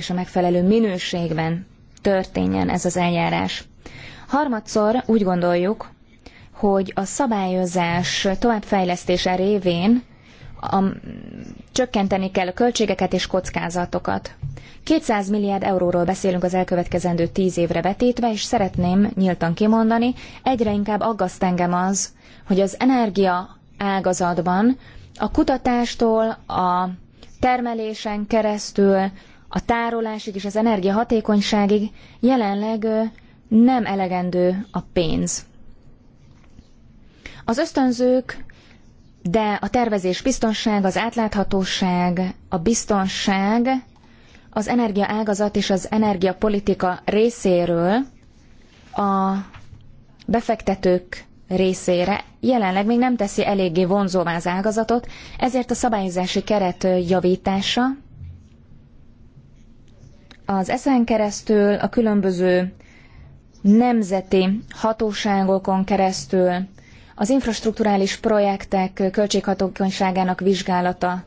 és a megfelelő minőségben történjen ez az eljárás. Harmadszor úgy gondoljuk, hogy a szabályozás továbbfejlesztése révén a, csökkenteni kell a költségeket és kockázatokat. 200 milliárd euróról beszélünk az elkövetkezendő 10 évre vetítve, és szeretném nyíltan kimondani, egyre inkább aggaszt engem az, hogy az energia ágazatban a kutatástól, a termelésen keresztül a tárolásig és az energiahatékonyságig jelenleg nem elegendő a pénz. Az ösztönzők, de a tervezés biztonság, az átláthatóság, a biztonság, az energiaágazat és az energiapolitika részéről a befektetők részére jelenleg még nem teszi eléggé vonzóvá az ágazatot, ezért a szabályozási keret javítása, az eszen keresztül, a különböző nemzeti hatóságokon keresztül, az infrastrukturális projektek költséghatókonyságának vizsgálata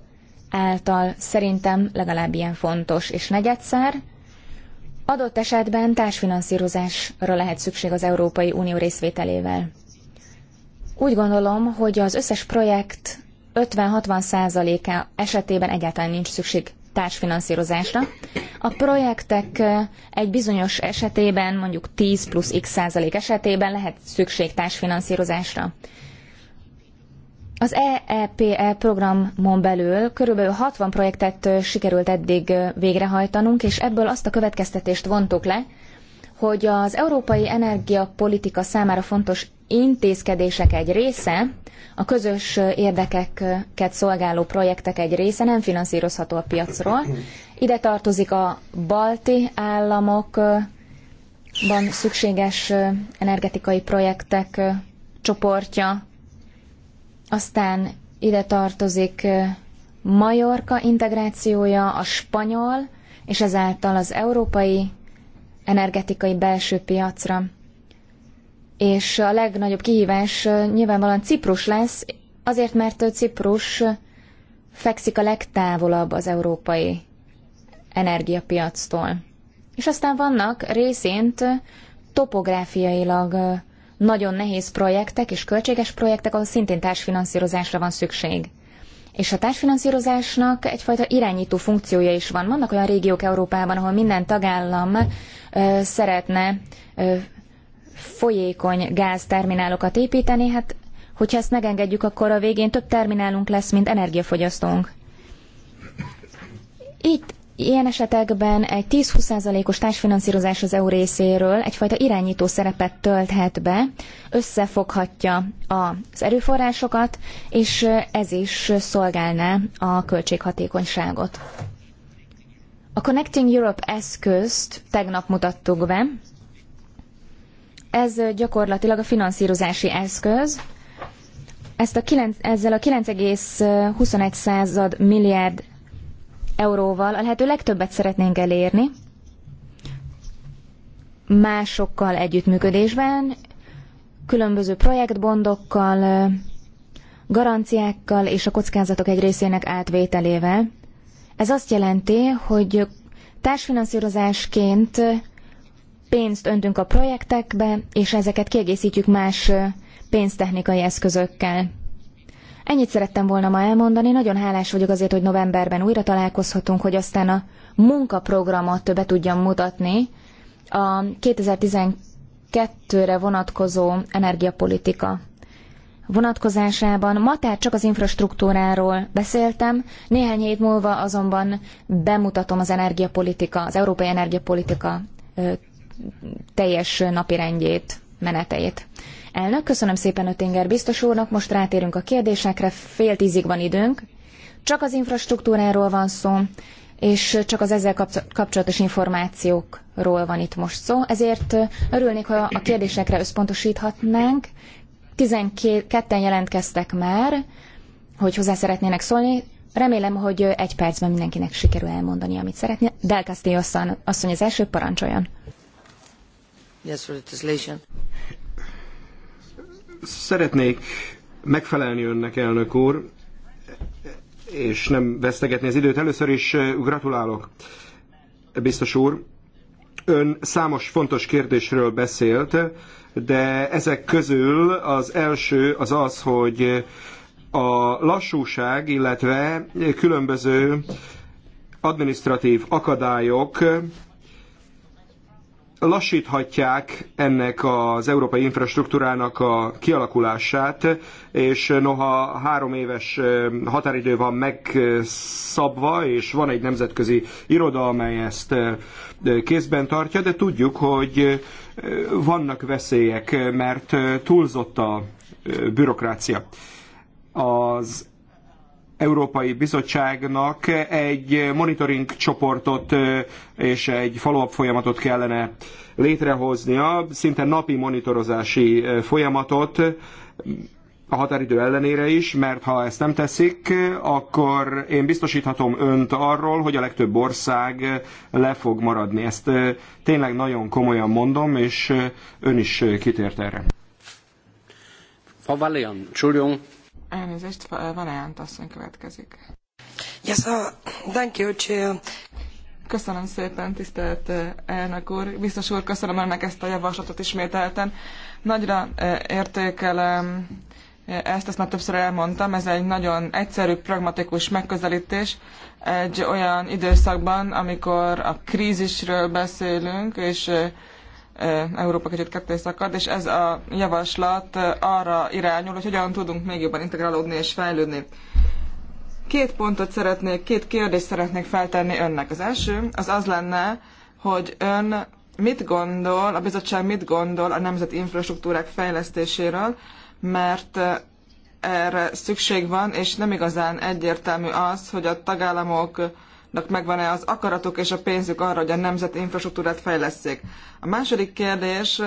által szerintem legalább ilyen fontos. És negyedszer, adott esetben társfinanszírozásra lehet szükség az Európai Unió részvételével. Úgy gondolom, hogy az összes projekt 50-60 százaléka esetében egyáltalán nincs szükség társfinanszírozásra. A projektek egy bizonyos esetében, mondjuk 10 plusz x százalék esetében lehet szükség társfinanszírozásra. Az EEPE e e programon belül körülbelül 60 projektet sikerült eddig végrehajtanunk, és ebből azt a következtetést vontuk le, hogy az európai energiapolitika számára fontos intézkedések egy része, a közös érdekeket szolgáló projektek egy része nem finanszírozható a piacról. Ide tartozik a balti államokban szükséges energetikai projektek csoportja, aztán ide tartozik Majorka integrációja, a spanyol, és ezáltal az európai energetikai belső piacra. És a legnagyobb kihívás nyilvánvalóan Ciprus lesz, azért mert Ciprus fekszik a legtávolabb az európai energiapiactól. És aztán vannak részént topográfiailag nagyon nehéz projektek és költséges projektek, ahol szintén társfinanszírozásra van szükség. És a társfinanszírozásnak egyfajta irányító funkciója is van. Vannak olyan régiók Európában, ahol minden tagállam ö, szeretne ö, folyékony gázterminálokat építeni, hát hogyha ezt megengedjük, akkor a végén több terminálunk lesz, mint energiafogyasztónk. Itt Ilyen esetekben egy 10-20%-os társfinanszírozás az EU részéről egyfajta irányító szerepet tölthet be, összefoghatja az erőforrásokat, és ez is szolgálná a költséghatékonyságot. A Connecting Europe eszközt tegnap mutattuk be. Ez gyakorlatilag a finanszírozási eszköz. Ezt a 9, ezzel a 9,21 milliárd euróval a lehető legtöbbet szeretnénk elérni, másokkal együttműködésben, különböző projektbondokkal, garanciákkal és a kockázatok egy részének átvételével. Ez azt jelenti, hogy társfinanszírozásként pénzt öntünk a projektekbe, és ezeket kiegészítjük más pénztechnikai eszközökkel. Ennyit szerettem volna ma elmondani, nagyon hálás vagyok azért, hogy novemberben újra találkozhatunk, hogy aztán a munkaprogramot be tudjam mutatni. A 2012-re vonatkozó energiapolitika vonatkozásában. Ma tehát csak az infrastruktúráról beszéltem, néhány hét múlva azonban bemutatom az energiapolitika, az európai energiapolitika teljes napirendjét, menetejét. Elnök, köszönöm szépen Ötinger biztos úrnak, most rátérünk a kérdésekre, fél tízig van időnk. Csak az infrastruktúráról van szó, és csak az ezzel kapcsolatos információkról van itt most szó, ezért örülnék, ha a kérdésekre összpontosíthatnánk. 12-en jelentkeztek már, hogy hozzá szeretnének szólni. Remélem, hogy egy percben mindenkinek sikerül elmondani, amit szeretné. Del Castillo asszony az első parancsoljon. Yes, for Szeretnék megfelelni önnek, elnök úr, és nem vesztegetni az időt. Először is eh, gratulálok, biztos úr. Ön számos fontos kérdésről beszélt, de ezek közül az első az az, hogy a lassúság, illetve különböző administratív akadályok lassíthatják ennek az európai infrastruktúrának a kialakulását, és noha három éves határidő van megszabva, és van egy nemzetközi iroda, amely ezt kézben tartja, de tudjuk, hogy vannak veszélyek, mert túlzott a bürokrácia. Az Európai Bizottságnak egy monitoring csoportot és egy follow-up folyamatot kellene létrehoznia, szinte napi monitorozási folyamatot, a határidő ellenére is, mert ha ezt nem teszik, akkor én biztosíthatom önt arról, hogy a legtöbb ország le fog maradni. Ezt tényleg nagyon komolyan mondom, és ön is kitért erre. Frau Vallean, Entschuldigung, Elnézést, Valánt asszony következik. Yes, uh, thank you, Chair. Köszönöm szépen, tisztelt uh, elnök úr. Biztos úr, köszönöm önnek ezt a javaslatot ismételten. Nagyra uh, értékelem uh, ezt, ezt már többször elmondtam, ez egy nagyon egyszerű, pragmatikus megközelítés egy olyan időszakban, amikor a krízisről beszélünk, és Európa kicsit ketté szakad, és ez a javaslat arra irányul, hogy hogyan tudunk még jobban integrálódni és fejlődni. Két pontot szeretnék, két kérdést szeretnék feltenni önnek. Az első az az lenne, hogy ön mit gondol, a bizottság mit gondol a nemzeti infrastruktúrák fejlesztéséről, mert erre szükség van, és nem igazán egyértelmű az, hogy a tagállamok megvan-e az akaratuk és a pénzük arra, hogy a nemzeti infrastruktúrát fejleszék. A második kérdés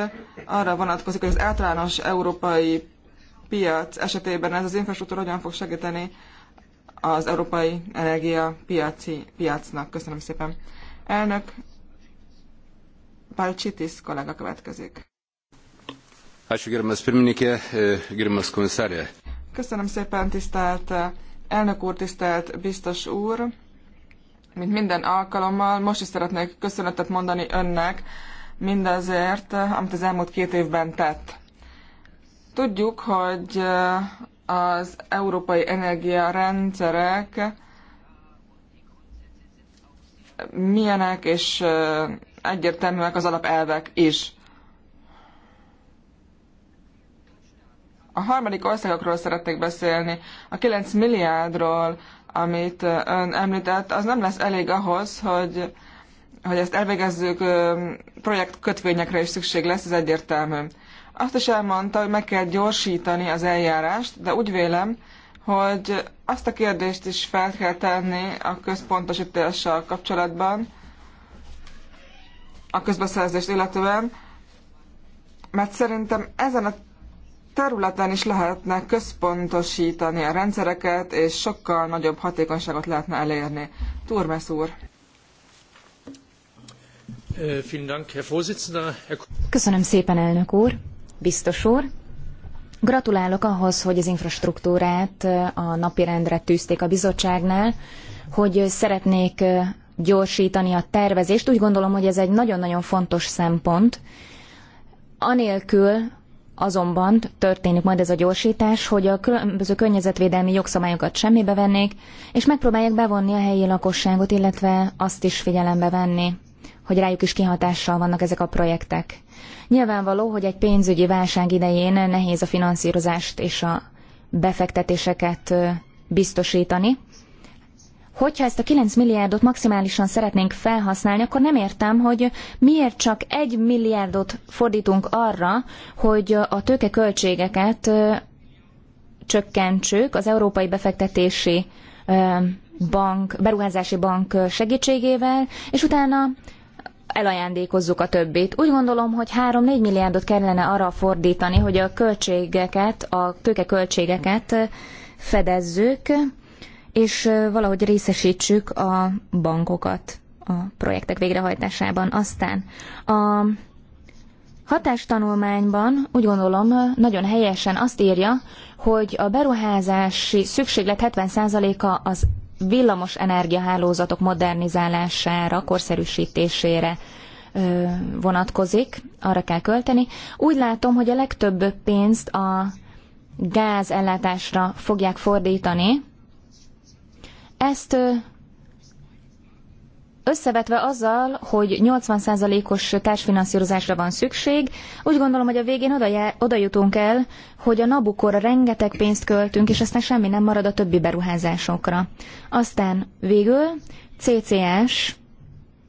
arra vonatkozik, hogy az általános európai piac esetében ez az infrastruktúra hogyan fog segíteni az európai piaci piacnak. Köszönöm szépen. Elnök Palcsitis kollega következik. E, Köszönöm szépen, tisztelt e, elnök úr, tisztelt biztos úr mint minden alkalommal, most is szeretnék köszönetet mondani önnek mindazért, amit az elmúlt két évben tett. Tudjuk, hogy eh, az európai energiarendszerek milyenek, és eh, egyértelműek az alapelvek is. A harmadik országokról szeretnék beszélni, a 9 milliárdról, amit ön említett, az nem lesz elég ahhoz, hogy, hogy ezt elvégezzük, projekt kötvényekre is szükség lesz, ez egyértelmű. Azt is elmondta, hogy meg kell gyorsítani az eljárást, de úgy vélem, hogy azt a kérdést is fel kell tenni a központosítással kapcsolatban, a közbeszerzést illetően, mert szerintem ezen a területen is lehetne központosítani a rendszereket, és sokkal nagyobb hatékonyságot lehetne elérni. Turmes úr. Köszönöm szépen, elnök úr, biztos úr. Gratulálok ahhoz, hogy az infrastruktúrát a napirendre tűzték a bizottságnál, hogy szeretnék gyorsítani a tervezést. Úgy gondolom, hogy ez egy nagyon-nagyon fontos szempont. Anélkül, azonban történik majd ez a gyorsítás, hogy a különböző környezetvédelmi jogszabályokat semmibe vennék, és megpróbálják bevonni a helyi lakosságot, illetve azt is figyelembe venni, hogy rájuk is kihatással vannak ezek a projektek. Nyilvánvaló, hogy egy pénzügyi válság idején nehéz a finanszírozást és a befektetéseket biztosítani, hogyha ezt a 9 milliárdot maximálisan szeretnénk felhasználni, akkor nem értem, hogy miért csak 1 milliárdot fordítunk arra, hogy a tőkeköltségeket csökkentsük az Európai Befektetési Bank, Beruházási Bank segítségével, és utána elajándékozzuk a többit. Úgy gondolom, hogy 3-4 milliárdot kellene arra fordítani, hogy a költségeket, a tőkeköltségeket fedezzük, és valahogy részesítsük a bankokat a projektek végrehajtásában. Aztán a hatástanulmányban úgy gondolom nagyon helyesen azt írja, hogy a beruházási szükséglet 70%-a az villamos energiahálózatok modernizálására, korszerűsítésére vonatkozik, arra kell költeni. Úgy látom, hogy a legtöbb pénzt a gázellátásra fogják fordítani, ezt összevetve azzal, hogy 80%-os társfinanszírozásra van szükség, úgy gondolom, hogy a végén oda, jutunk el, hogy a Nabukora rengeteg pénzt költünk, és aztán semmi nem marad a többi beruházásokra. Aztán végül CCS,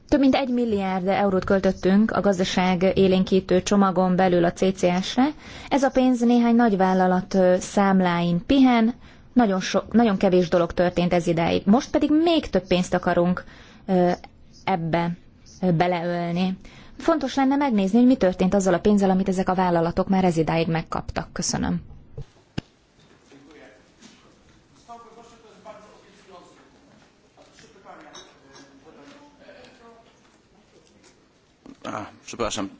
több mint egy milliárd eurót költöttünk a gazdaság élénkítő csomagon belül a CCS-re. Ez a pénz néhány nagyvállalat számláin pihen, nagyon, so, nagyon kevés dolog történt ez ideig. Most pedig még több pénzt akarunk ebbe beleölni. Fontos lenne megnézni, hogy mi történt azzal a pénzzel, amit ezek a vállalatok már ez idáig megkaptak. Köszönöm. A, przepraszam.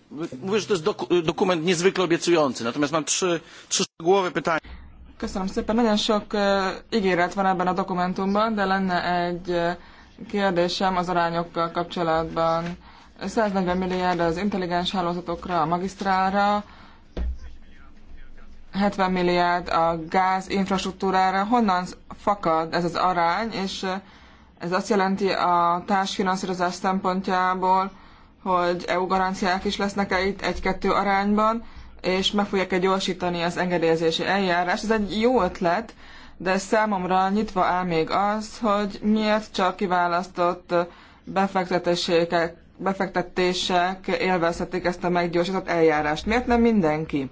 Mówię, że to jest dokument niezwykle obiecujący, natomiast mam trzy, trzy szczegółowe pytania. Köszönöm szépen. Nagyon sok ígéret van ebben a dokumentumban, de lenne egy kérdésem az arányokkal kapcsolatban. 140 milliárd az intelligens hálózatokra, a magisztrálra, 70 milliárd a gáz infrastruktúrára. Honnan fakad ez az arány, és ez azt jelenti a társfinanszírozás szempontjából, hogy EU garanciák is lesznek-e itt egy-kettő arányban, és meg fogják-e gyorsítani az engedélyezési eljárás. Ez egy jó ötlet, de számomra nyitva áll még az, hogy miért csak kiválasztott befektetések, befektetések élvezhetik ezt a meggyorsított eljárást. Miért nem mindenki?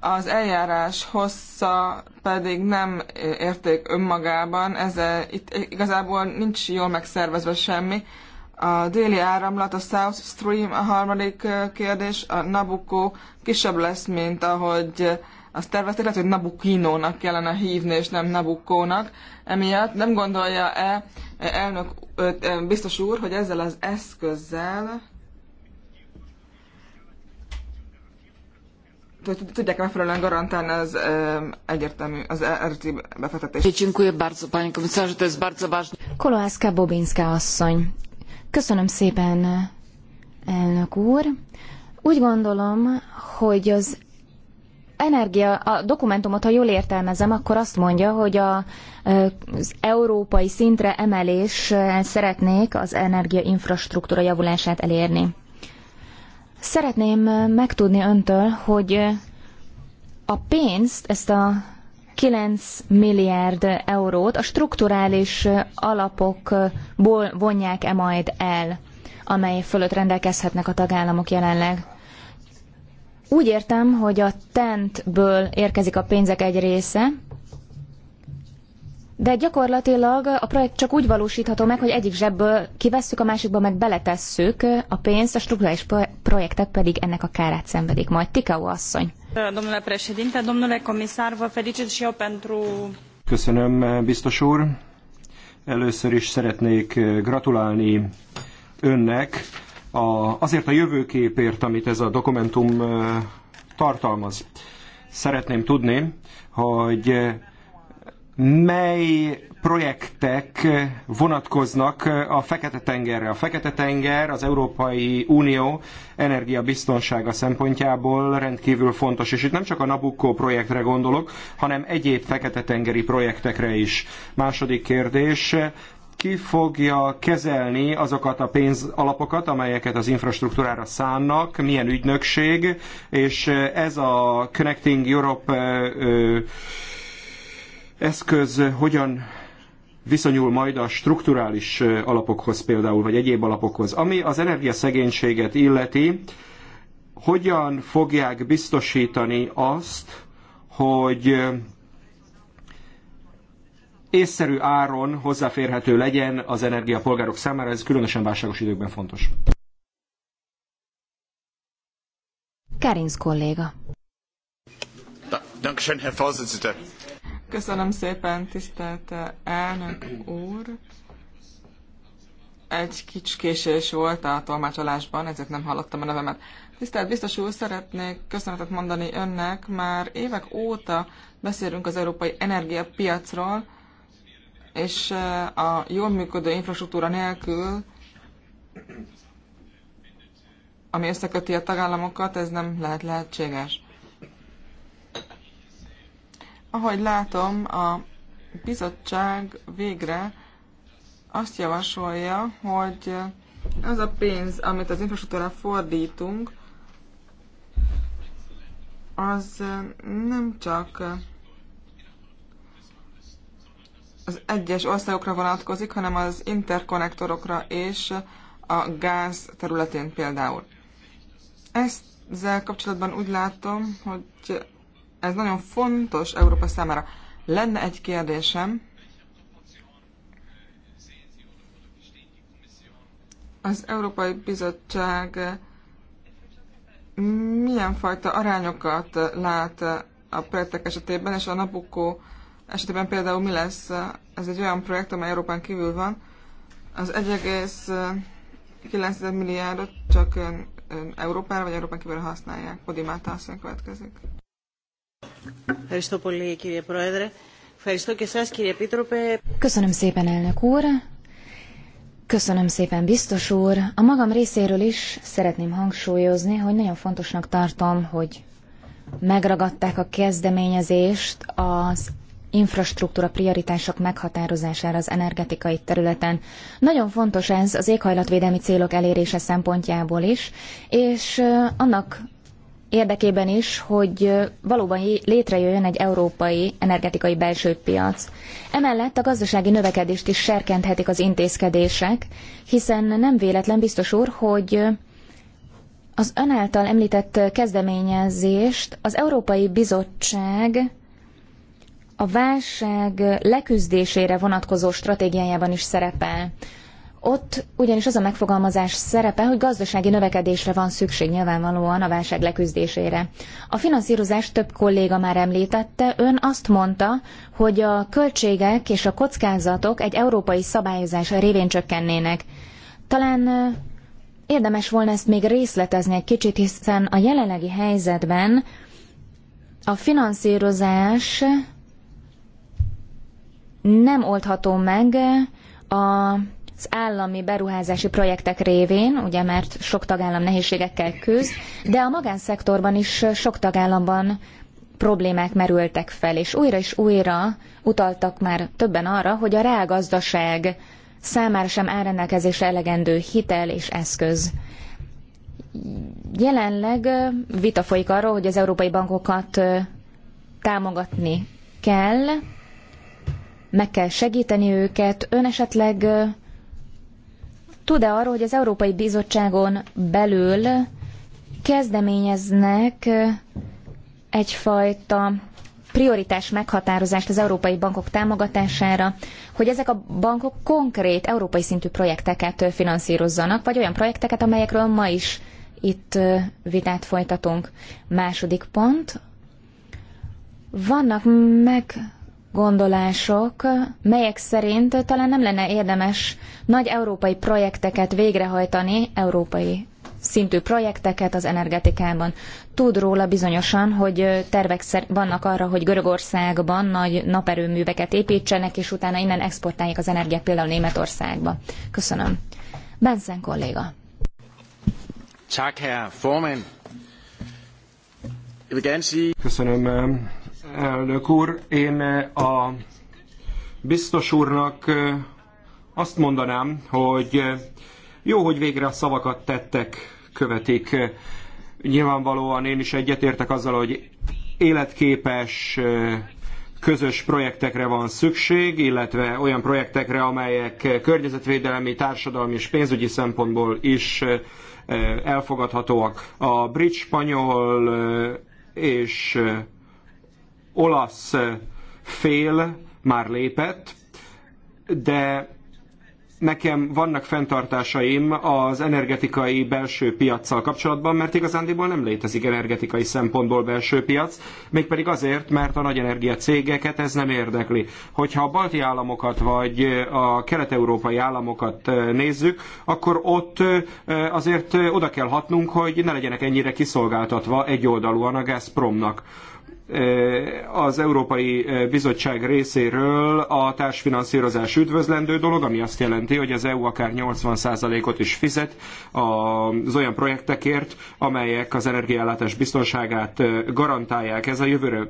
Az eljárás hossza pedig nem érték önmagában, ez itt igazából nincs jól megszervezve semmi, a déli áramlat, a South Stream a harmadik kérdés, a Nabucco kisebb lesz, mint ahogy azt tervezték, lehet, hogy Nabukinónak kellene hívni, és nem Nabukkónak. Emiatt nem gondolja-e elnök, biztos úr, hogy ezzel az eszközzel tudják megfelelően garantálni az egyértelmű, az eredeti befektetést. Köszönöm szépen, panie komisarzu, to jest bardzo ważne. Koloászka Bobinska asszony. Köszönöm szépen, elnök úr. Úgy gondolom, hogy az energia, a dokumentumot, ha jól értelmezem, akkor azt mondja, hogy a, az európai szintre emelés szeretnék az energia infrastruktúra javulását elérni. Szeretném megtudni öntől, hogy a pénzt, ezt a 9 milliárd eurót a strukturális alapokból vonják e majd el, amely fölött rendelkezhetnek a tagállamok jelenleg. Úgy értem, hogy a tentből érkezik a pénzek egy része, de gyakorlatilag a projekt csak úgy valósítható meg, hogy egyik zsebből kivesszük, a másikba meg beletesszük a pénzt, a strukturális projektek pedig ennek a kárát szenvedik majd. Tikau asszony. Domnule președinte, domnule comisar, vă felicit și eu pentru... Köszönöm, biztos úr. Először is szeretnék eh, gratulálni önnek a, azért a jövőképért, amit ez a dokumentum eh, tartalmaz. Szeretném tudni, hogy eh, mely projektek vonatkoznak a Fekete-tengerre. A Fekete-tenger az Európai Unió energiabiztonsága szempontjából rendkívül fontos, és itt nem csak a Nabucco projektre gondolok, hanem egyéb Fekete-tengeri projektekre is. Második kérdés, ki fogja kezelni azokat a pénzalapokat, amelyeket az infrastruktúrára szánnak, milyen ügynökség, és ez a Connecting Europe eszköz hogyan viszonyul majd a strukturális alapokhoz például, vagy egyéb alapokhoz. Ami az energiaszegénységet illeti, hogyan fogják biztosítani azt, hogy észszerű áron hozzáférhető legyen az energia a polgárok számára, ez különösen válságos időkben fontos. Karinz kolléga. Dankeschön, Herr Vorsitzender. Köszönöm szépen, tisztelt elnök úr. Egy kicsi késés volt a tolmácsolásban, ezért nem hallottam a nevemet. Tisztelt biztos úr, szeretnék köszönetet mondani önnek. Már évek óta beszélünk az európai energiapiacról, és eh, a jól működő infrastruktúra nélkül, ami összeköti a tagállamokat, ez nem lehet lehetséges. Ahogy látom, a bizottság végre azt javasolja, hogy az a pénz, amit az infrastruktúrára fordítunk, az nem csak az egyes országokra vonatkozik, hanem az interkonnektorokra és a gáz területén például. Ezzel kapcsolatban úgy látom, hogy ez nagyon fontos Európa számára. Lenne egy kérdésem. Az Európai Bizottság milyen fajta arányokat lát a projektek esetében, és a Nabucco esetében például mi lesz? Ez egy olyan projekt, amely Európán kívül van. Az 1,9 milliárdot csak Európára vagy Európán kívül használják. Podimáta asszony következik. Ευχαριστώ πολύ, κύριε Πρόεδρε. Ευχαριστώ και εσάς, κύριε Επίτροπε. Köszönöm szépen, elnök úr. Köszönöm szépen, biztos úr. A magam részéről is szeretném hangsúlyozni, hogy nagyon fontosnak tartom, hogy megragadták a kezdeményezést az infrastruktúra prioritások meghatározására az energetikai területen. Nagyon fontos ez az éghajlatvédelmi célok elérése szempontjából is, és annak érdekében is, hogy valóban létrejöjjön egy európai energetikai belső piac. Emellett a gazdasági növekedést is serkenthetik az intézkedések, hiszen nem véletlen biztos úr, hogy az ön által említett kezdeményezést az Európai Bizottság a válság leküzdésére vonatkozó stratégiájában is szerepel. Ott ugyanis az a megfogalmazás szerepe, hogy gazdasági növekedésre van szükség nyilvánvalóan a válság leküzdésére. A finanszírozás több kolléga már említette, ön azt mondta, hogy a költségek és a kockázatok egy európai szabályozás révén csökkennének. Talán érdemes volna ezt még részletezni egy kicsit, hiszen a jelenlegi helyzetben a finanszírozás nem oldható meg a állami beruházási projektek révén, ugye mert sok tagállam nehézségekkel küzd, de a magánszektorban is sok tagállamban problémák merültek fel, és újra és újra utaltak már többen arra, hogy a reálgazdaság számára sem áll rendelkezésre elegendő hitel és eszköz. Jelenleg vita folyik arról, hogy az európai bankokat támogatni kell, meg kell segíteni őket. Ön esetleg Tud-e arról, hogy az Európai Bizottságon belül kezdeményeznek egyfajta prioritás meghatározást az európai bankok támogatására, hogy ezek a bankok konkrét európai szintű projekteket finanszírozzanak, vagy olyan projekteket, amelyekről ma is itt vitát folytatunk. Második pont. Vannak meg gondolások, melyek szerint talán nem lenne érdemes nagy európai projekteket végrehajtani, európai szintű projekteket az energetikában. Tud róla bizonyosan, hogy tervek vannak arra, hogy Görögországban nagy naperőműveket építsenek, és utána innen exportálják az energiát például Németországba. Köszönöm. Benson kolléga. Köszönöm, elnök úr. Én eh, a biztos úrnak eh, azt mondanám, hogy eh, jó, hogy végre a szavakat tettek, követik. Nyilvánvalóan én is egyetértek azzal, hogy életképes közös projektekre van szükség, illetve olyan projektekre, amelyek környezetvédelmi, társadalmi és pénzügyi szempontból is elfogadhatóak. A brit spanyol és olasz fél már lépett, de nekem vannak fenntartásaim az energetikai belső piaccal kapcsolatban, mert igazándiból nem létezik energetikai szempontból belső piac, mégpedig azért, mert a nagy energiacégeket ez nem érdekli. Hogyha a balti államokat vagy a kelet-európai államokat nézzük, akkor ott azért oda kell hatnunk, hogy ne legyenek ennyire kiszolgáltatva egyoldalúan a Gazpromnak az Európai Bizottság részéről a társfinanszírozás üdvözlendő dolog, ami azt jelenti, hogy az EU akár 80%-ot is fizet az olyan projektekért, amelyek az energiállátás biztonságát garantálják. Ez a jövőre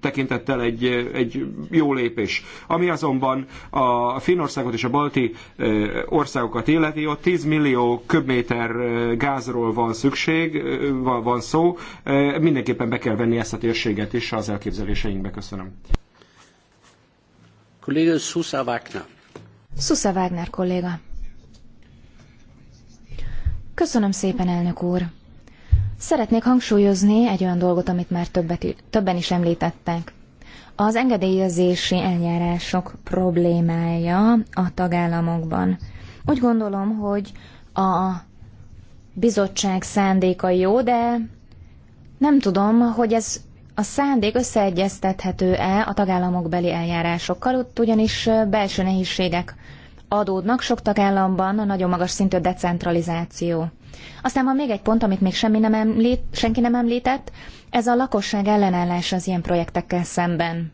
tekintettel egy, egy jó lépés. Ami azonban a Finországot és a balti országokat illeti, ott 10 millió köbméter gázról van szükség, van szó. Mindenképpen be kell venni ezt a térséget is az elképzeléseinkbe. Köszönöm. Kolléga Susa Wagner. Susa Wagner kolléga. Köszönöm szépen, elnök úr. Szeretnék hangsúlyozni egy olyan dolgot, amit már többet, többen is említettek. Az engedélyezési eljárások problémája a tagállamokban. Úgy gondolom, hogy a bizottság szándéka jó, de nem tudom, hogy ez a szándék összeegyeztethető-e a tagállamok beli eljárásokkal, ott ugyanis belső nehézségek adódnak sok tagállamban a nagyon magas szintű decentralizáció. Aztán van még egy pont, amit még semmi nem említ, senki nem említett, ez a lakosság ellenállása az ilyen projektekkel szemben.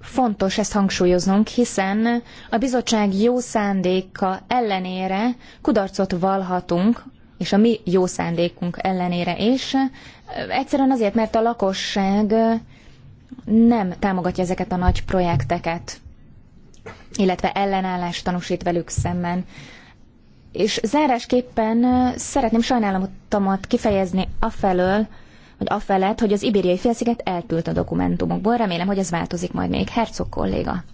Fontos ezt hangsúlyoznunk, hiszen a bizottság jó szándéka ellenére kudarcot valhatunk, és a mi jó szándékunk ellenére is, egyszerűen azért, mert a lakosság nem támogatja ezeket a nagy projekteket illetve ellenállást tanúsít velük szemben. És zárásképpen szeretném sajnálatomat kifejezni afelől, hogy afelett, hogy az ibériai félsziget eltűlt a dokumentumokból. Remélem, hogy ez változik majd még. Herzog kolléga.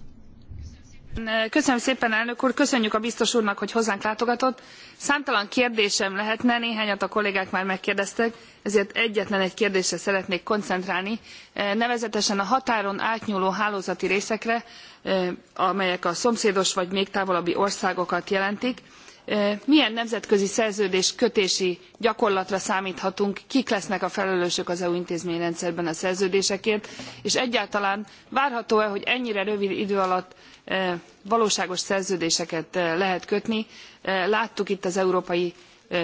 Köszönöm szépen, elnök úr, köszönjük a biztos úrnak, hogy hozzánk látogatott. Számtalan kérdésem lehetne, néhányat a kollégák már megkérdeztek, ezért egyetlen egy kérdésre szeretnék koncentrálni, e, nevezetesen a határon átnyúló hálózati részekre, e, amelyek a szomszédos vagy még távolabbi országokat jelentik milyen nemzetközi szerződés kötési gyakorlatra számthatunk kik lesznek a felelősök az eu intézményrendszerben a szerződésekért és egyáltalán várható e hogy ennyire rövid idő alatt valóságos szerződéseket lehet kötni? láttuk itt az európai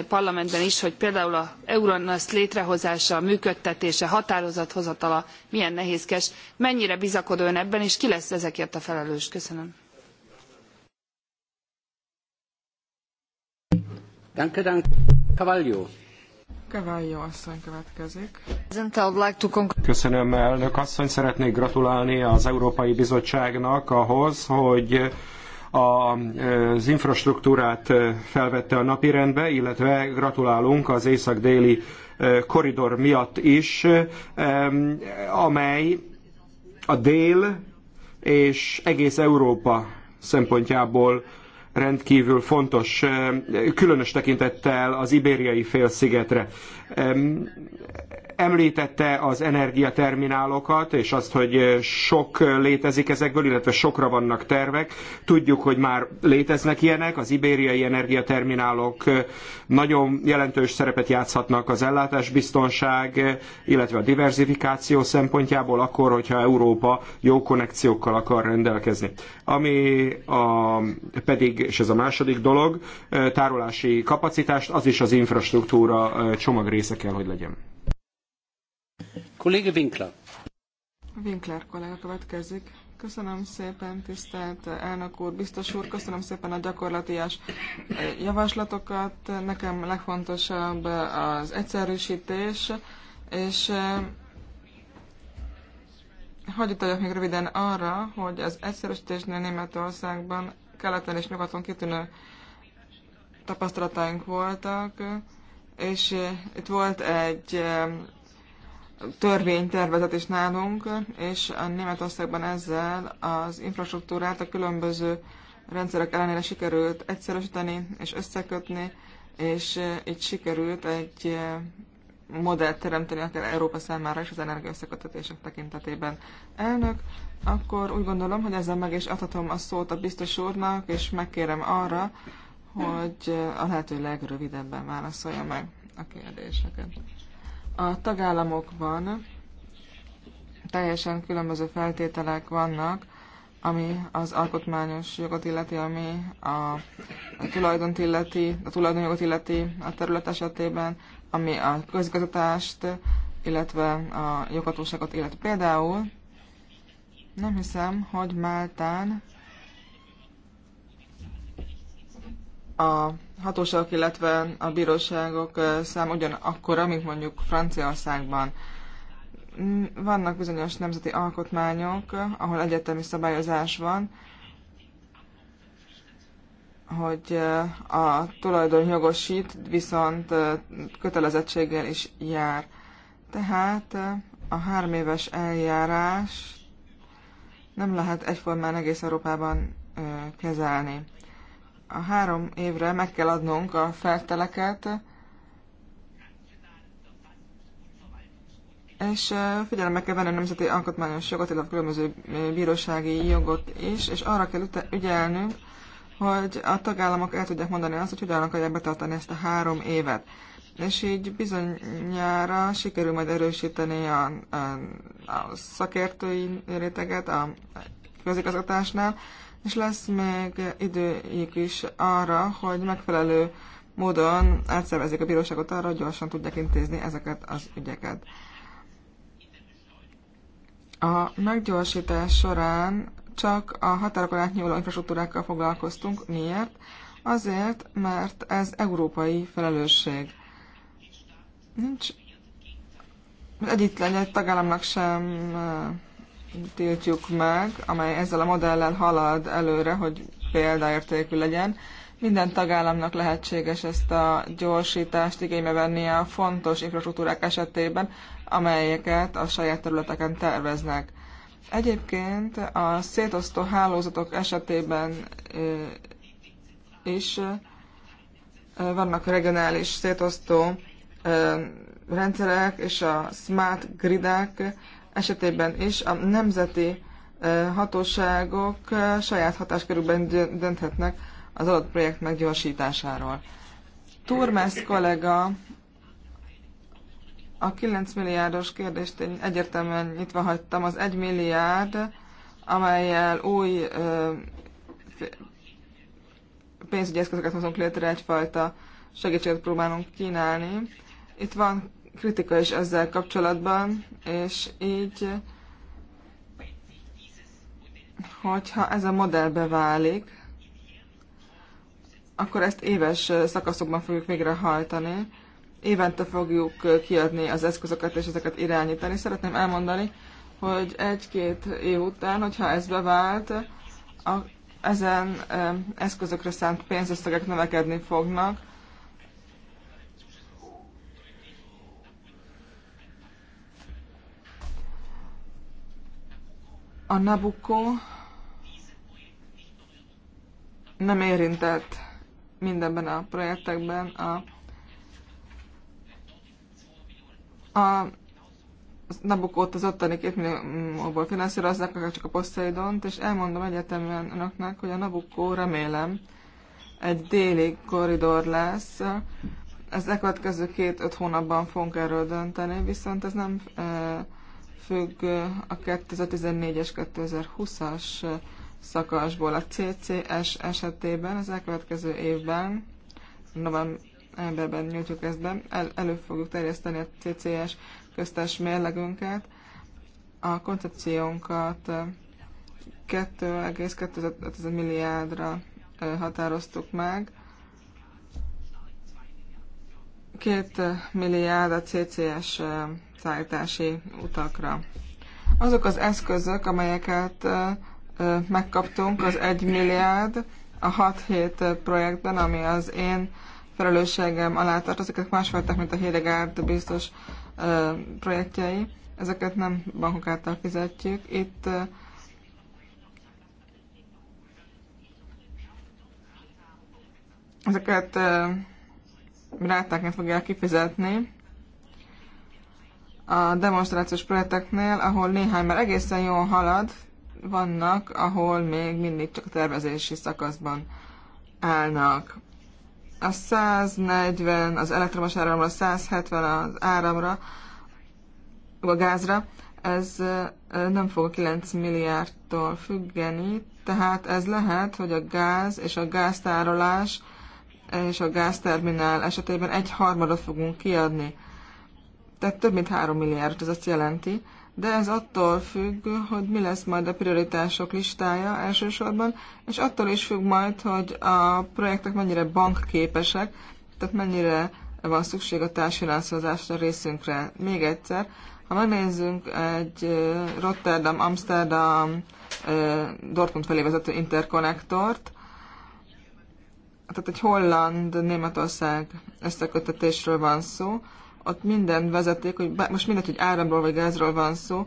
parlamentben is hogy például az euronest létrehozása működtetése határozathozatala milyen nehézkes mennyire bizakodó ön ebben és ki lesz ezekért a felelős? köszönöm. Danke, danke. Cavallio. Cavallio asszony következik. Köszönöm, elnök asszony. Szeretnék gratulálni az Európai Bizottságnak ahhoz, hogy az infrastruktúrát felvette a napirendbe, illetve gratulálunk az észak-déli koridor miatt is, amely a dél és egész Európa szempontjából rendkívül fontos, eh, különös tekintettel az ibériai félszigetre. Említette az energiaterminálokat, és azt, hogy sok létezik ezekből, illetve sokra vannak tervek. Tudjuk, hogy már léteznek ilyenek, az ibériai energiaterminálok nagyon jelentős szerepet játszhatnak az ellátásbiztonság, illetve a diversifikáció szempontjából, akkor, hogyha Európa jó konnekciókkal akar rendelkezni. Ami a, pedig, és ez a második dolog, tárolási kapacitást, az is az infrastruktúra csomag része kell, hogy legyen. Kolléga Winkler. Winkler kollega következik. Köszönöm szépen, tisztelt elnök úr, biztos úr, köszönöm szépen a gyakorlatias eh, javaslatokat. Nekem legfontosabb az egyszerűsítés, és eh, hagyj utaljak még röviden arra, hogy az egyszerűsítésnél Németországban keleten és nyugaton kitűnő tapasztalataink voltak, és eh, itt volt egy törvénytervezet is nálunk, és a Németországban ezzel az infrastruktúrát a különböző rendszerek ellenére sikerült egyszerűsíteni és összekötni, és eh, így sikerült egy eh, modellt teremteni akár Európa számára és az energiaösszekötetések tekintetében. Elnök, akkor úgy gondolom, hogy ezzel meg is adhatom a szót a biztos úrnak, és megkérem arra, hogy eh, a lehető legrövidebben válaszolja meg a kérdéseket. A tagállamokban teljesen különböző feltételek vannak, ami az alkotmányos jogot illeti, ami a tulajdont illeti, a tulajdonjogot illeti a terület esetében, ami a közgazdatást, illetve a joghatóságot illet. Például nem hiszem, hogy Máltán a hatóságok, illetve a bíróságok szám ugyanakkora, mint mondjuk Franciaországban. Mm, vannak bizonyos nemzeti alkotmányok, ahol egyetemi szabályozás van, hogy a tulajdon jogosít, viszont kötelezettséggel is jár. Tehát a három éves eljárás nem lehet egyformán egész Európában kezelni a három évre meg kell adnunk a felteleket, és figyelembe kell venni a nemzeti alkotmányos jogot, illetve különböző bírósági jogot is, és arra kell ügyelnünk, hogy a tagállamok el tudják mondani azt, hogy hogyan akarják betartani ezt a három évet. És így bizonyára sikerül majd erősíteni a, a, a szakértői réteget a közigazgatásnál, és lesz még időjük is arra, hogy megfelelő módon átszervezik a bíróságot arra, hogy gyorsan tudják intézni ezeket az ügyeket. A meggyorsítás során csak a határokon átnyúló infrastruktúrákkal foglalkoztunk. Miért? Azért, mert ez európai felelősség. Nincs egyetlen egy tagállamnak sem tiltjuk meg, amely ezzel a modellel halad előre, hogy példaértékű legyen. Minden tagállamnak lehetséges ezt a gyorsítást igénybe vennie a fontos infrastruktúrák esetében, amelyeket a saját területeken terveznek. Egyébként a szétosztó hálózatok esetében is vannak regionális szétosztó rendszerek és a smart gridek esetében is a nemzeti hatóságok saját hatáskörükben dönthetnek az adott projekt meggyorsításáról. Turmes kollega a 9 milliárdos kérdést én egyértelműen nyitva hagytam. Az 1 milliárd, amelyel új ö, pénzügyi eszközöket hozunk létre, egyfajta segítséget próbálunk kínálni. Itt van kritika is ezzel kapcsolatban, és így, hogyha ez a modell beválik, akkor ezt éves szakaszokban fogjuk végrehajtani. Évente fogjuk kiadni az eszközöket és ezeket irányítani. Szeretném elmondani, hogy egy-két év után, hogyha ez bevált, a, ezen eszközökre szánt pénzösszegek növekedni fognak, A Nabucco nem érintett mindenben a projektekben a, a Nabukót az ottani két millióból finanszírozzák, akár csak a Poseidont, és elmondom egyetemben önöknek, hogy a Nabukó remélem egy déli korridor lesz. Ez következő két-öt hónapban fogunk erről dönteni, viszont ez nem e, függ a 2014-es, 2020-as szakasból. A CCS esetében az elkövetkező évben, novemberben nyújtjuk ezt be, el, elő fogjuk terjeszteni a CCS köztes mérlegünket, a koncepciónkat 2,25 milliárdra határoztuk meg. 2 milliárd a CCS szállítási utakra. Azok az eszközök, amelyeket megkaptunk, az 1 milliárd a 6-7 projektben, ami az én felelősségem alá tartozik, ezek voltak, mint a Hédegárd biztos projektjei. Ezeket nem bankok által fizetjük. Itt ezeket rátáként fogják kifizetni a demonstrációs projekteknél, ahol néhány már egészen jól halad, vannak, ahol még mindig csak a tervezési szakaszban állnak. A 140 az elektromos áramra, a 170 az áramra, a gázra, ez nem fog a 9 milliárdtól függeni, tehát ez lehet, hogy a gáz és a gáztárolás és a gázterminál esetében egy harmadot fogunk kiadni tehát több mint 3 milliárd, ez azt jelenti, de ez attól függ, hogy mi lesz majd a prioritások listája elsősorban, és attól is függ majd, hogy a projektek mennyire bankképesek, tehát mennyire van szükség a társfinanszírozásra részünkre. Még egyszer, ha megnézzünk egy Rotterdam, Amsterdam, Dortmund felé vezető interkonnektort, tehát egy holland-németország összekötetésről van szó, ott minden vezeték, hogy bár, most mindegy, hogy áramról vagy gázról van szó,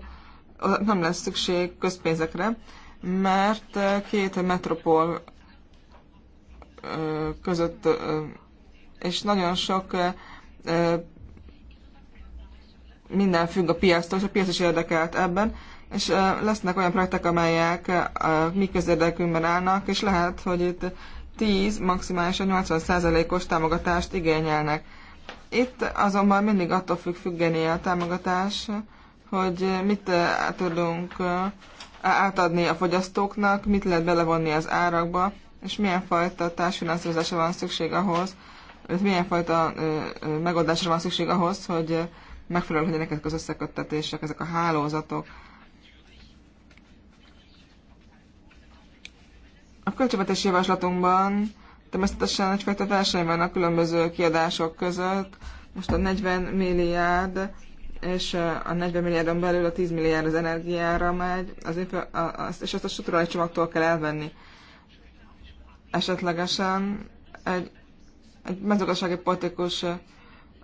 nem lesz szükség közpénzekre, mert két metropol között, és nagyon sok minden függ a piactól, és a piac is érdekelt ebben, és lesznek olyan projektek, amelyek a mi közérdekünkben állnak, és lehet, hogy itt 10, maximálisan 80%-os támogatást igényelnek. Itt azonban mindig attól függ függeni a támogatás, hogy mit eh, tudunk eh, átadni a fogyasztóknak, mit lehet belevonni az árakba, és milyen fajta társfinanszírozásra van szükség ahhoz, illetve milyen fajta eh, megoldásra van szükség ahhoz, hogy megfelelő legyenek ezek az összeköttetések, ezek a hálózatok. A költségvetési javaslatunkban Természetesen egyfajta verseny van a különböző kiadások között. Most a 40 milliárd és a 40 milliárdon belül a 10 milliárd az energiára megy, az infra, az, és ezt a struktúrai csomagtól kell elvenni. Esetlegesen egy, egy mezőgazdasági politikus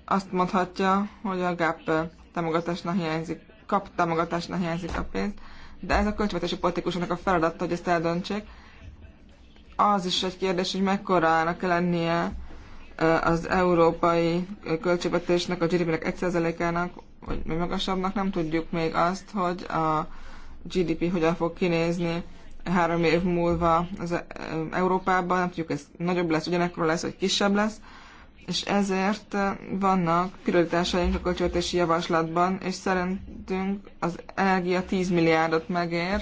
azt mondhatja, hogy a GAP támogatásnak hiányzik, kap támogatásnak hiányzik a pénzt, de ez a költségvetési politikusoknak a feladata, hogy ezt eldöntsék, az is egy kérdés, hogy mekkorának kell lennie az európai költségvetésnek, a GDP-nek 1%-ának, vagy még magasabbnak, nem tudjuk még azt, hogy a GDP hogyan fog kinézni három év múlva az Európában, nem tudjuk, ez nagyobb lesz, ugyanekkor lesz, vagy kisebb lesz, és ezért vannak prioritásaink a költségvetési javaslatban, és szerintünk az energia 10 milliárdot megér,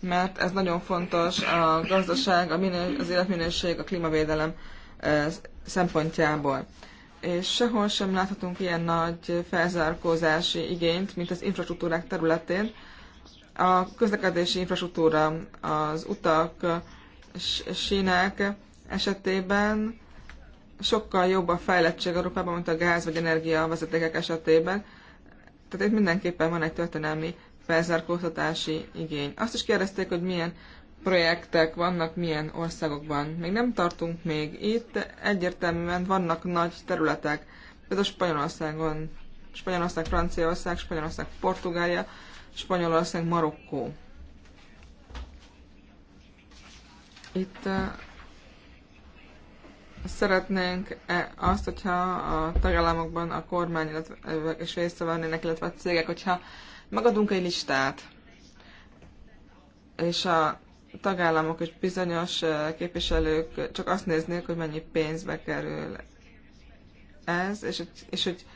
mert ez nagyon fontos a gazdaság, a minő, az életminőség, a klímavédelem szempontjából. És sehol sem láthatunk ilyen nagy felzárkózási igényt, mint az infrastruktúrák területén. A közlekedési infrastruktúra, az utak, sínek esetében sokkal jobb a fejlettség Európában, mint a gáz vagy energia vezetékek esetében. Tehát itt mindenképpen van egy történelmi felzárkóztatási igény. Azt is kérdezték, hogy milyen projektek vannak milyen országokban. Még nem tartunk még itt, egyértelműen vannak nagy területek, például Spanyolországon, Spanyolország, Franciaország, Spanyolország, Portugália, Spanyolország, Marokkó. Itt uh, szeretnénk -e azt, hogyha a tagállamokban a kormány illetve, és részt vennének, illetve a cégek, hogyha Megadunk egy listát, és a tagállamok és bizonyos képviselők csak azt néznék, hogy mennyi pénzbe kerül ez, és, és hogy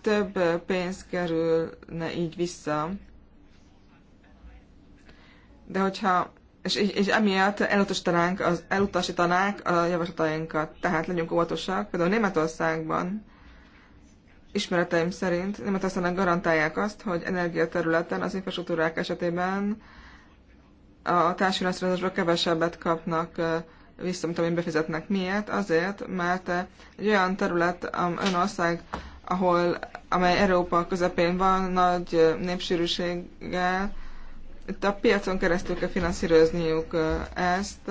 több pénz kerülne így vissza. De hogyha, és, és, emiatt elutasítanánk, az, elutasítanák a javaslatainkat, tehát legyünk óvatosak. Például Németországban ismereteim szerint Németországnak garantálják azt, hogy energiaterületen az infrastruktúrák esetében a társadalmi kevesebbet kapnak vissza, mint amit befizetnek. Miért? Azért, mert egy olyan terület, olyan ország, ahol, amely Európa közepén van, nagy népsűrűséggel, itt a piacon keresztül kell finanszírozniuk ezt,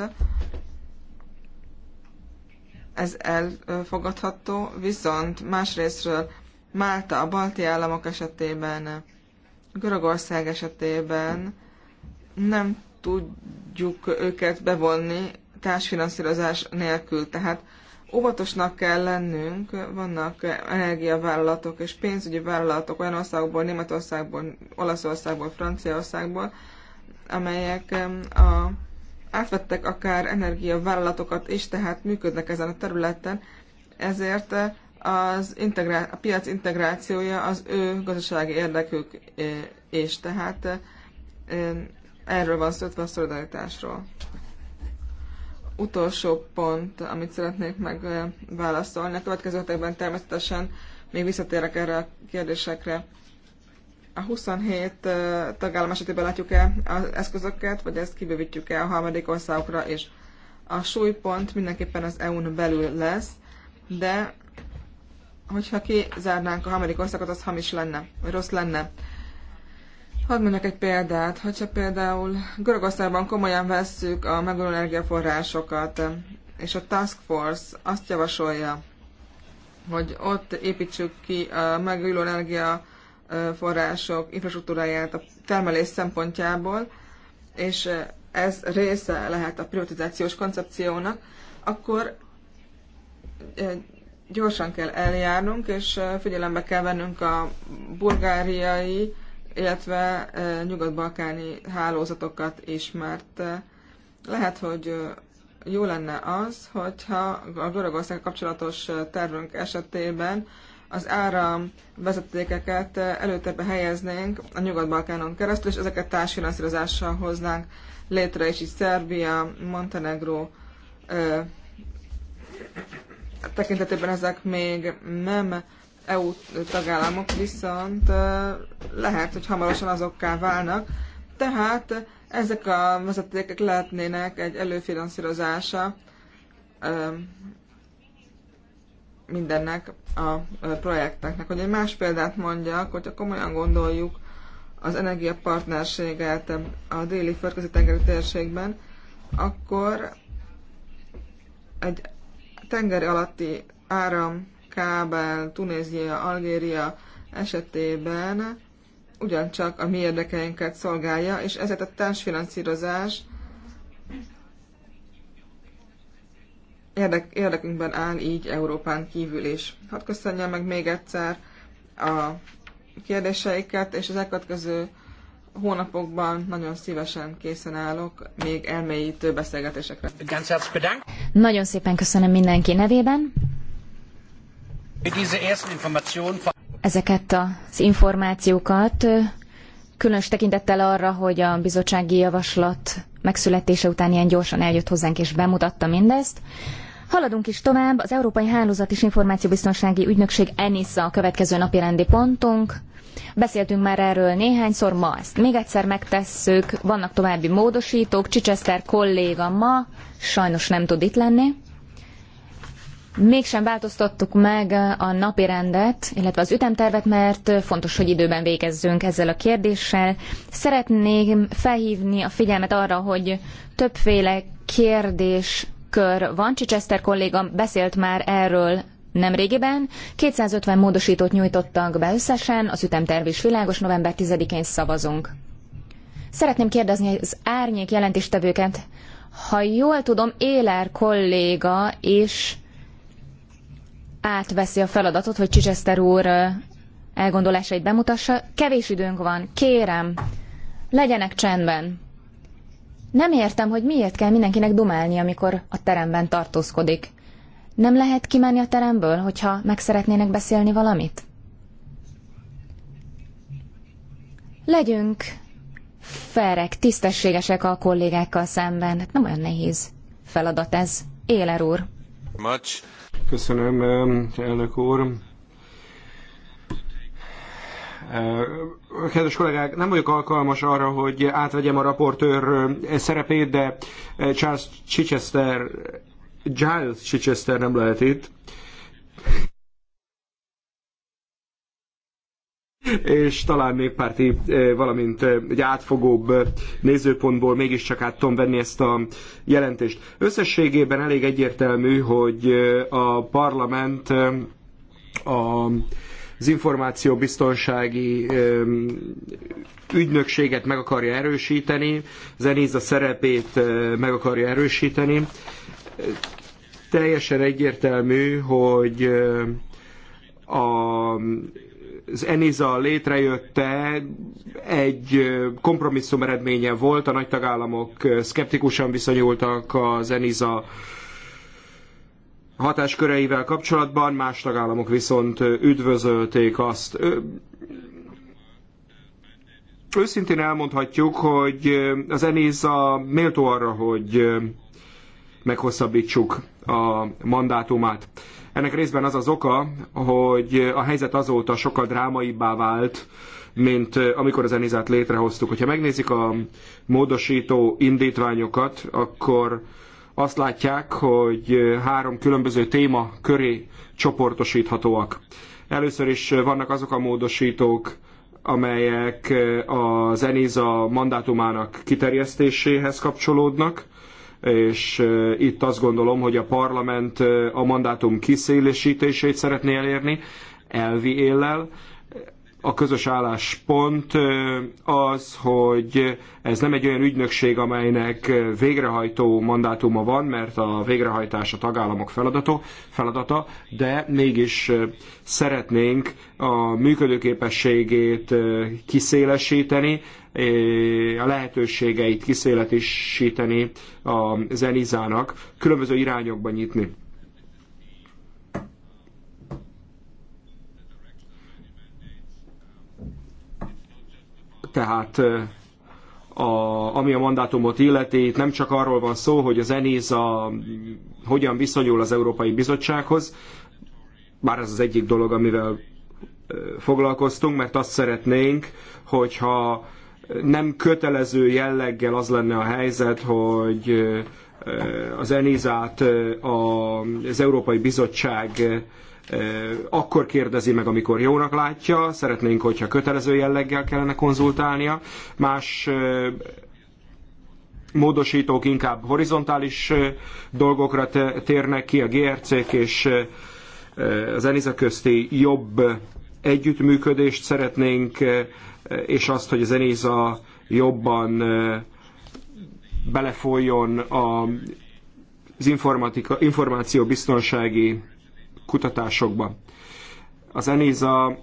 ez elfogadható, viszont másrésztről Málta a balti államok esetében, Görögország esetében nem tudjuk őket bevonni társfinanszírozás nélkül. Tehát óvatosnak kell lennünk, vannak energiavállalatok és pénzügyi vállalatok olyan országokból, Németországból, Olaszországból, Franciaországból, amelyek a, átvettek akár energiavállalatokat is, tehát működnek ezen a területen, ezért az integrá- a piac integrációja az ő gazdasági érdekük, és tehát erről van szó, a szolidaritásról. Utolsó pont, amit szeretnék megválaszolni, a következő hetekben természetesen még visszatérek erre a kérdésekre. A 27 tagállam esetében látjuk-e az eszközöket, vagy ezt kibővítjük-e a harmadik országokra, és a súlypont mindenképpen az EU-n belül lesz, de hogyha kizárnánk a harmadik országot, az hamis lenne, vagy rossz lenne. Hadd mondjak egy példát, hogyha például Görögországban komolyan vesszük a megújuló energiaforrásokat, és a Task Force azt javasolja, hogy ott építsük ki a megújuló energiaforrások infrastruktúráját a termelés szempontjából, és ez része lehet a privatizációs koncepciónak, akkor eh, gyorsan kell eljárnunk, és figyelembe kell vennünk a bulgáriai, illetve nyugat-balkáni hálózatokat is, mert lehet, hogy jó lenne az, hogyha a Görögország kapcsolatos tervünk esetében az áram vezetékeket előtérbe helyeznénk a Nyugat-Balkánon keresztül, és ezeket társfinanszírozással hoznánk létre, és így Szerbia, Montenegro, tekintetében ezek még nem EU tagállamok, viszont lehet, hogy hamarosan azokká válnak. Tehát ezek a vezetékek lehetnének egy előfinanszírozása mindennek a projekteknek. Hogy egy más példát mondjak, hogyha komolyan gondoljuk az energiapartnerséget a déli földközi tengeri térségben, akkor egy tengeri alatti áramkábel Tunézia, Algéria esetében ugyancsak a mi érdekeinket szolgálja, és ezért a társfinanszírozás érdek, érdekünkben áll így Európán kívül is. Hadd köszönjem meg még egyszer a kérdéseiket, és az elkövetkező hónapokban nagyon szívesen készen állok még elmélyítő beszélgetésekre. Nagyon szépen köszönöm mindenki nevében. Ezeket az információkat különös tekintettel arra, hogy a bizottsági javaslat megszületése után ilyen gyorsan eljött hozzánk és bemutatta mindezt. Haladunk is tovább, az Európai Hálózat és Információbiztonsági Ügynökség ENISA a következő napi rendi pontunk. Beszéltünk már erről néhányszor, ma ezt még egyszer megtesszük, vannak további módosítók, Chichester kolléga ma sajnos nem tud itt lenni. Mégsem változtattuk meg a napi rendet, illetve az ütemtervet, mert fontos, hogy időben végezzünk ezzel a kérdéssel. Szeretném felhívni a figyelmet arra, hogy többféle kérdés kör van. Csicseszter kolléga beszélt már erről nemrégiben. 250 módosítót nyújtottak be összesen, az ütemterv is világos, november 10-én szavazunk. Szeretném kérdezni az árnyék jelentéstevőket, ha jól tudom, Éler kolléga is átveszi a feladatot, hogy Csicseszter úr elgondolásait bemutassa. Kevés időnk van, kérem, legyenek csendben. Nem értem, hogy miért kell mindenkinek dumálni, amikor a teremben tartózkodik. Nem lehet kimenni a teremből, hogyha meg szeretnének beszélni valamit? Legyünk ferek, tisztességesek a kollégákkal szemben. Hát nem olyan nehéz feladat ez. Éler úr. Much. Köszönöm, elnök úr. Kedves kollégák, nem vagyok alkalmas arra, hogy átvegyem a raportőr szerepét, de Charles Chichester Giles Chichester nem lehet itt. és talán néppárti, eh, valamint eh, egy átfogóbb eh, nézőpontból mégiscsak át tudom venni ezt a jelentést. Összességében elég egyértelmű, hogy a parlament a az információbiztonsági ügynökséget meg akarja erősíteni, zeníz a szerepét meg akarja erősíteni, Teljesen egyértelmű, hogy a az Eniza létrejötte egy kompromisszum eredménye volt, a nagy tagállamok szkeptikusan viszonyultak az Eniza hatásköreivel kapcsolatban, más tagállamok viszont üdvözölték azt. Őszintén elmondhatjuk, hogy az Eniza méltó arra, hogy meghosszabbítsuk a mandátumát. Ennek részben az az oka, hogy a helyzet azóta sokkal drámaibbá vált, mint amikor az Enizát létrehoztuk. Hogyha megnézik a módosító indítványokat, akkor azt látják, hogy három különböző téma köré csoportosíthatóak. Először is vannak azok a módosítók, amelyek az ENISA mandátumának kiterjesztéséhez kapcsolódnak és eh, itt azt gondolom, hogy a parlament eh, a mandátum kiszélesítését szeretné elérni elvi éllel, a közös álláspont az, hogy ez nem egy olyan ügynökség, amelynek végrehajtó mandátuma van, mert a végrehajtás a tagállamok feladata, de mégis szeretnénk a működőképességét kiszélesíteni, a lehetőségeit kiszélesíteni a zenizának, különböző irányokba nyitni. Tehát a, ami a mandátumot illeti, itt nem csak arról van szó, hogy az a, hogyan viszonyul az Európai Bizottsághoz, bár ez az egyik dolog, amivel foglalkoztunk, mert azt szeretnénk, hogyha nem kötelező jelleggel az lenne a helyzet, hogy az ENISA-t az Európai Bizottság akkor kérdezi meg, amikor jónak látja, szeretnénk, hogyha kötelező jelleggel kellene konzultálnia, más módosítók inkább horizontális dolgokra térnek ki, a GRC-k és az ENISA közti jobb együttműködést szeretnénk, és azt, hogy az ENISA jobban belefolyjon az informatika, információbiztonsági kutatásokba. Az ENISA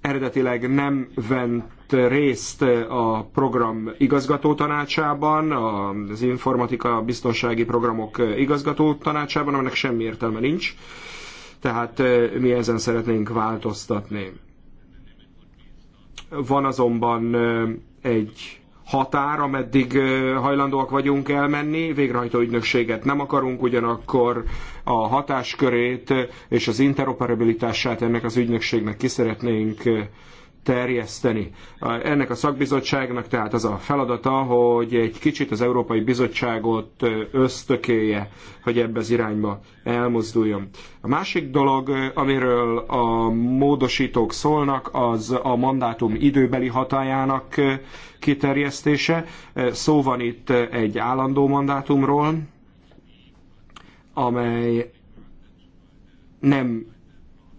eredetileg nem vent részt a program igazgató tanácsában, az informatika biztonsági programok igazgató tanácsában, aminek semmi értelme nincs. Tehát mi ezen szeretnénk változtatni. Van azonban egy határ, ameddig hajlandóak vagyunk elmenni, végrehajtó ügynökséget nem akarunk, ugyanakkor a hatáskörét és az interoperabilitását ennek az ügynökségnek ki szeretnénk terjeszteni. Ennek a szakbizottságnak tehát az a feladata, hogy egy kicsit az Európai Bizottságot ösztökélje, hogy ebbe az irányba elmozduljon. A másik dolog, amiről a módosítók szólnak, az a mandátum időbeli hatájának kiterjesztése. Szó van itt egy állandó mandátumról, amely nem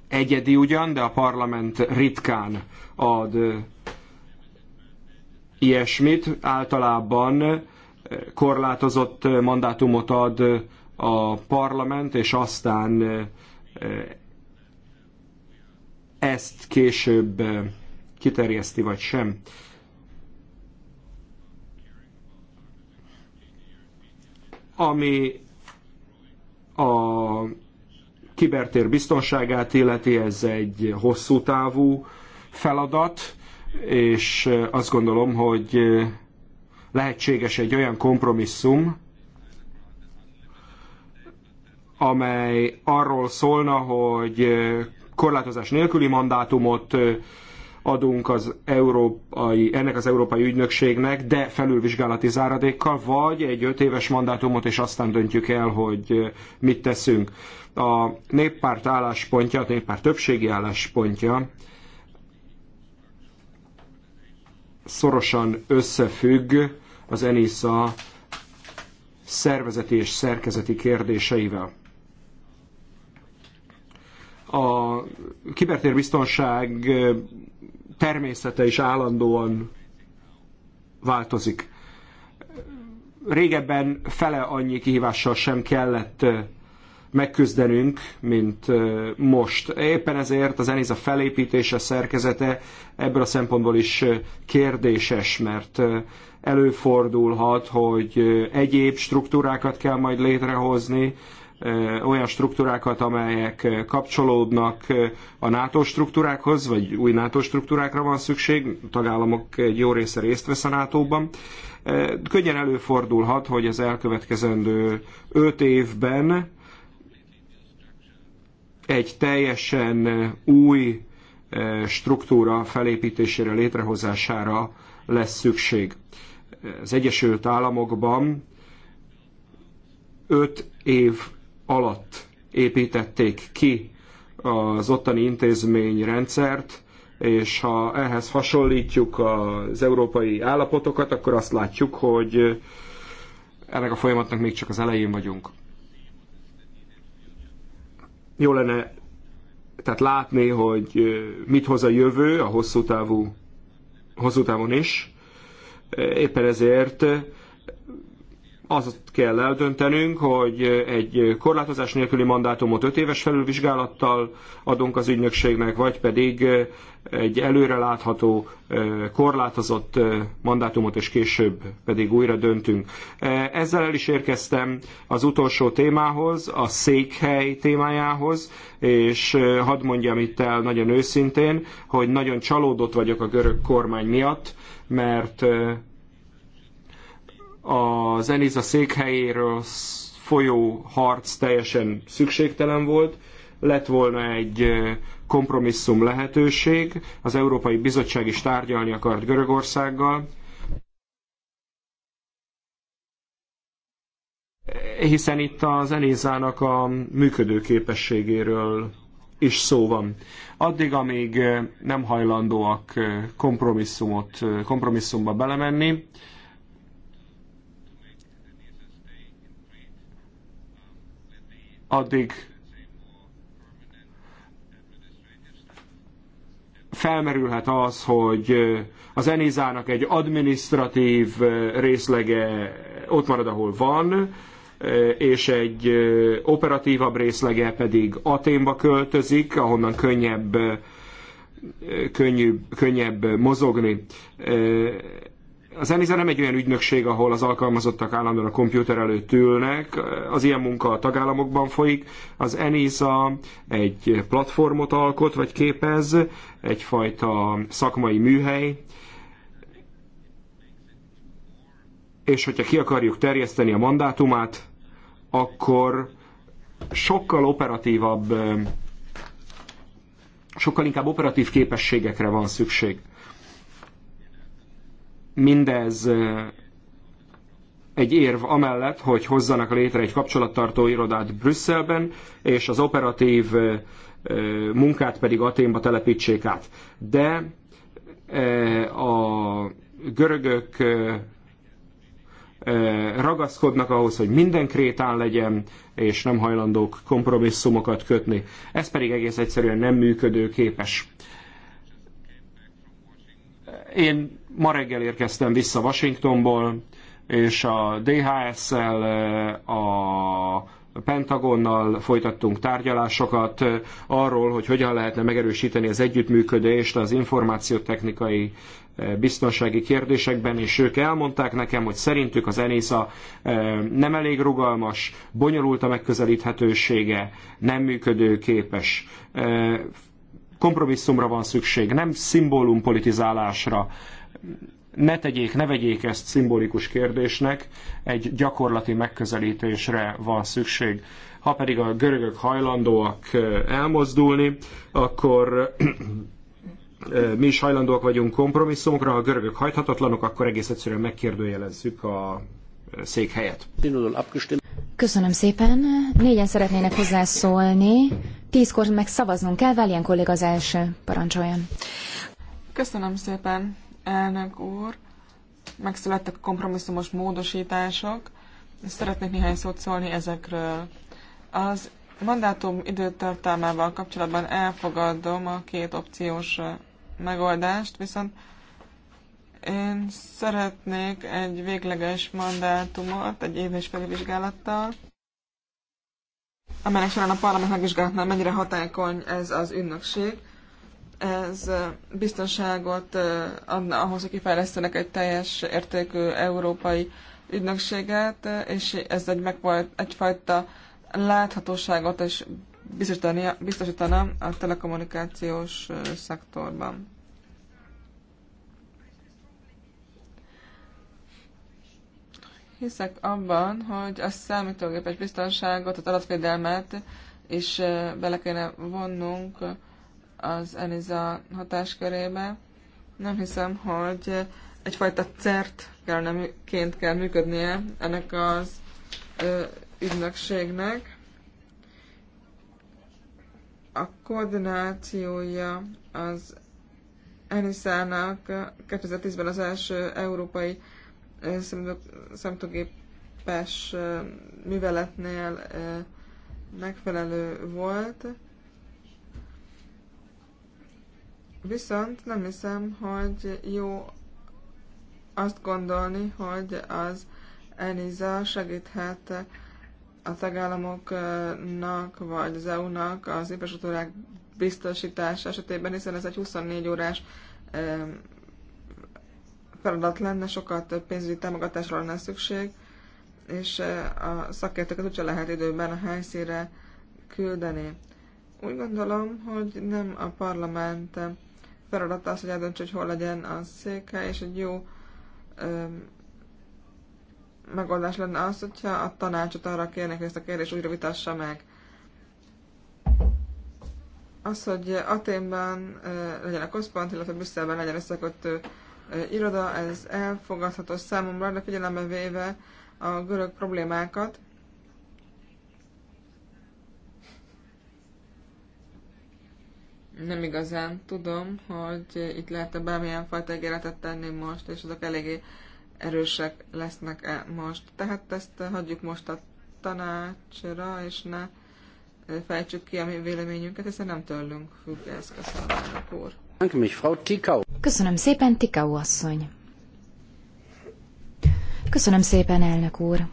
egyedi ugyan, de a parlament ritkán ad ilyesmit, általában korlátozott mandátumot ad a parlament, és aztán ezt később kiterjeszti vagy sem. Ami a kibertér biztonságát illeti, ez egy hosszú távú feladat, és azt gondolom, hogy lehetséges egy olyan kompromisszum, amely arról szólna, hogy korlátozás nélküli mandátumot adunk az európai, ennek az európai ügynökségnek, de felülvizsgálati záradékkal, vagy egy öt éves mandátumot, és aztán döntjük el, hogy mit teszünk. A néppárt álláspontja, a néppárt többségi álláspontja szorosan összefügg az ENISZA szervezeti és szerkezeti kérdéseivel. A kibertérbiztonság természete is állandóan változik. Régebben fele annyi kihívással sem kellett megküzdenünk, mint most. Éppen ezért az ENISA felépítése, szerkezete ebből a szempontból is kérdéses, mert előfordulhat, hogy egyéb struktúrákat kell majd létrehozni, olyan struktúrákat, amelyek kapcsolódnak a NATO struktúrákhoz, vagy új NATO struktúrákra van szükség, a tagállamok egy jó része részt vesz a NATO-ban. Könnyen előfordulhat, hogy az elkövetkezendő öt évben egy teljesen új eh, struktúra felépítésére, létrehozására lesz szükség. Az Egyesült Államokban öt év alatt építették ki az ottani intézményrendszert, és ha ehhez hasonlítjuk az európai állapotokat, akkor azt látjuk, hogy ennek a folyamatnak még csak az elején vagyunk jó lenne tehát látni, hogy mit hoz a jövő a hosszú, távú, hosszú távon is. Éppen ezért az kell eldöntenünk, hogy egy korlátozás nélküli mandátumot 5 éves felülvizsgálattal adunk az ügynökségnek, vagy pedig egy előrelátható, korlátozott mandátumot, és később pedig újra döntünk. Ezzel el is érkeztem az utolsó témához, a székhely témájához, és hadd mondjam itt el nagyon őszintén, hogy nagyon csalódott vagyok a görög kormány miatt, mert a Zeniza székhelyéről folyó harc teljesen szükségtelen volt, lett volna egy kompromisszum lehetőség, az Európai Bizottság is tárgyalni akart Görögországgal, hiszen itt a zenézának a képességéről is szó van. Addig, amíg nem hajlandóak kompromisszumot, kompromisszumba belemenni, addig felmerülhet az, hogy az Enizának egy administratív részlege ott marad, ahol van, és egy operatívabb részlege pedig Aténba költözik, ahonnan könnyebb, könnyű, könnyebb mozogni az ENISA nem egy olyan ügynökség, ahol az alkalmazottak állandóan a kompjúter előtt ülnek, az ilyen munka a tagállamokban folyik. Az ENISA egy platformot alkot, vagy képez, egyfajta szakmai műhely, és hogyha ki akarjuk terjeszteni a mandátumát, akkor sokkal operatívabb, sokkal inkább operatív képességekre van szükség. Mindez egy érv amellett, hogy hozzanak létre egy kapcsolattartó irodát Brüsszelben, és az operatív munkát pedig Aténba telepítsék át. De a görögök ragaszkodnak ahhoz, hogy minden krétán legyen, és nem hajlandók kompromisszumokat kötni. Ez pedig egész egyszerűen nem működőképes. Én ma reggel érkeztem vissza Washingtonból, és a DHS-szel, a Pentagonnal folytattunk tárgyalásokat arról, hogy hogyan lehetne megerősíteni az együttműködést az információtechnikai eh, biztonsági kérdésekben, és ők elmondták nekem, hogy szerintük az ENISA eh, nem elég rugalmas, bonyolult a megközelíthetősége, nem működőképes. Eh, kompromisszumra van szükség, nem szimbólum politizálásra. Ne tegyék, ne vegyék ezt szimbolikus kérdésnek, egy gyakorlati megközelítésre van szükség. Ha pedig a görögök hajlandóak elmozdulni, akkor mi is hajlandóak vagyunk kompromisszumokra, ha a görögök hajthatatlanok, akkor egész egyszerűen megkérdőjelezzük a székhelyet. Köszönöm szépen. Négyen szeretnének hozzászólni. Tízkor meg szavaznunk kell, Váljen kolléga az első. Parancsoljon. Köszönöm szépen, elnök úr. Megszülettek a kompromisszumos módosítások. Szeretnék néhány szót szólni ezekről. Az mandátum időtartalmával kapcsolatban elfogadom a két opciós megoldást, viszont én szeretnék egy végleges mandátumot egy éves felvizsgálattal, amelynek során a parlament megvizsgálhatná, mennyire hatékony ez az ünnökség. Ez biztonságot adna ahhoz, hogy kifejlesztenek egy teljes értékű európai ügynökséget, és ez egy megvolt, egyfajta láthatóságot és biztosítana, biztosítana a telekommunikációs szektorban. hiszek abban, hogy a számítógépes biztonságot, az adatvédelmet is bele kéne vonnunk az ENISA hatáskörébe. Nem hiszem, hogy egyfajta cert kellene, ként kell működnie ennek az ö, ügynökségnek. A koordinációja az ENISA-nak 2010-ben az első európai számítógépes műveletnél megfelelő volt. Viszont nem hiszem, hogy jó azt gondolni, hogy az ENISA segíthet a tagállamoknak vagy az EU-nak az infrastruktúrák biztosítása esetében, hiszen ez egy 24 órás feladat lenne, sokkal több pénzügyi támogatásra lenne szükség, és eh, a szakértőket úgyse lehet időben a helyszínre küldeni. Úgy gondolom, hogy nem a parlament feladata az, hogy eldöntse, hogy hol legyen a széke, és egy jó ö, megoldás lenne az, hogyha a tanácsot arra kérnek, hogy ezt a kérdést újra vitassa meg. Az, hogy Aténban eh, legyen a központ, illetve Brüsszelben legyen összekötő iroda, ez elfogadható számomra, de figyelembe véve a görög problémákat. Nem igazán tudom, hogy itt lehet-e bármilyen fajta ígéretet tenni most, és azok eléggé erősek lesznek -e most. Tehát ezt hagyjuk most a tanácsra, és ne fejtsük ki a mi véleményünket, hiszen nem tőlünk függ ez. Köszönöm, úr. Köszönöm szépen, Tikau asszony. Köszönöm szépen, elnök úr.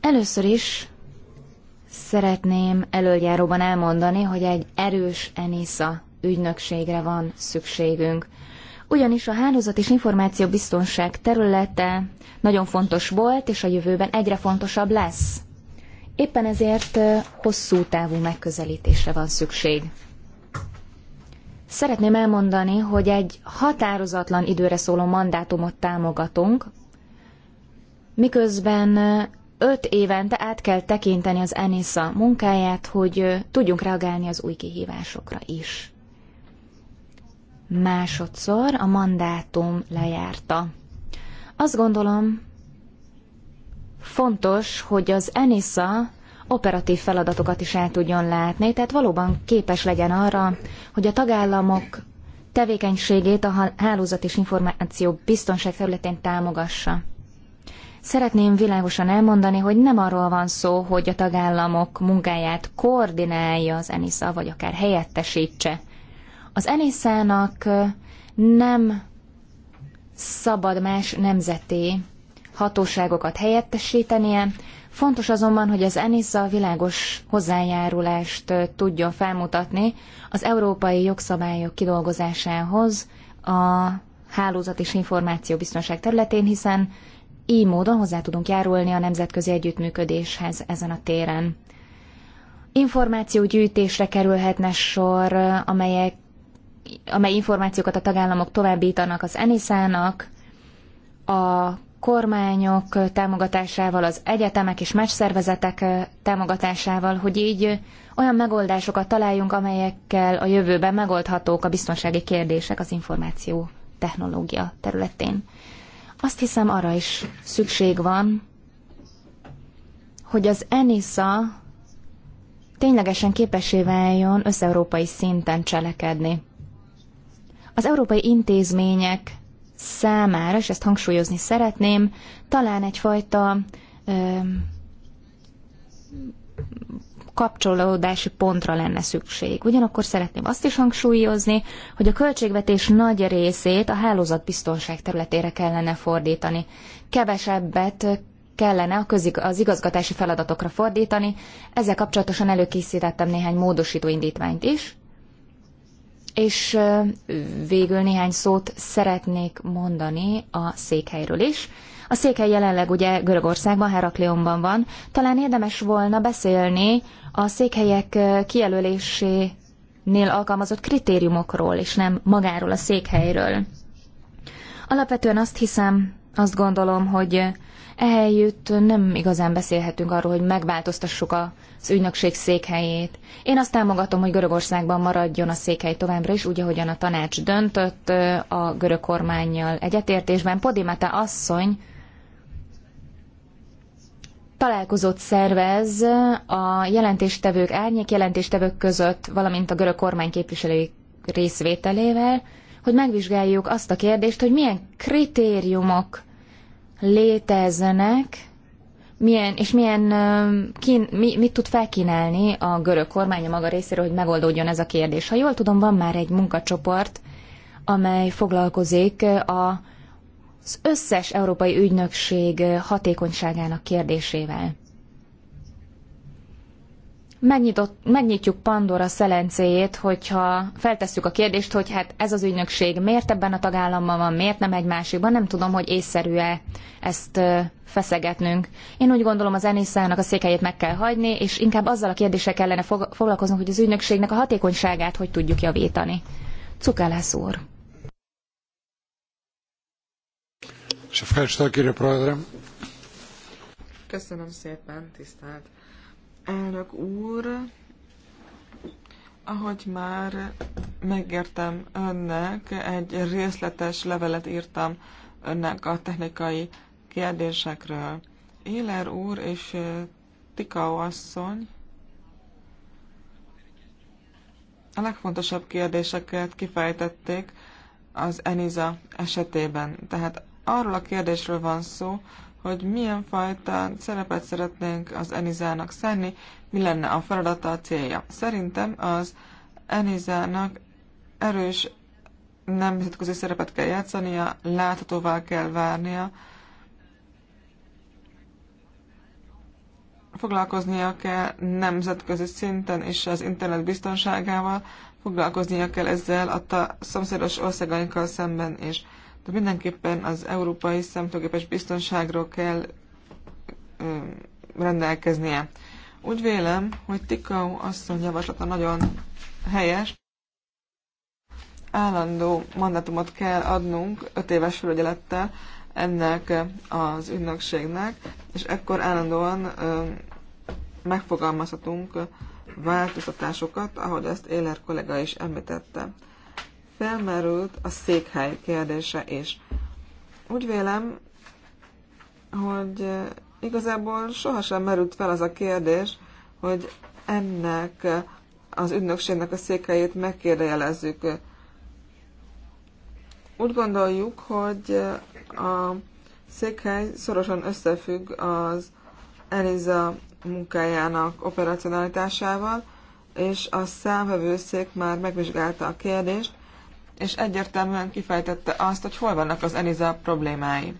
Először is szeretném elöljáróban elmondani, hogy egy erős ENISA ügynökségre van szükségünk. Ugyanis a hálózat és információbiztonság területe nagyon fontos volt, és a jövőben egyre fontosabb lesz. Éppen ezért hosszú távú megközelítésre van szükség. Szeretném elmondani, hogy egy határozatlan időre szóló mandátumot támogatunk, miközben öt évente át kell tekinteni az ENISA munkáját, hogy tudjunk reagálni az új kihívásokra is. Másodszor a mandátum lejárta. Azt gondolom, fontos, hogy az ENISA operatív feladatokat is el tudjon látni, tehát valóban képes legyen arra, hogy a tagállamok tevékenységét a hálózat és információ biztonság területén támogassa. Szeretném világosan elmondani, hogy nem arról van szó, hogy a tagállamok munkáját koordinálja az ENISA, vagy akár helyettesítse. Az ENISA-nak nem szabad más nemzeti hatóságokat helyettesítenie. Fontos azonban, hogy az ENISZA világos hozzájárulást tudjon felmutatni az európai jogszabályok kidolgozásához a hálózat és információbiztonság területén, hiszen így módon hozzá tudunk járulni a nemzetközi együttműködéshez ezen a téren. Információgyűjtésre kerülhetne sor, amelyek, amely információkat a tagállamok továbbítanak az enisa a kormányok támogatásával, az egyetemek és más szervezetek támogatásával, hogy így olyan megoldásokat találjunk, amelyekkel a jövőben megoldhatók a biztonsági kérdések az információ technológia területén. Azt hiszem arra is szükség van, hogy az ENISA ténylegesen képesé váljon összeurópai szinten cselekedni. Az európai intézmények számára, és ezt hangsúlyozni szeretném, talán egyfajta ö, kapcsolódási pontra lenne szükség. Ugyanakkor szeretném azt is hangsúlyozni, hogy a költségvetés nagy részét a hálózatbiztonság területére kellene fordítani. Kevesebbet kellene a közig, az igazgatási feladatokra fordítani. Ezzel kapcsolatosan előkészítettem néhány módosító indítványt is és végül néhány szót szeretnék mondani a székhelyről is. A székhely jelenleg ugye Görögországban, Herakleonban van. Talán érdemes volna beszélni a székhelyek kijelölésénél alkalmazott kritériumokról, és nem magáról a székhelyről. Alapvetően azt hiszem, azt gondolom, hogy ehelyütt nem igazán beszélhetünk arról, hogy megváltoztassuk a az ügynökség székhelyét. Én azt támogatom, hogy Görögországban maradjon a székhely továbbra is, úgy, ahogyan a tanács döntött a görög kormányjal egyetértésben. Podimata asszony találkozót szervez a jelentéstevők, árnyék jelentéstevők között, valamint a görög kormány képviselői részvételével, hogy megvizsgáljuk azt a kérdést, hogy milyen kritériumok léteznek milyen, és milyen, kín, mi, mit tud felkínálni a görög kormány a maga részéről, hogy megoldódjon ez a kérdés. Ha jól tudom, van már egy munkacsoport, amely foglalkozik a, az összes európai ügynökség hatékonyságának kérdésével megnyitott, megnyitjuk Pandora szelencéjét, hogyha feltesszük a kérdést, hogy hát ez az ügynökség miért ebben a tagállamban van, miért nem egy másikban, nem tudom, hogy észszerű-e ezt feszegetnünk. Én úgy gondolom, az Enisza-nak a székhelyét meg kell hagyni, és inkább azzal a kérdéssel kellene foglalkoznunk, hogy az ügynökségnek a hatékonyságát hogy tudjuk javítani. Cukálász úr. Köszönöm szépen, tisztelt Elnök úr, ahogy már megértem önnek, egy részletes levelet írtam önnek a technikai kérdésekről. Éler úr és Tikau asszony a legfontosabb kérdéseket kifejtették az Eniza esetében. Tehát arról a kérdésről van szó, hogy milyen fajta szerepet szeretnénk az Enizának szenni, mi lenne a feladata, a célja. Szerintem az Enizának erős nemzetközi szerepet kell játszania, láthatóvá kell várnia, foglalkoznia kell nemzetközi szinten és az internet biztonságával, foglalkoznia kell ezzel a szomszédos országainkkal szemben is. És de mindenképpen az európai számítógépes biztonságról kell ö, rendelkeznie. Úgy vélem, hogy Tikau asszony javaslata nagyon helyes. Állandó mandátumot kell adnunk öt éves felügyelettel ennek az ügynökségnek, és ekkor állandóan ö, megfogalmazhatunk változtatásokat, ahogy ezt Éler kollega is említette felmerült a székhely kérdése is. Úgy vélem, hogy igazából sohasem merült fel az a kérdés, hogy ennek az ügynökségnek a székhelyét megkérdejelezzük. Úgy gondoljuk, hogy a székhely szorosan összefügg az Eliza munkájának operacionalitásával, és a számvevőszék már megvizsgálta a kérdést, és egyértelműen kifejtette azt, hogy hol vannak az ENISA problémái.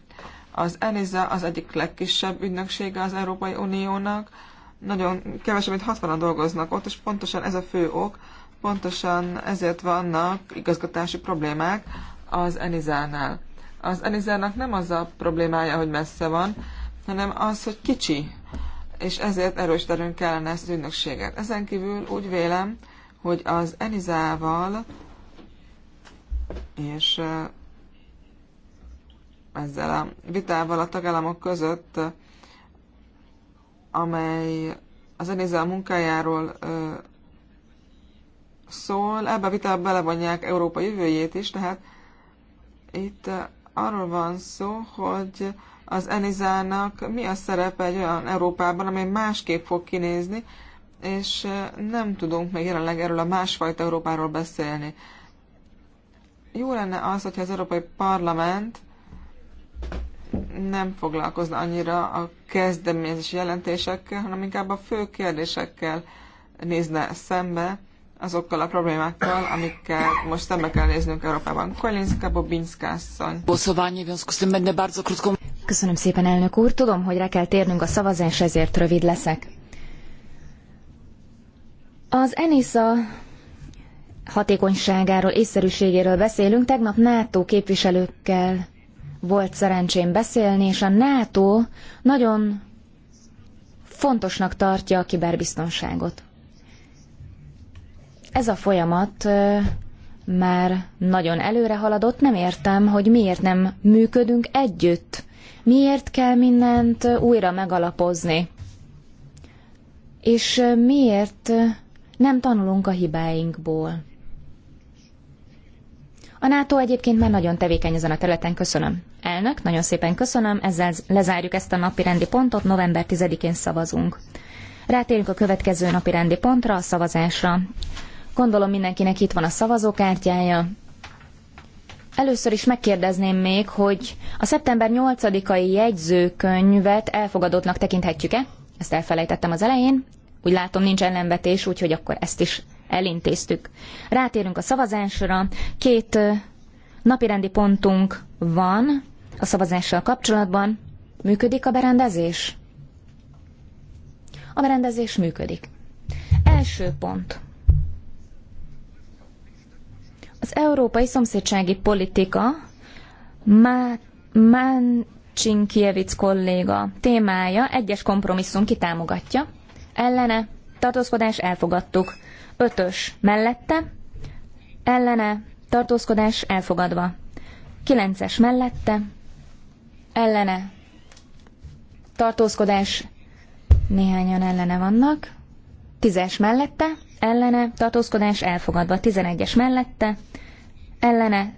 Az ENISA az egyik legkisebb ügynöksége az Európai Uniónak, nagyon kevesebb, mint 60-an dolgoznak ott, és pontosan ez a fő ok, pontosan ezért vannak igazgatási problémák az ENISA-nál. Az ENISA-nak nem az a problémája, hogy messze van, hanem az, hogy kicsi, és ezért erős terünk kellene ezt az ügynökséget. Ezen kívül úgy vélem, hogy az ENISA-val és ezzel a vitával a tagállamok között, amely az Enézel munkájáról szól, ebbe a vitába belevonják Európa jövőjét is, tehát itt arról van szó, hogy az Enizának mi a szerepe egy olyan Európában, amely másképp fog kinézni, és nem tudunk még jelenleg erről a másfajta Európáról beszélni jó lenne az, hogyha az Európai Parlament nem foglalkozna annyira a kezdeményezési jelentésekkel, hanem inkább a fő kérdésekkel nézne szembe, azokkal a problémákkal, amikkel most szembe kell néznünk Európában. Kolinszka Bobinska asszony. Köszönöm szépen, elnök úr. Tudom, hogy rá kell térnünk a szavazás, ezért rövid leszek. Az ENISA hatékonyságáról, észszerűségéről beszélünk. Tegnap NATO képviselőkkel volt szerencsém beszélni, és a NATO nagyon fontosnak tartja a kiberbiztonságot. Ez a folyamat már nagyon előre haladott, nem értem, hogy miért nem működünk együtt. Miért kell mindent újra megalapozni? És miért nem tanulunk a hibáinkból? A NATO egyébként már nagyon tevékeny ezen a területen, köszönöm. Elnök, nagyon szépen köszönöm, ezzel lezárjuk ezt a napi rendi pontot, november 10-én szavazunk. Rátérünk a következő napi rendi pontra, a szavazásra. Gondolom mindenkinek itt van a szavazókártyája. Először is megkérdezném még, hogy a szeptember 8-ai jegyzőkönyvet elfogadottnak tekinthetjük-e? Ezt elfelejtettem az elején. Úgy látom, nincs ellenvetés, úgyhogy akkor ezt is elintéztük. Rátérünk a szavazásra. Két napirendi pontunk van a szavazással kapcsolatban. Működik a berendezés? A berendezés működik. Első pont. Az európai szomszédsági politika Má Máncsinkievic kolléga témája egyes kompromisszum kitámogatja, ellene tartózkodás elfogadtuk. Ötös mellette, ellene, tartózkodás elfogadva. Kilences mellette, ellene, tartózkodás néhányan ellene vannak. Tízes mellette, ellene, tartózkodás elfogadva. Tizenegyes mellette, ellene,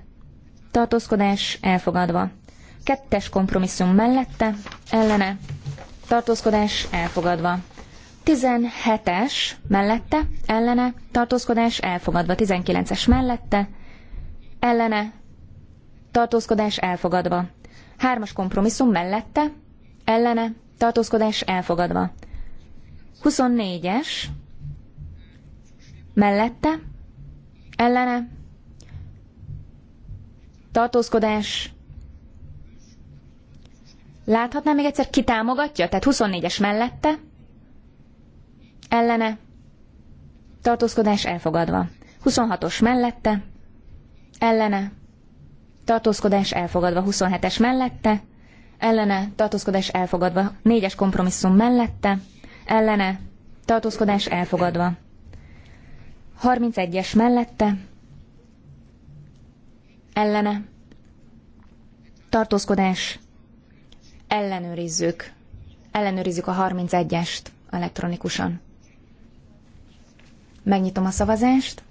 tartózkodás elfogadva. Kettes kompromisszum mellette, ellene, tartózkodás elfogadva. 17-es mellette, ellene, tartózkodás elfogadva. 19-es mellette, ellene, tartózkodás elfogadva. 3-as kompromisszum mellette, ellene, tartózkodás elfogadva. 24-es mellette, ellene, tartózkodás Láthatnám még egyszer, ki támogatja? Tehát 24-es mellette, ellene, tartózkodás elfogadva. 26-os mellette, ellene, tartózkodás elfogadva. 27-es mellette, ellene, tartózkodás elfogadva. 4-es kompromisszum mellette, ellene, tartózkodás elfogadva. 31-es mellette, ellene, tartózkodás, ellenőrizzük, ellenőrizzük a 31-est elektronikusan. Megnyitom a szavazást.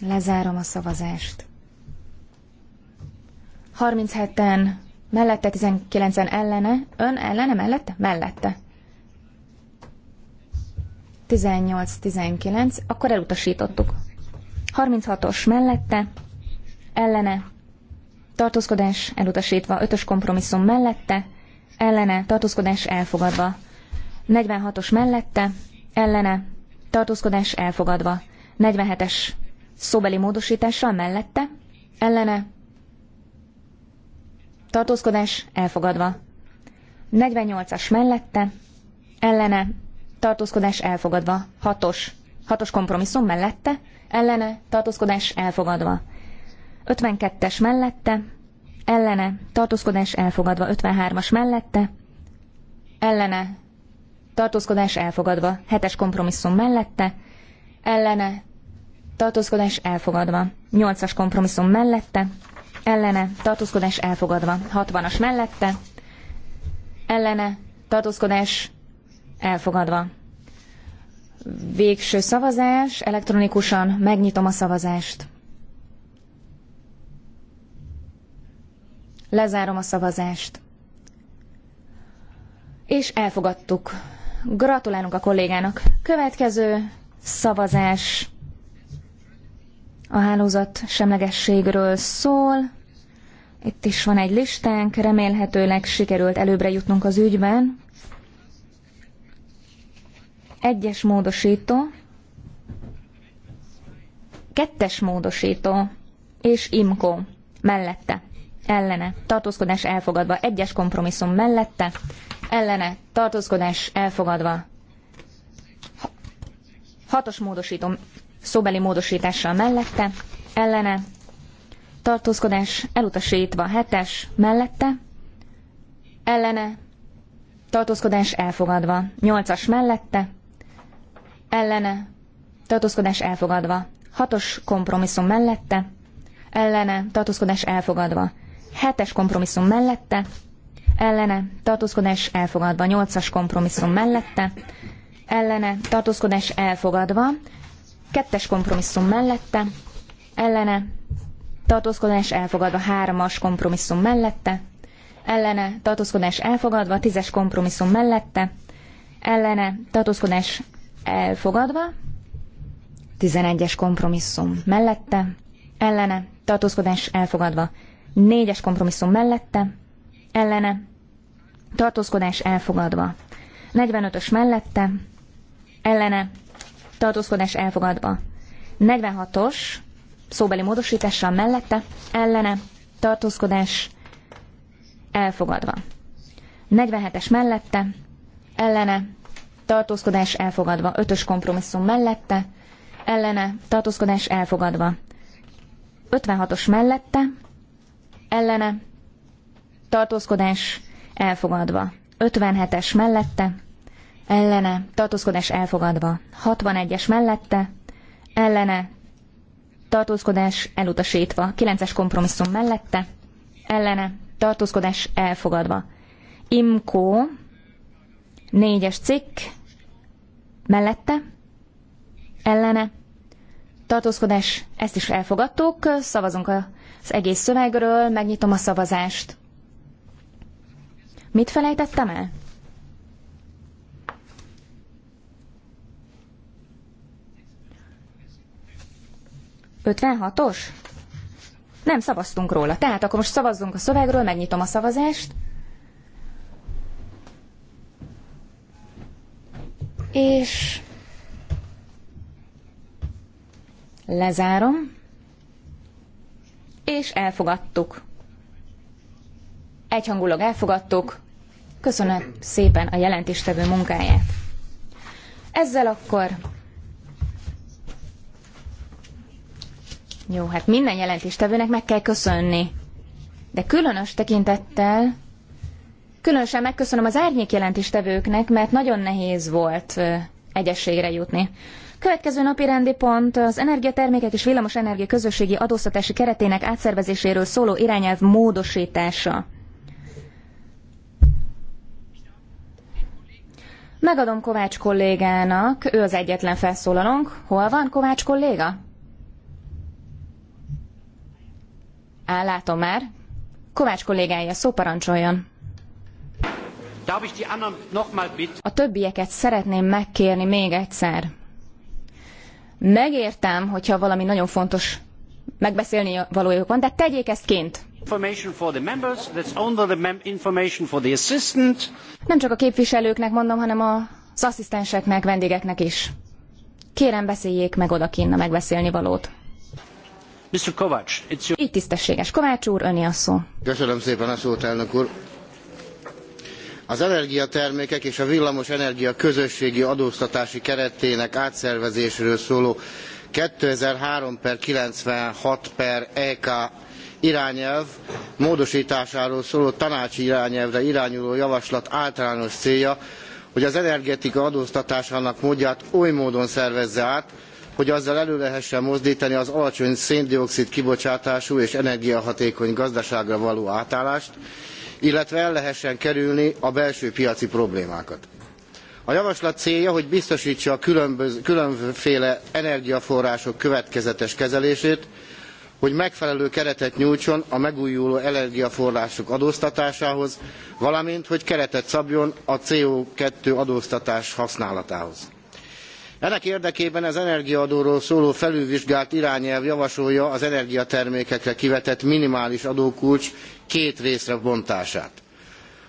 Lezárom a szavazást. 37-en mellette, 19-en ellene. Ön ellene, mellette? Mellette. 18-19, akkor elutasítottuk. 36-os mellette, ellene, tartózkodás elutasítva, 5-ös kompromisszum mellette, ellene, tartózkodás elfogadva. 46-os mellette, ellene, tartózkodás elfogadva. 47-es szóbeli módosítással mellette, ellene, tartózkodás elfogadva. 48-as mellette, ellene, tartózkodás elfogadva. 6-os, 6-os kompromisszum mellette, ellene, tartózkodás elfogadva. 52-es mellette, ellene, tartózkodás elfogadva. 53-as mellette, ellene, tartózkodás elfogadva. Hetes kompromisszum mellette, ellene, tartózkodás elfogadva. Nyolcas kompromisszum mellette, ellene, tartózkodás elfogadva. Hatvanas mellette, ellene, tartózkodás elfogadva. Végső szavazás, elektronikusan megnyitom a szavazást. Lezárom a szavazást. És elfogadtuk Gratulálunk a kollégának. Következő szavazás a hálózat semlegességről szól. Itt is van egy listánk, remélhetőleg sikerült előbbre jutnunk az ügyben. Egyes módosító, kettes módosító és IMKO mellette, ellene, tartózkodás elfogadva, egyes kompromisszum mellette, ellene tartózkodás elfogadva. Hatos módosító szóbeli módosítással mellette, ellene tartózkodás elutasítva. Hetes mellette, ellene tartózkodás elfogadva. Nyolcas mellette, ellene tartózkodás elfogadva. Hatos kompromisszum mellette, ellene tartózkodás elfogadva. Hetes kompromisszum mellette, ellene, tartózkodás elfogadva, 8-as kompromisszum mellette, ellene, tartózkodás elfogadva, 2-es kompromisszum mellette, ellene, tartózkodás elfogadva, 3-as kompromisszum mellette, ellene, tartózkodás elfogadva, 10-es kompromisszum mellette, ellene, tartózkodás elfogadva, 11-es kompromisszum mellette, ellene, tartózkodás elfogadva, 4-es kompromisszum mellette, ellene, tartózkodás elfogadva. 45-ös mellette, ellene, tartózkodás elfogadva. 46-os, szóbeli módosítással mellette, ellene, tartózkodás elfogadva. 47-es mellette, ellene, tartózkodás elfogadva. 5-ös kompromisszum mellette, ellene, tartózkodás elfogadva. 56-os mellette, ellene, tartózkodás elfogadva. 57-es mellette, ellene, tartózkodás elfogadva. 61-es mellette, ellene, tartózkodás elutasítva. 9-es kompromisszum mellette, ellene, tartózkodás elfogadva. Imkó, 4-es cikk, mellette, ellene, tartózkodás, ezt is elfogadtuk, szavazunk az egész szövegről, megnyitom a szavazást. Mit felejtettem el? Ötvenhatos? Nem szavaztunk róla. Tehát akkor most szavazzunk a szövegről, megnyitom a szavazást. És lezárom. És elfogadtuk egyhangulag elfogadtuk. Köszönöm szépen a jelentéstevő munkáját. Ezzel akkor Jó, hát minden jelentéstevőnek meg kell köszönni. De különös tekintettel, különösen megköszönöm az árnyék jelentéstevőknek, mert nagyon nehéz volt egyességre jutni. Következő napi rendi pont az energiatermékek és villamosenergia közösségi adóztatási keretének átszervezéséről szóló irányelv módosítása. Megadom Kovács kollégának, ő az egyetlen felszólalónk. Hol van Kovács kolléga? Á, látom már. Kovács kollégája, szó parancsoljon. A többieket szeretném megkérni még egyszer. Megértem, hogyha valami nagyon fontos megbeszélni valójuk van, de tegyék ezt kint. Nem csak a képviselőknek mondom, hanem az asszisztenseknek, vendégeknek is. Kérem, beszéljék meg odakinn a megbeszélni valót. Mr. Kovács, it's your... Így tisztességes. Kovács úr, öné a szó. Köszönöm szépen a szót, elnök úr. Az energiatermékek és a villamos energia közösségi adóztatási keretének átszervezéséről szóló 2003 per 96 per EK irányelv módosításáról szóló tanácsi irányelvre irányuló javaslat általános célja, hogy az energetika adóztatásának módját oly módon szervezze át, hogy azzal elő lehessen mozdítani az alacsony szén-dioxid kibocsátású és energiahatékony gazdaságra való átállást, illetve el lehessen kerülni a belső piaci problémákat. A javaslat célja, hogy biztosítsa a különböz, különféle energiaforrások következetes kezelését, hogy megfelelő keretet nyújtson a megújuló energiaforrások adóztatásához, valamint hogy keretet szabjon a CO2 adóztatás használatához. Ennek érdekében az energiaadóról szóló felülvizsgált irányelv javasolja az energiatermékekre kivetett minimális adókulcs két részre bontását.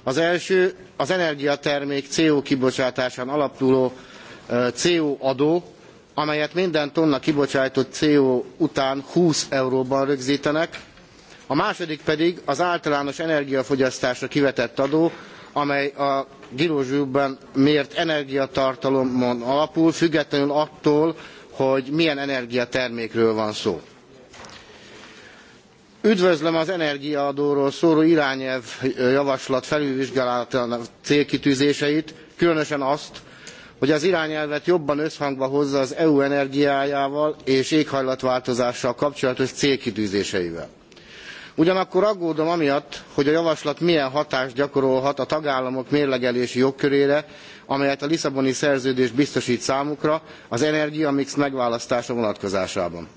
Az első az energiatermék CO kibocsátásán alapuló CO adó, amelyet minden tonna kibocsátott CO után 20 euróban rögztenek a második pedig az általános energiafogyasztásra kivetett adó, amely a kilózsúlyban mért energiatartalomon alapul, függetlenül attól, hogy milyen energiatermékről van szó. Üdvözlöm az energiaadóról szóló irányelv javaslat felülvizsgálatának célkitűzéseit, különösen azt, hogy az irányelvet jobban összhangba hozza az eu energiájával és éghajlatváltozással kapcsolatos célkitűzéseivel. ugyanakkor aggódom amiatt hogy a javaslat milyen hatást gyakorolhat a tagállamok mérlegelési jogkörére amelyet a lisszaboni szerződés biztost számukra az energiamix megválasztása vonatkozásában.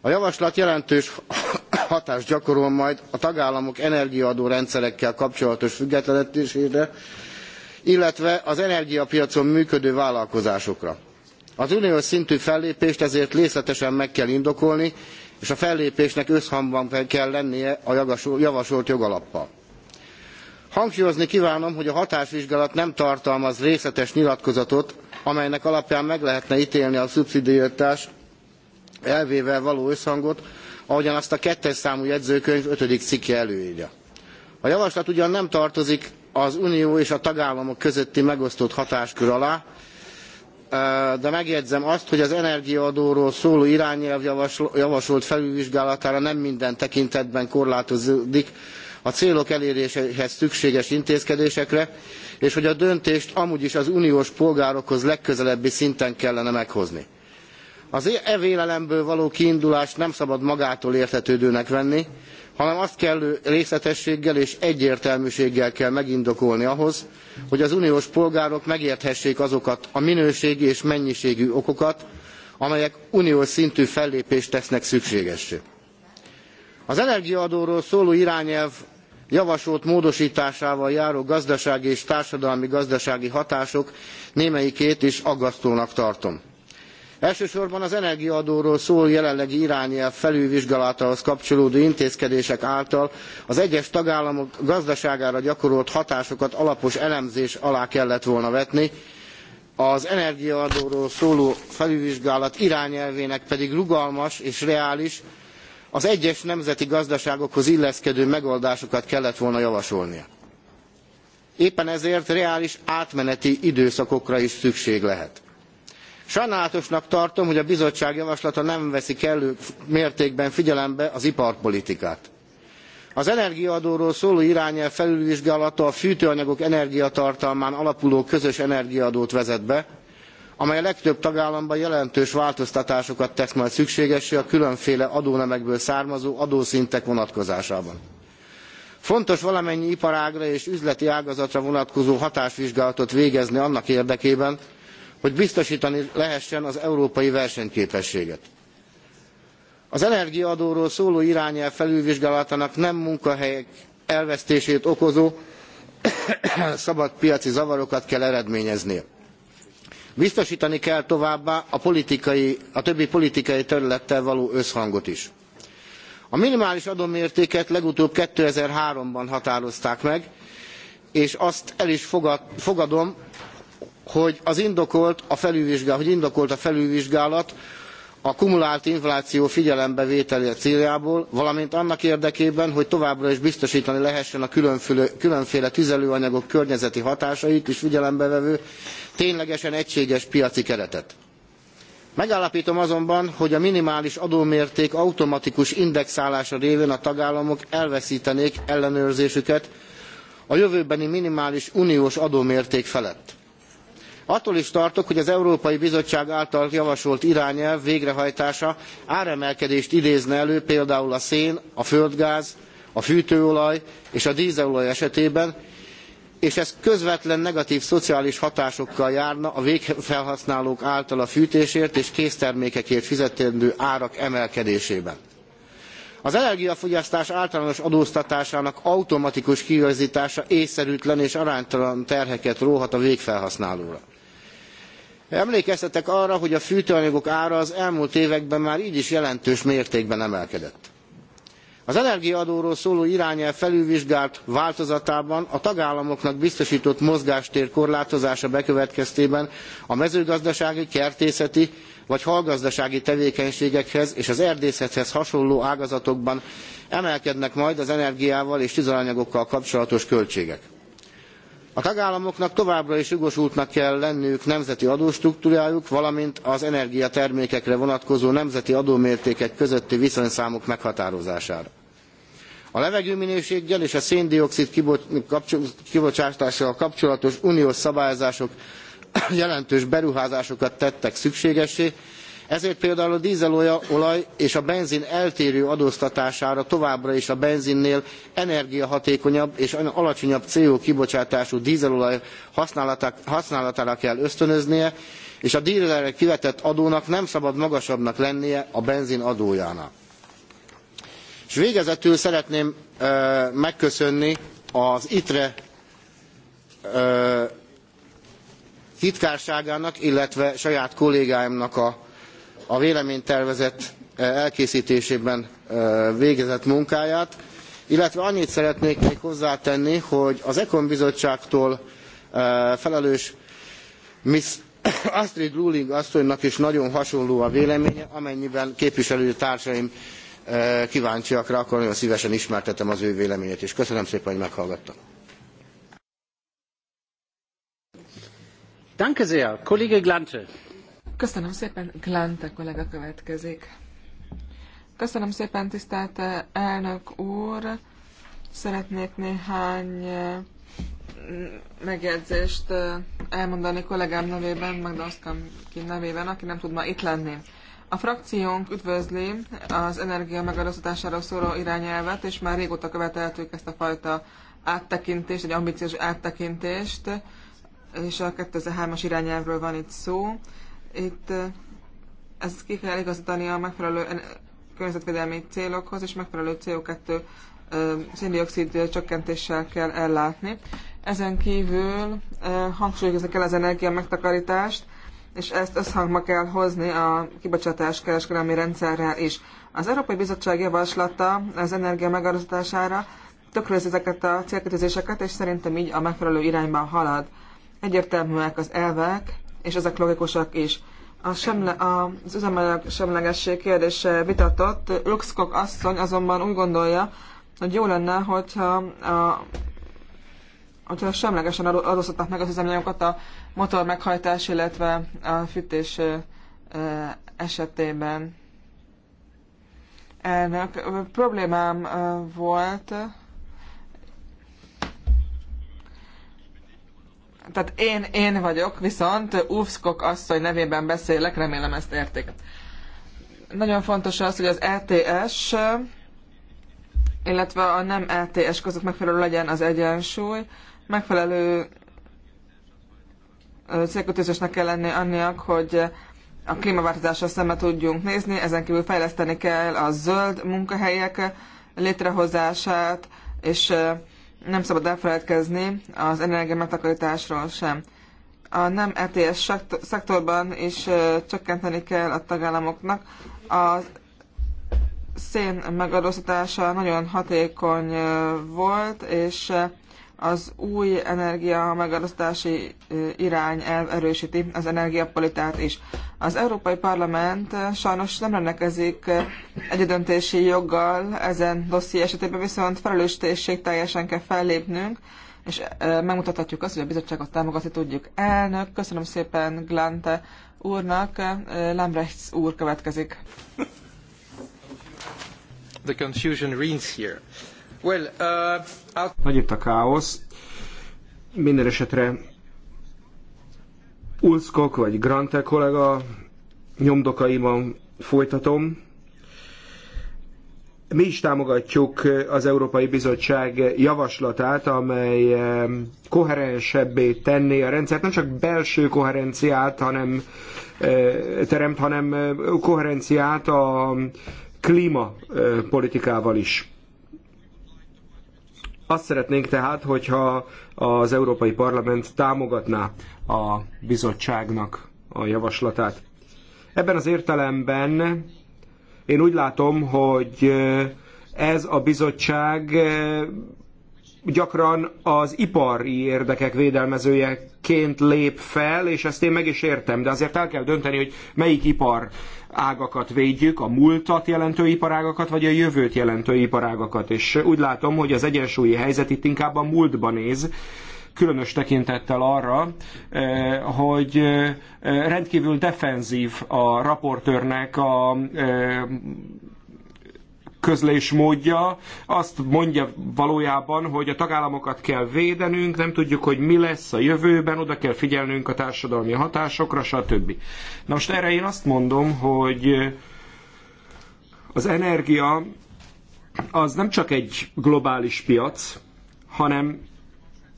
a javaslat jelentős hatást gyakorol majd a tagállamok energiaadórendszerekkel kapcsolatos függetlenedésére illetve az energiapiacon működő vállalkozásokra. Az uniós szintű fellépést ezért részletesen meg kell indokolni, és a fellépésnek összhangban kell lennie a javasolt jogalappal. Hangsúlyozni kívánom, hogy a hatásvizsgálat nem tartalmaz részletes nyilatkozatot, amelynek alapján meg lehetne télni a szubszidiaritás elvével való összhangot, ahogyan azt a kettes számú jegyzőkönyv ötödik cikke előírja. A javaslat ugyan nem tartozik az unió és a tagállamok közötti megosztott hatáskör alá, de megjegyzem azt, hogy az energiaadóról szóló irányelv javasolt felülvizsgálatára nem minden tekintetben korlátozódik a célok eléréséhez szükséges intézkedésekre, és hogy a döntést amúgy is az uniós polgárokhoz legközelebbi szinten kellene meghozni. Az e vélelemből való kiindulást nem szabad magától értetődőnek venni, hanem azt kellő részletességgel és egyértelműséggel kell megindokolni ahhoz, hogy az uniós polgárok megérthessék azokat a minőségi és mennyiségű okokat, amelyek uniós szintű fellépést tesznek szükségessé. Az energiaadóról szóló irányelv javasolt módosításával járó gazdasági és társadalmi gazdasági hatások némelyikét is aggasztónak tartom elsősorban az energiaadóról szóló jelenlegi irányelv felülvizsgálatához kapcsolódó intézkedések által az egyes tagállamok gazdaságára gyakorolt hatásokat alapos elemzés alá kellett volna vetni az energiaadóról szóló felülvizsgálat irányelvének pedig rugalmas és reális az egyes nemzeti gazdaságokhoz illeszkedő megoldásokat kellett volna javasolnia. éppen ezért reális átmeneti időszakokra is szükség lehet sajnálatosnak tartom hogy a bizottság javaslata nem veszi kellő mértékben figyelembe az iparpolitikát. az energiaadóról szóló irányelv felülvizsgálata a fűtőanyagok energiatartalmán alapuló közös energiaadót vezet be amely a legtöbb tagállamban jelentős változtatásokat tesz majd szükségessé a különféle adónemekből származó adószintek vonatkozásában. fontos valamennyi iparágra és üzleti ágazatra vonatkozó hatásvizsgálatot végezni annak érdekében hogy biztostani lehessen az európai versenyképességet. Az energiaadóról szóló irányelv felülvizsgálatának nem munkahelyek elvesztését okozó szabad piaci zavarokat kell eredményeznie. Biztosítani kell továbbá a, politikai, a többi politikai területtel való összhangot is. A minimális adómértéket legutóbb 2003-ban határozták meg, és azt el is fogad, fogadom, hogy az indokolt a felülvizsgálat, hogy indokolt a felülvizsgálat a kumulált infláció figyelembevétele céljából, valamint annak érdekében, hogy továbbra is biztosítani lehessen a különféle, különféle tüzelőanyagok környezeti hatásait is figyelembe vevő ténylegesen egységes piaci keretet. Megállapítom azonban, hogy a minimális adómérték automatikus indexálása révén a tagállamok elveszítenék ellenőrzésüket a jövőbeni minimális uniós adómérték felett attól is tartok hogy az európai bizottság által javasolt irányelv végrehajtása áremelkedést idézne elő például a szén a földgáz a fűtőolaj és a dzelolaj esetében és ez közvetlen negatv szociális hatásokkal járna a végfelhasználók által a fűtésért és késztermékekért fizetendő árak emelkedésében az energiafogyasztás általános adóztatásának automatikus kiigaztása ésszerűtlen és aránytalan terheket róhat a végfelhasználóra. emlékeztetek arra hogy a fűtőanyagok ára az elmúlt években már gy is jelentős mértékben emelkedett. az energiaadóról szóló irányelv felülvizsgált változatában a tagállamoknak biztostott mozgástér korlátozása bekövetkeztében a mezőgazdasági kertészeti vagy hallgazdasági tevékenységekhez és az erdészethez hasonló ágazatokban emelkednek majd az energiával és tüzelanyagokkal kapcsolatos költségek. A tagállamoknak továbbra is jogosultnak kell lenniük nemzeti adóstruktúrájuk, valamint az energiatermékekre vonatkozó nemzeti adómértékek közötti viszonyszámok meghatározására. A levegőminőséggel és a szén-dioxid kibocsátással kapcsolatos uniós szabályozások jelentős beruházásokat tettek szükségessé, ezért például a dízelolaj és a benzin eltérő adóztatására továbbra is a benzinnél energiahatékonyabb és alacsonyabb CO kibocsátású dízelolaj használatára kell ösztönöznie, és a dízelre kivetett adónak nem szabad magasabbnak lennie a benzin adójának. És végezetül szeretném ö, megköszönni az ITRE ö, titkárságának, illetve saját kollégáimnak a, a véleménytervezet eh, elkészítésében eh, végezett munkáját, illetve annyit szeretnék még hozzátenni, hogy az Ekon bizottságtól eh, felelős Miss Astrid Luling asszonynak is nagyon hasonló a véleménye, amennyiben képviselőtársaim kíváncsiak rá, akkor nagyon szívesen ismertetem az ő véleményét is. Köszönöm szépen, hogy meghallgattak. Danke sehr, Kollege Glante. Köszönöm szépen, Glante kollega következik. Köszönöm szépen, tisztelt elnök úr. Szeretnék néhány eh, megjegyzést eh, elmondani kollégám nevében, Magdaszkamki nevében, aki nem tud ma itt lenni. A frakciónk üdvözli az energia megadóztatásáról szóló irányelvet, és már régóta követeltük ezt a fajta áttekintést, egy ambiciózus áttekintést és a 2003-as irányelvről van itt szó. Itt ezt ki kell igazítani a megfelelő környezetvédelmi célokhoz, és megfelelő CO2 széndiokszid csökkentéssel kell ellátni. Ezen kívül hangsúlyozni kell az energia megtakarítást, és ezt összhangba kell hozni a kibocsátás kereskedelmi rendszerrel is. Az Európai Bizottság javaslata az energia megadóztatására tökrözi ezeket a célkötözéseket, és szerintem így a megfelelő irányba halad. Egyértelműek az elvek, és ezek logikusak is. A semle, a, az üzemanyag semlegesség kérdése vitatott. Luxkok asszony azonban úgy gondolja, hogy jó lenne, hogyha, a, hogyha semlegesen adóztatnak meg az üzemanyagokat a motor meghajtás, illetve a fűtés esetében. Ennek problémám volt tehát én, én vagyok, viszont Uvszkok asszony nevében beszélek, remélem ezt értik. Nagyon fontos az, hogy az ETS, illetve a nem ETS között megfelelő legyen az egyensúly, megfelelő célkötőzésnek kell lenni annak, hogy a klímaváltozással szembe tudjunk nézni, ezen kívül fejleszteni kell a zöld munkahelyek létrehozását, és nem szabad elfelejtkezni az energia megtakarításról sem. A nem ETS szektorban is csökkenteni kell a tagállamoknak. A szén megadóztatása nagyon hatékony volt, és az új energia megalasztási irány erősíti az energiapolitát is. Az Európai Parlament sajnos nem rendelkezik egyedöntési joggal ezen dosszi esetében, viszont felelősség teljesen kell fellépnünk, és megmutathatjuk azt, hogy a bizottságot támogatni tudjuk. Elnök, köszönöm szépen Glante úrnak, Lambrechts úr következik. The confusion reigns here. Well, uh... Nagy itt a káosz. Minden esetre Ulszkok vagy Grante kollega nyomdokaiban folytatom. Mi is támogatjuk az Európai Bizottság javaslatát, amely koherensebbé tenné a rendszert, nem csak belső koherenciát, hanem e, teremt, hanem e, koherenciát a klímapolitikával is. Azt szeretnénk tehát, hogyha az Európai Parlament támogatná a bizottságnak a javaslatát. Ebben az értelemben én úgy látom, hogy ez a bizottság gyakran az ipari érdekek védelmezőjeként lép fel, és ezt én meg is értem, de azért el kell dönteni, hogy melyik ipar ágakat védjük, a múltat jelentő iparágakat, vagy a jövőt jelentő iparágakat. És úgy látom, hogy az egyensúlyi helyzet itt inkább a múltba néz, különös tekintettel arra, eh, hogy eh, rendkívül defenzív a raportőrnek a eh, közlésmódja azt mondja valójában, hogy a tagállamokat kell védenünk, nem tudjuk, hogy mi lesz a jövőben, oda kell figyelnünk a társadalmi hatásokra, stb. Na most erre én azt mondom, hogy az energia az nem csak egy globális piac, hanem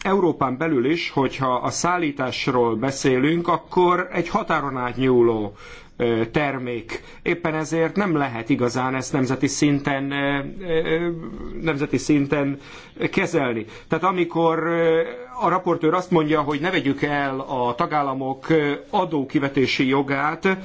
Európán belül is, hogyha a szállításról beszélünk, akkor egy határon átnyúló termék. Éppen ezért nem lehet igazán ezt nemzeti szinten, nemzeti szinten kezelni. Tehát amikor a raportőr azt mondja, hogy ne vegyük el a tagállamok adókivetési jogát,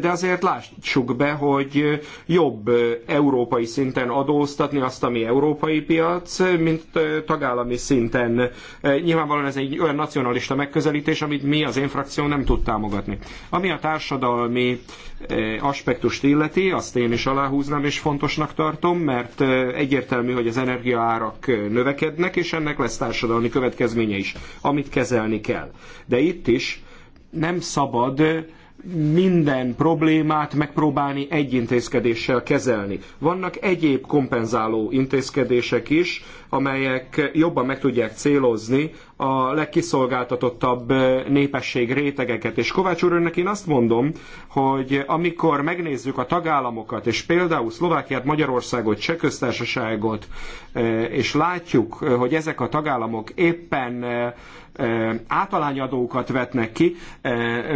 de azért lássuk be, hogy jobb európai szinten adóztatni azt, ami európai piac, mint tagállami szinten. Nyilvánvalóan ez egy olyan nacionalista megközelítés, amit mi, az én frakció nem tud támogatni. Ami a társadalmi eh, aspektust illeti, azt én is aláhúznám és fontosnak tartom, mert eh, egyértelmű, hogy az energiaárak eh, növekednek, és ennek lesz társadalmi következménye következménye is, amit kezelni kell. De itt is nem szabad minden problémát megpróbálni egy intézkedéssel kezelni. Vannak egyéb kompenzáló intézkedések is, amelyek jobban meg tudják célozni a legkiszolgáltatottabb népesség rétegeket. És Kovács úr, önnek én azt mondom, hogy amikor megnézzük a tagállamokat, és például Szlovákiát, Magyarországot, Cseh köztársaságot, eh, és látjuk, eh, hogy ezek a tagállamok éppen eh, általányadókat vetnek ki,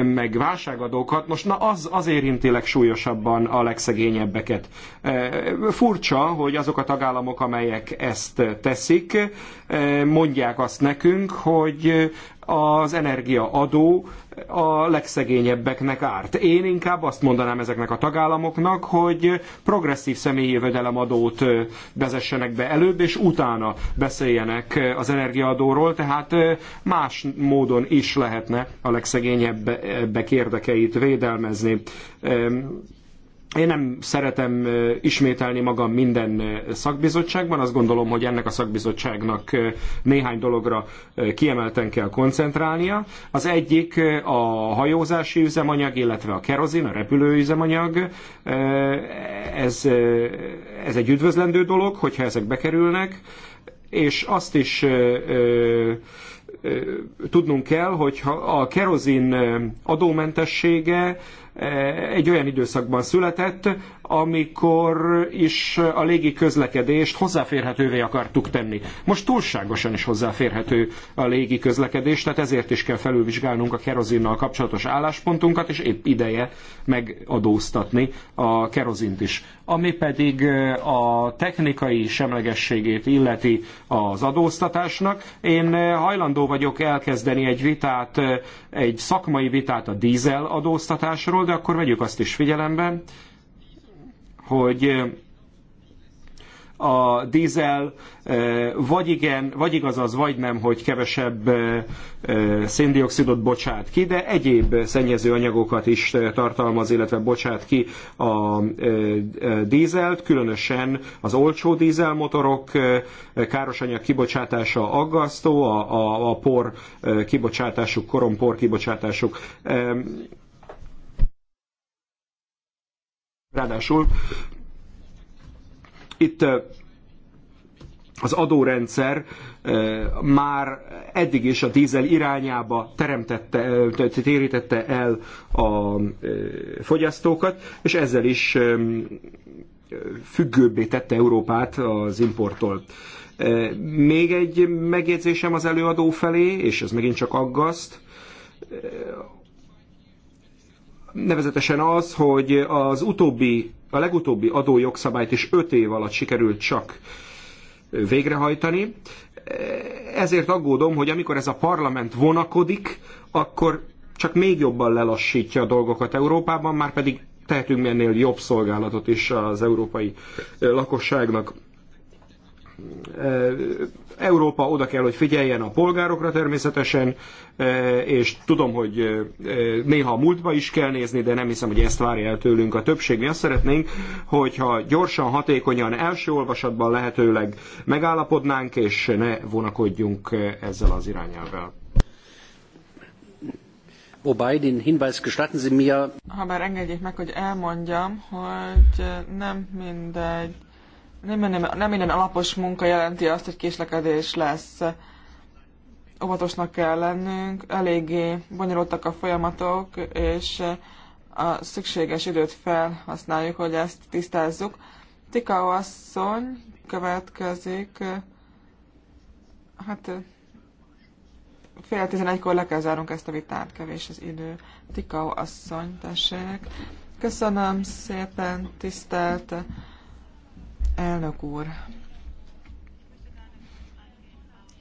meg válságadókat, most na az, az érinti legsúlyosabban a legszegényebbeket. Furcsa, hogy azok a tagállamok, amelyek ezt teszik, mondják azt nekünk, hogy az energiaadó a legszegényebbeknek árt. Én inkább azt mondanám ezeknek a tagállamoknak, hogy progresszív személyi jövedelemadót vezessenek be előbb, és utána beszéljenek az energiaadóról, tehát más módon is lehetne a legszegényebbek érdekeit védelmezni. Én nem szeretem ismételni magam minden szakbizottságban, azt gondolom, hogy ennek a szakbizottságnak néhány dologra kiemelten kell koncentrálnia. Az egyik a hajózási üzemanyag, illetve a kerozin, a repülőüzemanyag. Ez, ez egy üdvözlendő dolog, hogyha ezek bekerülnek, és azt is tudnunk kell, hogy a kerozin adómentessége egy olyan időszakban született, amikor is a légi közlekedést hozzáférhetővé akartuk tenni. Most túlságosan is hozzáférhető a légi közlekedés, tehát ezért is kell felülvizsgálnunk a kerozinnal kapcsolatos álláspontunkat, és épp ideje megadóztatni a kerozint is. Ami pedig eh, a technikai semlegességét illeti az adóztatásnak, én eh, hajlandó vagyok elkezdeni egy vitát, eh, egy szakmai vitát a dízel adóztatásról, de akkor vegyük azt is figyelembe, hogy a dízel vagy igen, vagy igaz az, vagy nem, hogy kevesebb széndiokszidot bocsát ki, de egyéb szennyező anyagokat is tartalmaz, illetve bocsát ki a dízelt, különösen az olcsó dízelmotorok káros anyag kibocsátása aggasztó, a, a, a por kibocsátásuk, korompor kibocsátásuk Ráadásul itt az adórendszer már eddig is a dízel irányába teremtette, térítette el a fogyasztókat, és ezzel is függőbbé tette Európát az importtól. Még egy megjegyzésem az előadó felé, és ez megint csak aggaszt, nevezetesen az, hogy az utóbbi, a legutóbbi adójogszabályt is 5 év alatt sikerült csak végrehajtani. Ezért aggódom, hogy amikor ez a parlament vonakodik, akkor csak még jobban lelassítja a dolgokat Európában, már pedig tehetünk ennél jobb szolgálatot is az európai lakosságnak Európa oda kell, hogy figyeljen a polgárokra természetesen, e, és tudom, hogy e, e, néha a múltba is kell nézni, de nem hiszem, hogy ezt várja el tőlünk a többség. Mi azt szeretnénk, hogyha gyorsan, hatékonyan, első olvasatban lehetőleg megállapodnánk, és ne vonakodjunk ezzel az irányelvvel. Wobei den Hinweis gestatten Sie mir. Habár engedjék meg, hogy elmondjam, hogy nem mindegy nem, nem, nem minden alapos munka jelenti azt, hogy késlekedés lesz. Óvatosnak kell lennünk, eléggé bonyolultak a folyamatok, és a szükséges időt felhasználjuk, hogy ezt tisztázzuk. Tika asszony következik, hát fél tizenegykor le kell zárunk ezt a vitát, kevés az idő. Tika asszony, tessék. Köszönöm szépen, tisztelt elnök úr!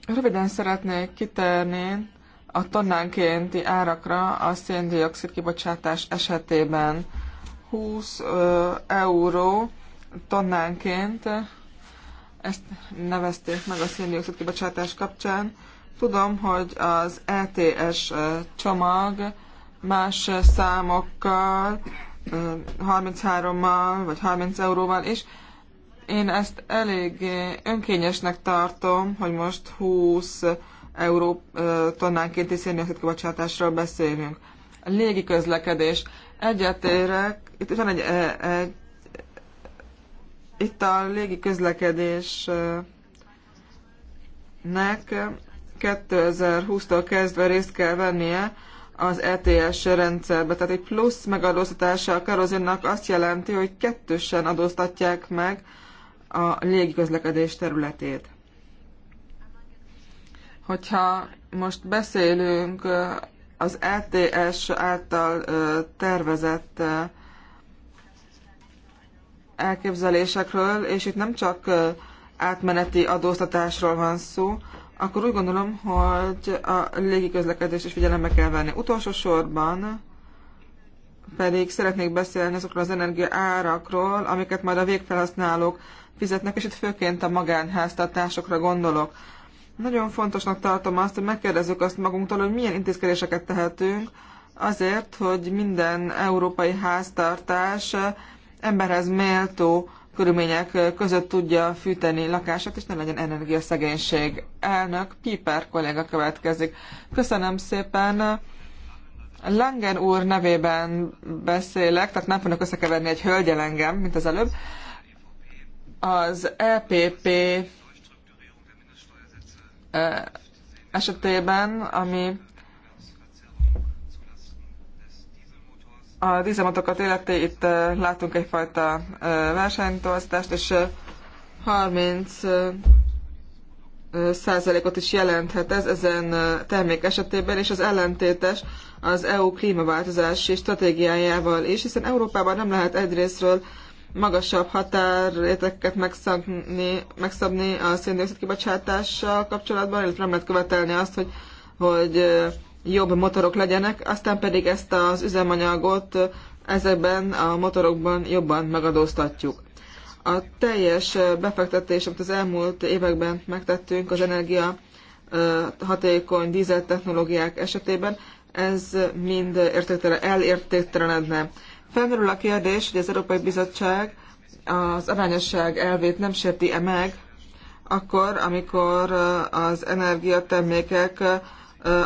Röviden szeretnék kitérni a tonnánkénti árakra a széndiokszid kibocsátás esetében. 20 euró tonnánként, ezt nevezték meg a széndiokszid kibocsátás kapcsán. Tudom, hogy az ETS csomag más számokkal, 33-mal vagy 30 euróval is én ezt elég önkényesnek tartom, hogy most 20 euró tonnánkénti széndiokszid kibocsátásról beszélünk. A légi közlekedés. Egyetérek, itt van egy, egy itt a légi közlekedésnek 2020-tól kezdve részt kell vennie az ETS rendszerbe. Tehát egy plusz megadóztatása a karozinnak azt jelenti, hogy kettősen adóztatják meg a légiközlekedés területét. Hogyha most beszélünk az LTS által tervezett elképzelésekről, és itt nem csak átmeneti adóztatásról van szó, akkor úgy gondolom, hogy a légiközlekedést is figyelembe kell venni. Utolsó sorban pedig szeretnék beszélni azokról az energia árakról, amiket majd a végfelhasználók fizetnek, és itt főként a magánháztartásokra gondolok. Nagyon fontosnak tartom azt, hogy megkérdezzük azt magunktól, hogy milyen intézkedéseket tehetünk azért, hogy minden európai háztartás emberhez méltó körülmények között tudja fűteni lakását, és ne legyen energiaszegénység. Elnök Piper kolléga következik. Köszönöm szépen. Langen úr nevében beszélek, tehát nem fognak összekeverni egy hölgyel engem, mint az előbb. Az EPP esetében, ami a dízelmotokat életé, itt látunk egyfajta versenytolasztást, és 30 százalékot is jelenthet ez ezen termék esetében, és az ellentétes az EU klímaváltozási stratégiájával is, hiszen Európában nem lehet egyrésztről magasabb határértéket megszabni, megszabni a széndiokszid kibocsátással kapcsolatban, illetve nem lehet követelni azt, hogy, hogy jobb motorok legyenek, aztán pedig ezt az üzemanyagot ezekben a motorokban jobban megadóztatjuk. A teljes befektetés, amit az elmúlt években megtettünk az energia hatékony dízel technológiák esetében, ez mind értéktelen, elértéktelenedne. Felmerül a kérdés, hogy az Európai Bizottság az arányosság elvét nem sérti-e meg, akkor, amikor az energiatermékek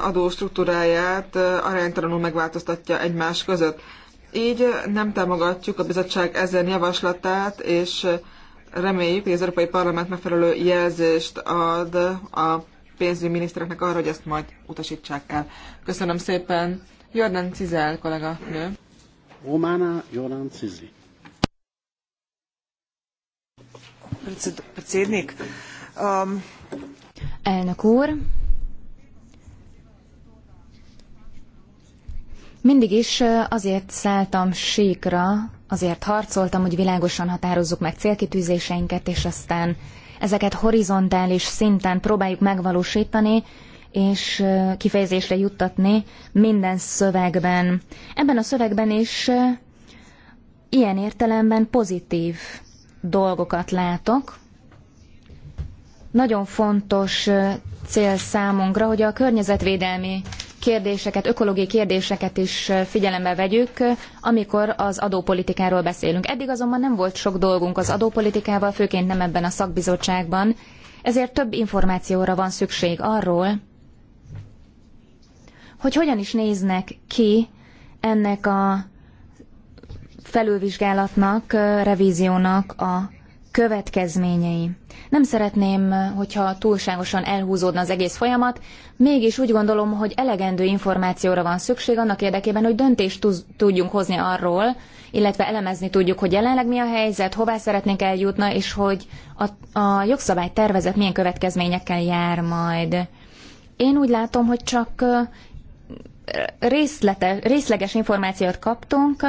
adó struktúráját aránytalanul megváltoztatja egymás között. Így nem támogatjuk a bizottság ezen javaslatát, és reméljük, hogy az Európai Parlament megfelelő jelzést ad a minisztereknek arra, hogy ezt majd utasítsák el. Köszönöm szépen. Jordan Cizel kollega nő. Romana Joran Predsednik. Um... Elnök úr, Mindig is azért szálltam síkra, azért harcoltam, hogy világosan határozzuk meg célkitűzéseinket, és aztán ezeket horizontális szinten próbáljuk megvalósítani, és kifejezésre juttatni minden szövegben. Ebben a szövegben is ilyen értelemben pozitív dolgokat látok. Nagyon fontos cél számunkra, hogy a környezetvédelmi kérdéseket, ökológiai kérdéseket is figyelembe vegyük, amikor az adópolitikáról beszélünk. Eddig azonban nem volt sok dolgunk az adópolitikával, főként nem ebben a szakbizottságban, ezért több információra van szükség arról, hogy hogyan is néznek ki ennek a felülvizsgálatnak, revíziónak a következményei. Nem szeretném, hogyha túlságosan elhúzódna az egész folyamat, mégis úgy gondolom, hogy elegendő információra van szükség annak érdekében, hogy döntést tudjunk hozni arról, illetve elemezni tudjuk, hogy jelenleg mi a helyzet, hová szeretnénk eljutna, és hogy a, a jogszabály tervezet milyen következményekkel jár majd. Én úgy látom, hogy csak részlete, részleges információt kaptunk,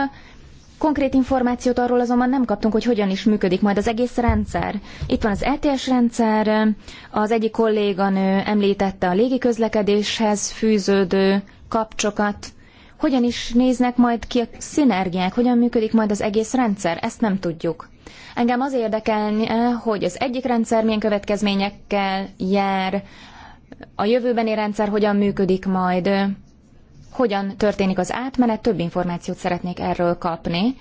konkrét információt arról azonban nem kaptunk, hogy hogyan is működik majd az egész rendszer. Itt van az ETS rendszer, az egyik kolléganő említette a légiközlekedéshez fűződő kapcsokat, hogyan is néznek majd ki a szinergiák, hogyan működik majd az egész rendszer, ezt nem tudjuk. Engem az érdekelne, hogy az egyik rendszer milyen következményekkel jár, a jövőbeni rendszer hogyan működik majd, hogyan történik az átmenet, több információt szeretnék erről kapni.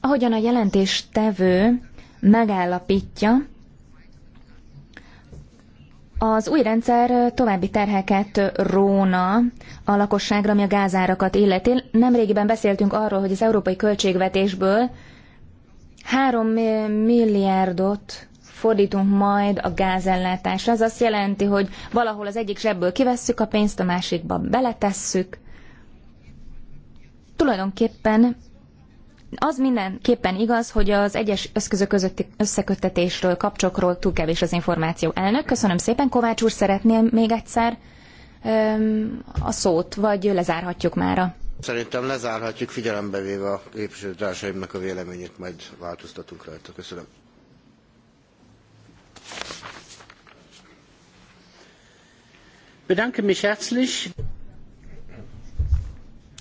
Ahogyan a jelentéstevő megállapítja, az új rendszer további terheket róna a lakosságra, ami a gázárakat illeti. Nemrégiben beszéltünk arról, hogy az európai költségvetésből 3 milliárdot fordítunk majd a gázellátásra. Ez azt jelenti, hogy valahol az egyik zsebből kivesszük a pénzt, a másikba beletesszük tulajdonképpen az mindenképpen igaz, hogy az egyes eszközök közötti összeköttetésről, kapcsokról túl kevés az információ. Elnök, köszönöm szépen. Kovács úr, szeretném még egyszer öm, a szót, vagy lezárhatjuk mára? Szerintem lezárhatjuk, figyelembe véve a képviselőtársaimnak a véleményét, majd változtatunk rajta. Köszönöm. Bedanke mich herzlich.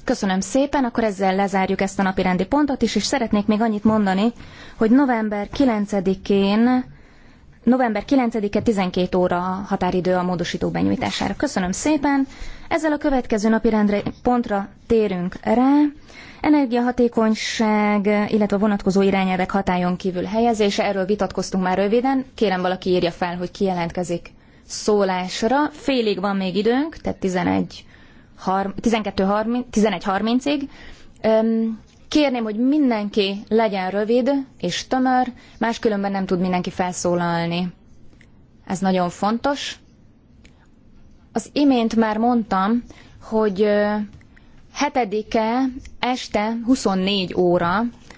Köszönöm szépen, akkor ezzel lezárjuk ezt a napi rendi pontot is, és szeretnék még annyit mondani, hogy november 9-én November 9-e 12 óra határidő a módosító benyújtására. Köszönöm szépen. Ezzel a következő napi rendre, pontra térünk rá. Energiahatékonyság, illetve vonatkozó irányelvek hatályon kívül helyezése. Erről vitatkoztunk már röviden. Kérem valaki írja fel, hogy kijelentkezik szólásra. Félig van még időnk, tehát 11 11.30-ig. Kérném, hogy mindenki legyen rövid és tömör, máskülönben nem tud mindenki felszólalni. Ez nagyon fontos. Az imént már mondtam, hogy hetedike este 24 óra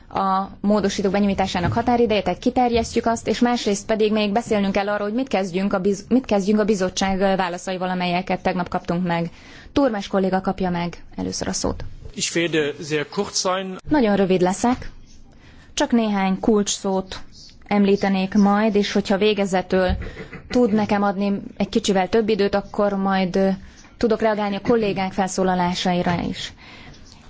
a módosítók benyújtásának határideje, tehát kiterjesztjük azt, és másrészt pedig még beszélnünk kell arról, hogy mit kezdjünk a, biz- mit kezdjünk a bizottság válaszaival, amelyeket tegnap kaptunk meg. Turmes kolléga kapja meg először a szót. Ich werde sehr kurz sein. Nagyon rövid leszek. Csak néhány kulcsszót említenék majd, és hogyha végezetül tud nekem adni egy kicsivel több időt, akkor majd eh, tudok reagálni a kollégák felszólalásaira is.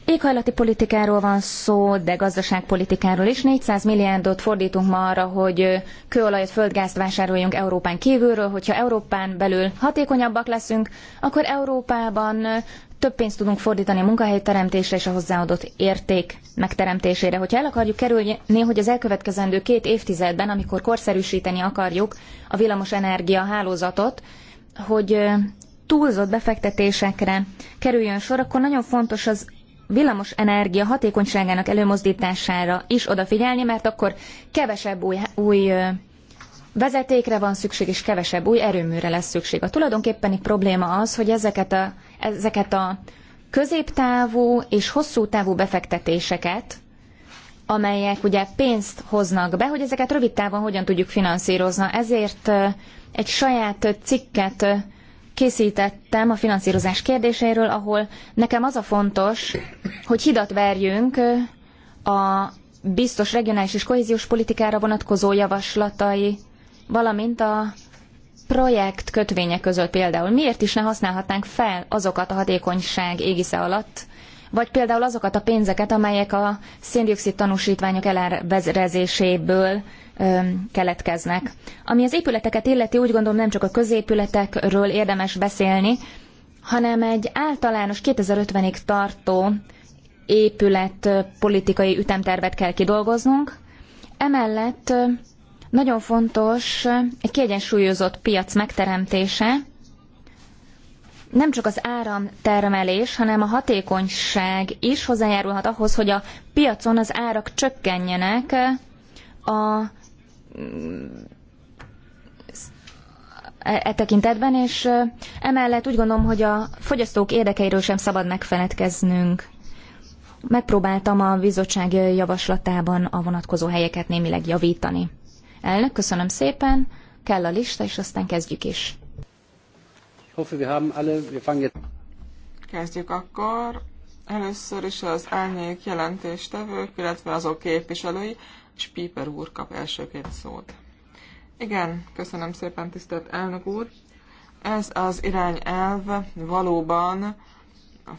Éghajlati politikáról van szó, de gazdaságpolitikáról is. 400 milliárdot fordítunk ma arra, hogy kőolajat, földgázt vásároljunk Európán kívülről. Hogyha Európán belül hatékonyabbak leszünk, akkor Európában több pénzt tudunk fordítani a teremtésére és a hozzáadott érték megteremtésére. Hogyha el akarjuk kerülni, hogy az elkövetkezendő két évtizedben, amikor korszerűsíteni akarjuk a villamosenergia hálózatot, hogy túlzott befektetésekre kerüljön sor, akkor nagyon fontos az villamos energia hatékonyságának előmozdítására is odafigyelni, mert akkor kevesebb új, új vezetékre van szükség, és kevesebb új erőműre lesz szükség. A tulajdonképpeni probléma az, hogy ezeket a, ezeket a középtávú és hosszú távú befektetéseket, amelyek ugye pénzt hoznak be, hogy ezeket rövid távon hogyan tudjuk finanszírozni. Ezért egy saját cikket készítettem a finanszírozás kérdéséről, ahol nekem az a fontos, hogy hidat verjünk a biztos regionális és kohéziós politikára vonatkozó javaslatai, valamint a projekt kötvények között például. Miért is ne használhatnánk fel azokat a hatékonyság égisze alatt, vagy például azokat a pénzeket, amelyek a széndiokszid tanúsítványok elervezéséből keletkeznek. Ami az épületeket illeti, úgy gondolom nem csak a középületekről érdemes beszélni, hanem egy általános 2050-ig tartó épület politikai ütemtervet kell kidolgoznunk. Emellett nagyon fontos egy kiegyensúlyozott piac megteremtése, nem csak az áramtermelés, hanem a hatékonyság is hozzájárulhat ahhoz, hogy a piacon az árak csökkenjenek, a E, e tekintetben, és emellett úgy gondolom, hogy a fogyasztók érdekeiről sem szabad megfeledkeznünk. Megpróbáltam a bizottság javaslatában a vonatkozó helyeket némileg javítani. Elnök, köszönöm szépen, kell a lista, és aztán kezdjük is. Kezdjük akkor. Először is az árnyék jelentéstevők, illetve azok képviselői, és Piper úr kap elsőként szót. Igen, köszönöm szépen, tisztelt elnök úr. Ez az irányelv valóban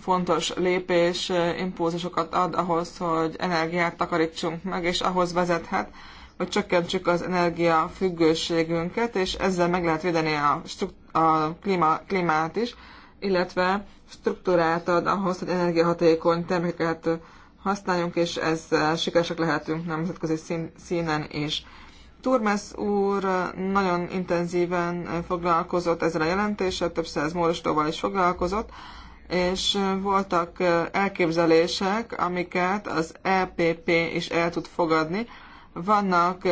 fontos lépés, impulzusokat ad ahhoz, hogy energiát takarítsunk meg, és ahhoz vezethet, hogy csökkentsük az energia függőségünket, és ezzel meg lehet védeni a, a klíma, klímát is, illetve struktúrát ad ahhoz, hogy energiahatékony termékeket használjunk, és ezzel sikeresek lehetünk nemzetközi szín, színen is. Turmes úr nagyon intenzíven foglalkozott ezzel a jelentéssel, több száz módostóval is foglalkozott, és voltak elképzelések, amiket az EPP is el tud fogadni. Vannak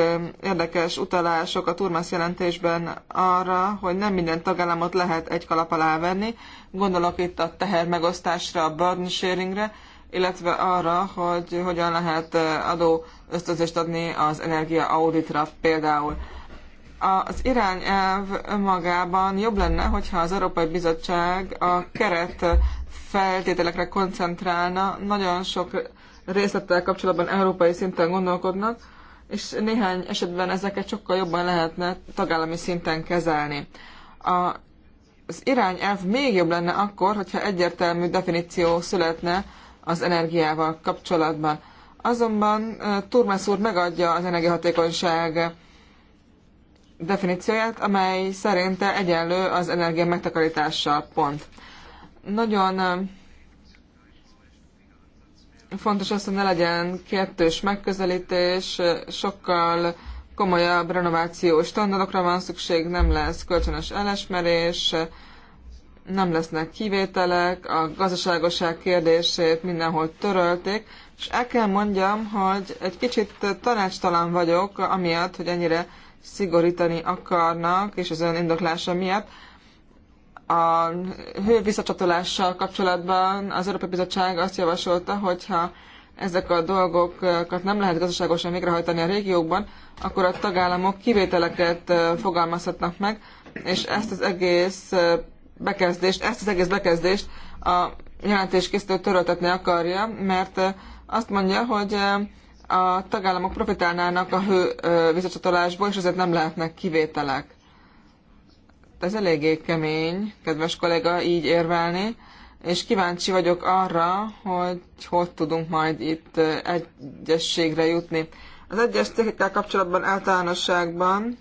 érdekes utalások a Turmes jelentésben arra, hogy nem minden tagállamot lehet egy kalap alá venni. Gondolok itt a teher megosztásra, a burden sharingre, illetve arra, hogy hogyan lehet adó ösztözést adni az energia auditra például. Az irányelv önmagában jobb lenne, hogyha az Európai Bizottság a keret feltételekre koncentrálna, nagyon sok részlettel kapcsolatban európai szinten gondolkodnak, és néhány esetben ezeket sokkal jobban lehetne tagállami szinten kezelni. A, az irányelv még jobb lenne akkor, hogyha egyértelmű definíció születne az energiával kapcsolatban. Azonban Turmes úr megadja az energiahatékonyság definícióját, amely szerinte egyenlő az energia megtakarítással pont. Nagyon fontos az, hogy ne legyen kettős megközelítés, sokkal komolyabb renovációs standardokra van szükség, nem lesz kölcsönös elesmerés, nem lesznek kivételek, a gazdaságosság kérdését mindenhol törölték, és el kell mondjam, hogy egy kicsit tanácstalan vagyok, amiatt, hogy ennyire szigorítani akarnak, és az ön indoklása miatt. A hő visszacsatolással kapcsolatban az Európai Bizottság azt javasolta, hogyha ezek a dolgokat nem lehet gazdaságosan végrehajtani a régiókban, akkor a tagállamok kivételeket fogalmazhatnak meg, és ezt az egész bekezdést, ezt az egész bekezdést a jelentéskészítő töröltetni akarja, mert azt mondja, hogy a tagállamok profitálnának a hő visszacsatolásból, és ezért nem lehetnek kivételek. Ez eléggé kemény, kedves kolléga, így érvelni, és kíváncsi vagyok arra, hogy hogy tudunk majd itt egyességre jutni. Az egyes cégekkel kapcsolatban általánosságban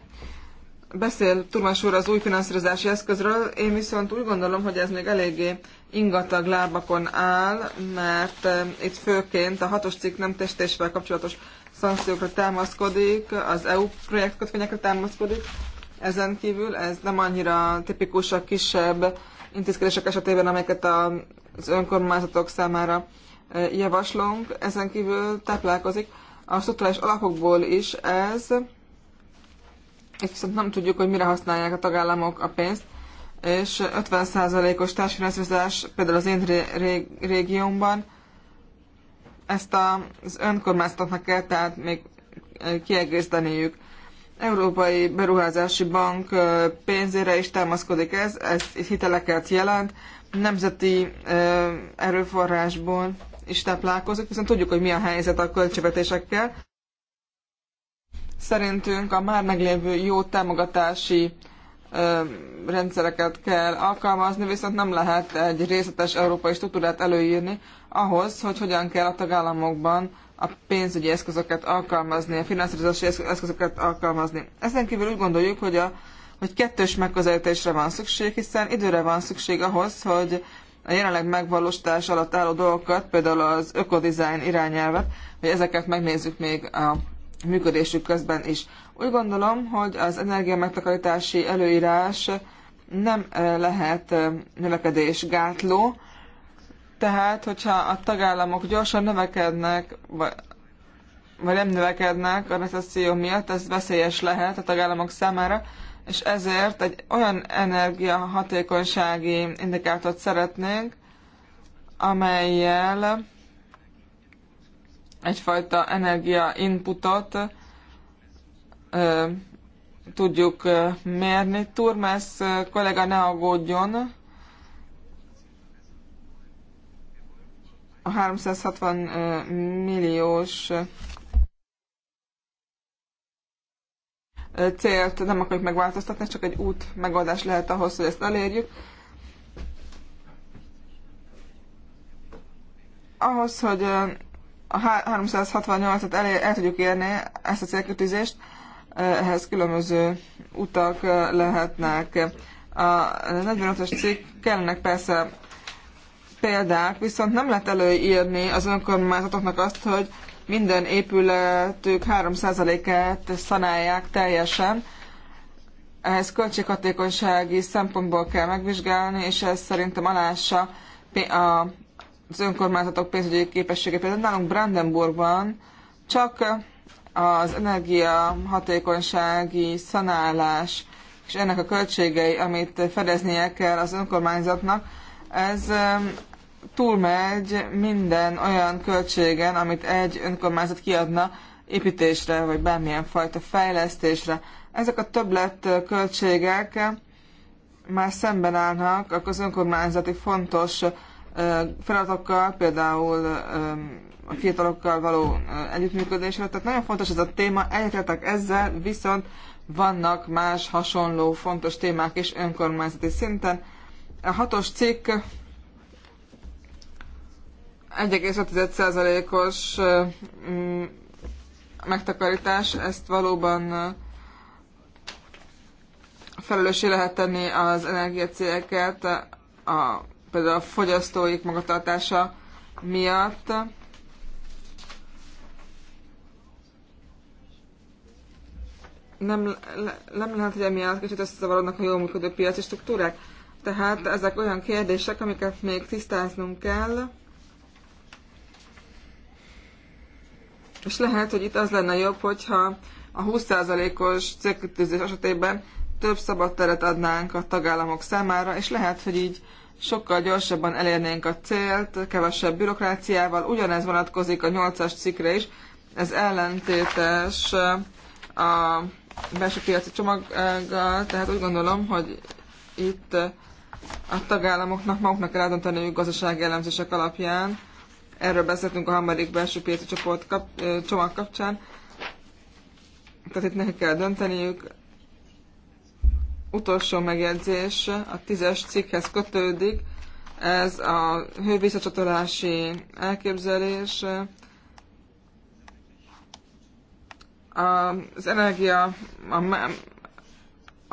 beszél Turmas úr az új finanszírozási eszközről, én viszont úgy gondolom, hogy ez még eléggé ingatag lábakon áll, mert eh, itt főként a hatos cikk nem testésvel kapcsolatos szankciókra támaszkodik, az EU projektkötvényekre támaszkodik, ezen kívül ez nem annyira tipikus a kisebb intézkedések esetében, amelyeket az önkormányzatok számára eh, javaslunk, ezen kívül táplálkozik a szoktalás alapokból is ez, egyszerűen nem tudjuk, hogy mire használják a tagállamok a pénzt, és 50%-os társfinanszírozás például az én régiómban, ezt az önkormányzatnak kell tehát még eh, kiegészíteniük. Európai Beruházási Bank eh, pénzére is támaszkodik ez, ez hiteleket jelent, nemzeti eh, erőforrásból is táplálkozik, viszont tudjuk, hogy mi a helyzet a költségvetésekkel. Szerintünk a már meglévő jó támogatási rendszereket kell alkalmazni, viszont nem lehet egy részletes európai struktúrát előírni ahhoz, hogy hogyan kell a tagállamokban a pénzügyi eszközöket alkalmazni, a finanszírozási eszközöket alkalmazni. Ezen kívül úgy gondoljuk, hogy, a, hogy kettős megközelítésre van szükség, hiszen időre van szükség ahhoz, hogy a jelenleg megvalósítás alatt álló dolgokat, például az ökodizájn irányelvet, hogy ezeket megnézzük még a működésük közben is. Úgy gondolom, hogy az energiamegtakarítási előírás nem eh, lehet eh, növekedés gátló, tehát, hogyha a tagállamok gyorsan növekednek, vagy, vagy nem növekednek a recesszió miatt, ez veszélyes lehet a tagállamok számára, és ezért egy olyan energiahatékonysági indikátort szeretnénk, amelyel egyfajta energia inputot ö, tudjuk mérni. Turmes kollega ne aggódjon, a 360 milliós célt nem akarjuk megváltoztatni, csak egy út megoldás lehet ahhoz, hogy ezt elérjük. Ahhoz, hogy a 368-at el, el tudjuk érni, ezt a célkötőzést, eh, ehhez különböző utak eh, lehetnek. A 45-ös cikk kellenek persze példák, viszont nem lehet előírni az önkormányzatoknak azt, hogy minden épületük 3%-át szanálják teljesen. Ehhez költséghatékonysági szempontból kell megvizsgálni, és ez szerintem alássa a az önkormányzatok pénzügyi képessége. Például nálunk Brandenburgban csak az energia hatékonysági szanálás és ennek a költségei, amit fedeznie kell az önkormányzatnak, ez túlmegy minden olyan költségen, amit egy önkormányzat kiadna építésre, vagy bármilyen fajta fejlesztésre. Ezek a többlet költségek már szemben állnak az önkormányzati fontos feladatokkal, például a fiatalokkal való együttműködésre. Tehát nagyon fontos ez a téma, egyetértek ezzel, viszont vannak más hasonló fontos témák is önkormányzati szinten. A hatos cikk 1,5%-os megtakarítás, ezt valóban felelőssé lehet tenni az energiacégeket a például a fogyasztóik magatartása miatt. Nem, le, nem lehet, hogy emiatt kicsit összezavarodnak a jól működő piaci struktúrák. Tehát ezek olyan kérdések, amiket még tisztáznunk kell. És lehet, hogy itt az lenne jobb, hogyha a 20%-os célkitűzés esetében több szabad teret adnánk a tagállamok számára, és lehet, hogy így sokkal gyorsabban elérnénk a célt, kevesebb bürokráciával. Ugyanez vonatkozik a 8-as cikkre is. Ez ellentétes eh, a belső piaci csomaggal, tehát úgy gondolom, hogy itt eh, a tagállamoknak maguknak kell a gazdasági elemzések alapján. Erről beszéltünk a harmadik belső piaci csoport kap, eh, csomag kapcsán. Tehát itt nekik kell dönteniük, utolsó megjegyzés a tízes cikkhez kötődik. Ez a hővisszacsatolási elképzelés. Az energia, a,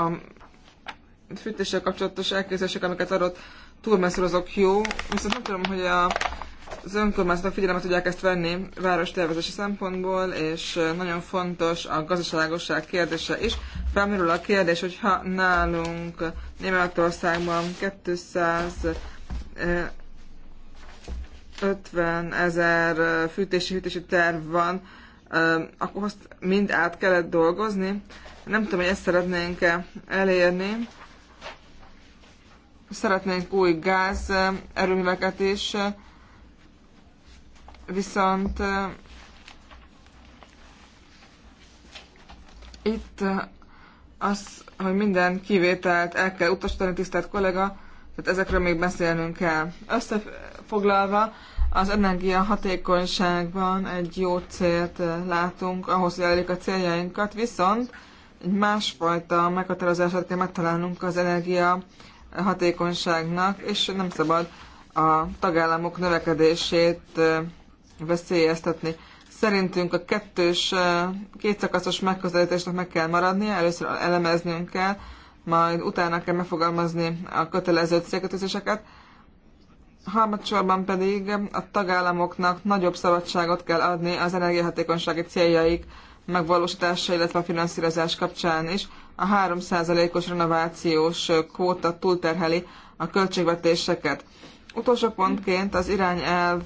a fűtéssel kapcsolatos elképzelések, amiket adott túlmesszorozok jó, viszont nem tudom, hogy a az önkormányzatok figyelembe tudják ezt venni tervezési szempontból, és nagyon fontos a gazdaságosság kérdése is. Felmerül a kérdés, hogy ha nálunk Németországban 250 ezer fűtési-hűtési terv van, akkor azt mind át kellett dolgozni. Nem tudom, hogy ezt szeretnénk -e elérni. Szeretnénk új gáz erőműveket is, Viszont itt az, hogy minden kivételt el kell utasítani, tisztelt kollega, tehát ezekről még beszélnünk kell. Összefoglalva, az energia hatékonyságban egy jó célt látunk, ahhoz, hogy elérjük a céljainkat, viszont egy másfajta meghatározását kell megtalálnunk az energia hatékonyságnak, és nem szabad a tagállamok növekedését veszélyeztetni. Szerintünk a kettős, kétszakaszos megközelítésnek meg kell maradnia, először elemeznünk kell, majd utána kell megfogalmazni a kötelező célkötőzéseket. Harmadsorban pedig a tagállamoknak nagyobb szabadságot kell adni az energiahatékonysági céljaik megvalósítása, illetve a finanszírozás kapcsán is. A 3%-os renovációs kvóta túlterheli a költségvetéseket. Utolsó pontként az irányelv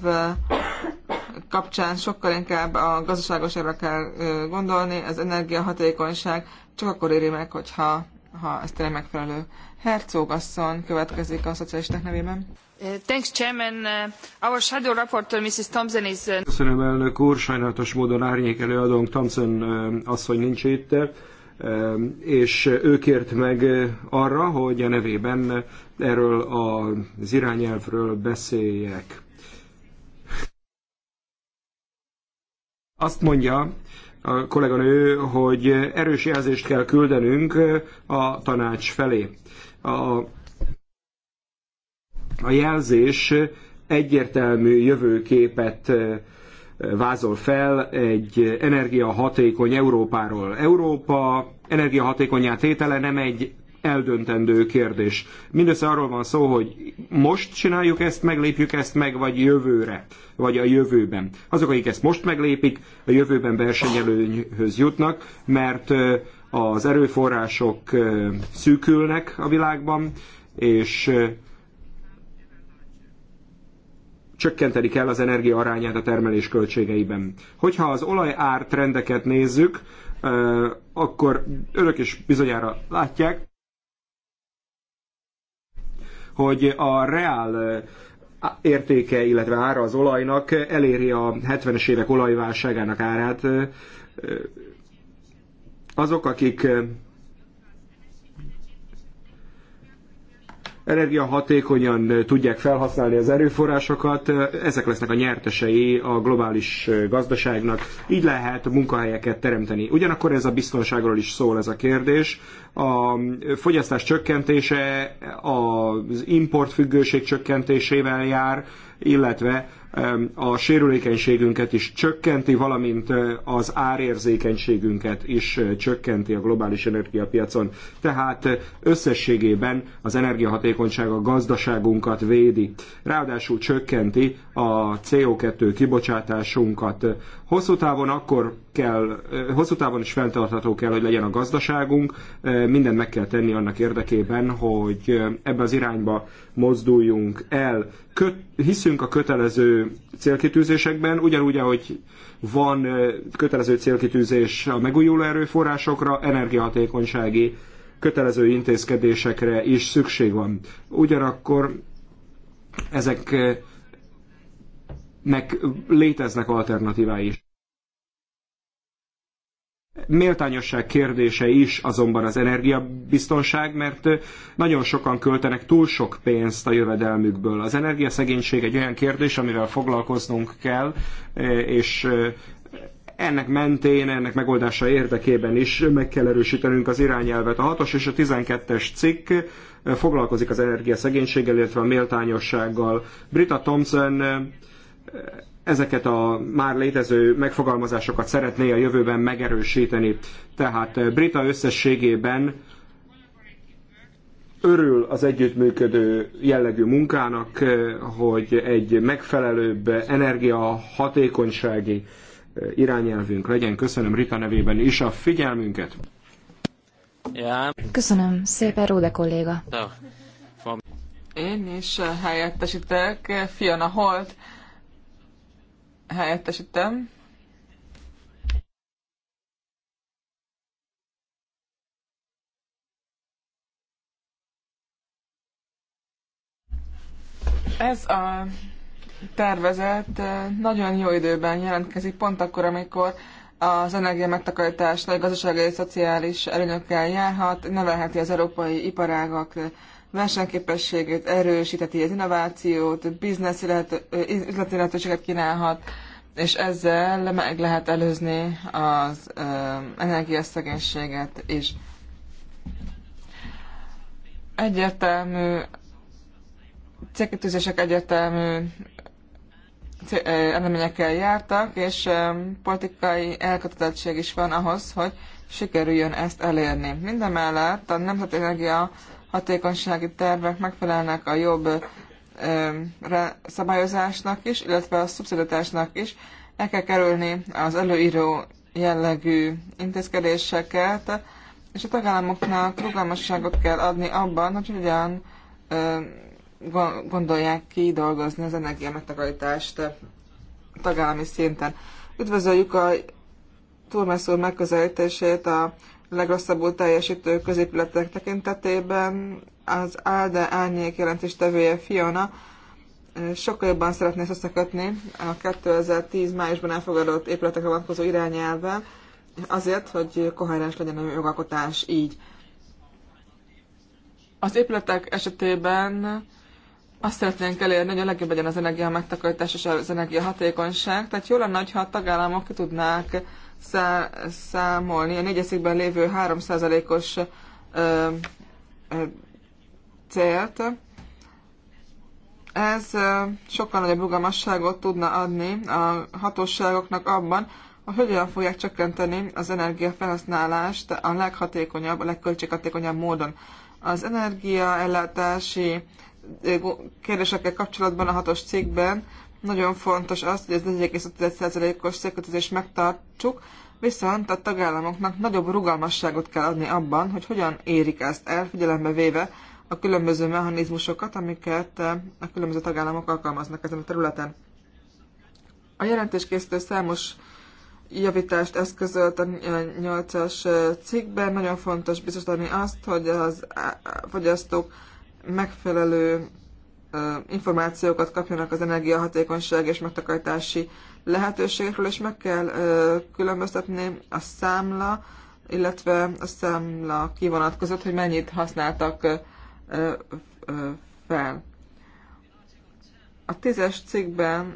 kapcsán sokkal inkább a gazdaságosságra kell gondolni, az energiahatékonyság csak akkor éri meg, hogyha ha ez tényleg megfelelő. Herzog asszony következik a szocialisták nevében. Thanks, Chairman. Our shadow rapporteur, Mrs. Thompson is... Köszönöm, elnök úr. Sajnálatos módon árnyék előadónk Thompson asszony nincs itt és ő kért meg arra, hogy a nevében erről az irányelvről beszéljek. Azt mondja a kolléganő, hogy erős jelzést kell küldenünk a tanács felé. A, a jelzés egyértelmű jövőképet vázol fel egy energiahatékony Európáról. Európa energiahatékonyá tétele nem egy eldöntendő kérdés. Mindössze arról van szó, hogy most csináljuk ezt, meglépjük ezt meg, vagy jövőre, vagy a jövőben. Azok, akik ezt most meglépik, a jövőben versenyelőnyhöz jutnak, mert az erőforrások szűkülnek a világban, és csökkenteni kell az energia arányát a termelés költségeiben. Hogyha az olajár trendeket nézzük, akkor önök is bizonyára látják, hogy a reál értéke, illetve ára az olajnak eléri a 70-es évek olajválságának árát. Azok, akik energiahatékonyan tudják felhasználni az erőforrásokat, ezek lesznek a nyertesei a globális gazdaságnak, így lehet munkahelyeket teremteni. Ugyanakkor ez a biztonságról is szól ez a kérdés. A fogyasztás csökkentése az importfüggőség csökkentésével jár, illetve a sérülékenységünket is csökkenti, valamint az árérzékenységünket is csökkenti a globális energiapiacon. Tehát összességében az energiahatékonyság a gazdaságunkat védi. Ráadásul csökkenti a CO2 kibocsátásunkat. Hosszú távon akkor kell, hosszú távon is fenntartható kell, hogy legyen a gazdaságunk, mindent meg kell tenni annak érdekében, hogy ebbe az irányba mozduljunk el. Köt, hiszünk a kötelező célkitűzésekben, ugyanúgy, ahogy van kötelező célkitűzés a megújuló erőforrásokra, energiahatékonysági kötelező intézkedésekre is szükség van. Ugyanakkor ezeknek léteznek alternatívái is méltányosság kérdése is azonban az energiabiztonság, mert nagyon sokan költenek túl sok pénzt a jövedelmükből. Az energiaszegénység egy olyan kérdés, amivel foglalkoznunk kell, és ennek mentén, ennek megoldása érdekében is meg kell erősítenünk az irányelvet. A 6 és a 12-es cikk foglalkozik az energiaszegénységgel, illetve a méltányossággal. Brita Thompson ezeket a már létező megfogalmazásokat szeretné a jövőben megerősíteni. Tehát eh, Brita összességében örül az együttműködő jellegű munkának, eh, hogy egy megfelelőbb energiahatékonysági eh, irányelvünk legyen. Köszönöm Rita nevében is a figyelmünket. Köszönöm szépen, Róde kolléga. Én is helyettesítek Fiona Holt helyettesítem. Ez a tervezet eh, nagyon jó időben jelentkezik, pont akkor, amikor az energia megtakarítás nagy gazdasági és szociális előnyökkel járhat, növelheti az európai iparágak eh, versenyképességét erősíteti, az innovációt, biznesz lehet, üzleti lehetőséget kínálhat, és ezzel meg lehet előzni az energiaszegénységet is. Egyértelmű célkitűzések egyértelmű eleményekkel jártak, és politikai elkötelezettség is van ahhoz, hogy sikerüljön ezt elérni. Mindemellett a Nemzeti Energia hatékonysági tervek megfelelnek a jobb szabályozásnak is, illetve a szubszidatásnak is. El kell kerülni az előíró jellegű intézkedéseket, és a tagállamoknak rugalmasságot kell adni abban, hogy hogyan gondolják ki dolgozni az energiamegtakarítást tagállami szinten. Üdvözöljük a Turmes úr megközelítését a legrosszabbul teljesítő középületek tekintetében az ALDE árnyék tevője Fiona sokkal jobban szeretné összekötni a 2010 májusban elfogadott épületekre vonatkozó irányelvvel, azért, hogy koherens legyen a jogalkotás így. Az épületek esetében azt szeretnénk elérni, hogy a legjobb legyen az energia megtakarítás és az energia hatékonyság, tehát jó lenne, ha a tagállamok ki tudnák számolni a negyeszékben lévő 3%-os célt. Ez sokkal nagyobb rugalmasságot tudna adni a hatóságoknak abban, hogy hogyan fogják csökkenteni az energiafelhasználást a leghatékonyabb, a legköltséghatékonyabb módon. Az energiaellátási kérdésekkel kapcsolatban a hatos cikkben nagyon fontos az, hogy az 15 os célkötözést megtartsuk, viszont a tagállamoknak nagyobb rugalmasságot kell adni abban, hogy hogyan érik ezt el, figyelembe véve a különböző mechanizmusokat, amiket eh, a különböző tagállamok alkalmaznak ezen a területen. A jelentéskészítő számos javítást eszközölt a 8-as eh, cikkben. Nagyon fontos biztosítani azt, hogy az eh, fogyasztók megfelelő információkat kapjanak az energiahatékonyság és megtakarítási lehetőségekről, és meg kell különböztetni a számla, illetve a számla kivonat között, hogy mennyit használtak fel. A tízes cikkben,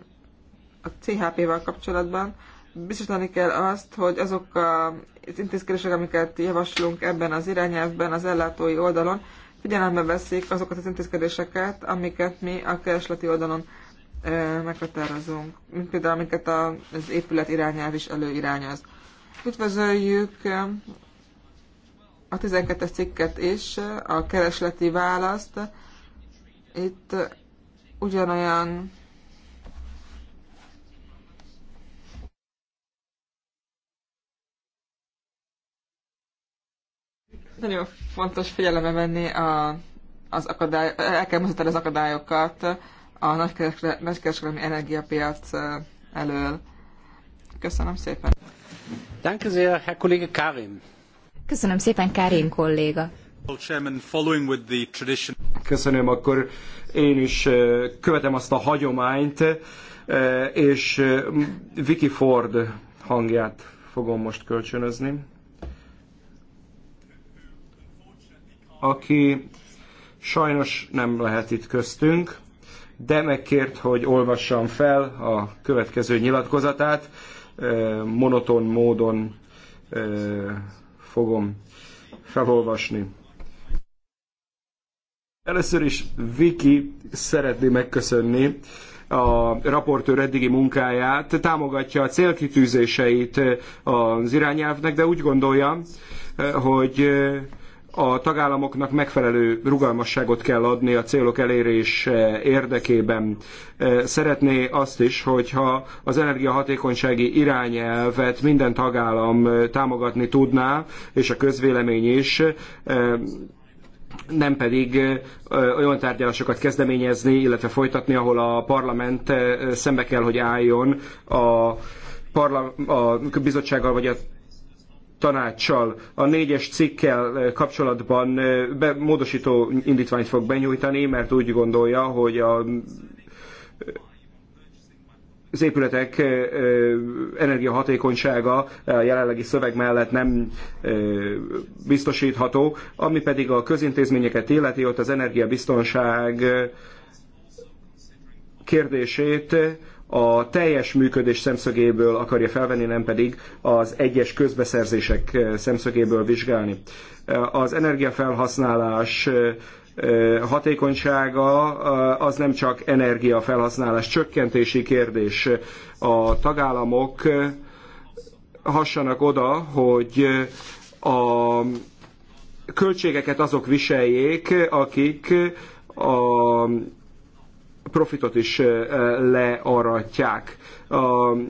a CHP-val kapcsolatban biztosítani kell azt, hogy azok a, az intézkedések, amiket javaslunk ebben az irányelvben, az ellátói oldalon, figyelembe veszik azokat az intézkedéseket, amiket mi a keresleti oldalon meghatározunk, mint például amiket az épület irányelv is előirányoz. Üdvözöljük a 12-es cikket is, a keresleti választ. Itt ugyanolyan Nagyon fontos figyelembe venni a, az akadály, el kell az akadályokat a nagykereskedelmi energiapiac elől. Köszönöm szépen. Danke sehr, Herr Kollege Karim. Köszönöm szépen, Karim kolléga. Köszönöm, akkor én is követem azt a hagyományt, és Vicky Ford hangját fogom most kölcsönözni. aki sajnos nem lehet itt köztünk, de megkért, hogy olvassam fel a következő nyilatkozatát. Monoton módon fogom felolvasni. Először is Viki szeretné megköszönni a raportőr eddigi munkáját, támogatja a célkitűzéseit az irányelvnek, de úgy gondolja, hogy a tagállamoknak megfelelő rugalmasságot kell adni a célok elérés érdekében. E, szeretné azt is, hogyha az energiahatékonysági irányelvet minden tagállam támogatni tudná, és a közvélemény is, e, nem pedig e, olyan tárgyalásokat kezdeményezni, illetve folytatni, ahol a parlament szembe kell, hogy álljon a, parla- a bizottsággal vagy a tanácssal a négyes cikkel kapcsolatban be, módosító indítványt fog benyújtani, mert úgy gondolja, hogy a, az épületek energiahatékonysága a jelenlegi szöveg mellett nem biztosítható, ami pedig a közintézményeket illeti, ott az energiabiztonság kérdését a teljes működés szemszögéből akarja felvenni, nem pedig az egyes közbeszerzések eh, szemszögéből vizsgálni. Eh, az energiafelhasználás eh, hatékonysága az nem csak energiafelhasználás csökkentési kérdés. A tagállamok hassanak oda, hogy a költségeket azok viseljék, akik a profitot is eh, eh, learatják. A eh,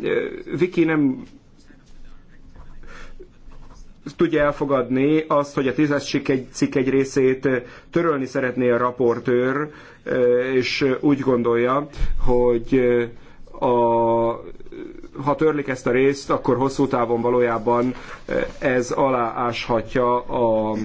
Viki nem tudja elfogadni azt, hogy a tízes cikk egy, egy részét törölni szeretné a raportőr, és úgy gondolja, hogy a, ha törlik ezt a részt, akkor hosszú távon valójában ez alááshatja a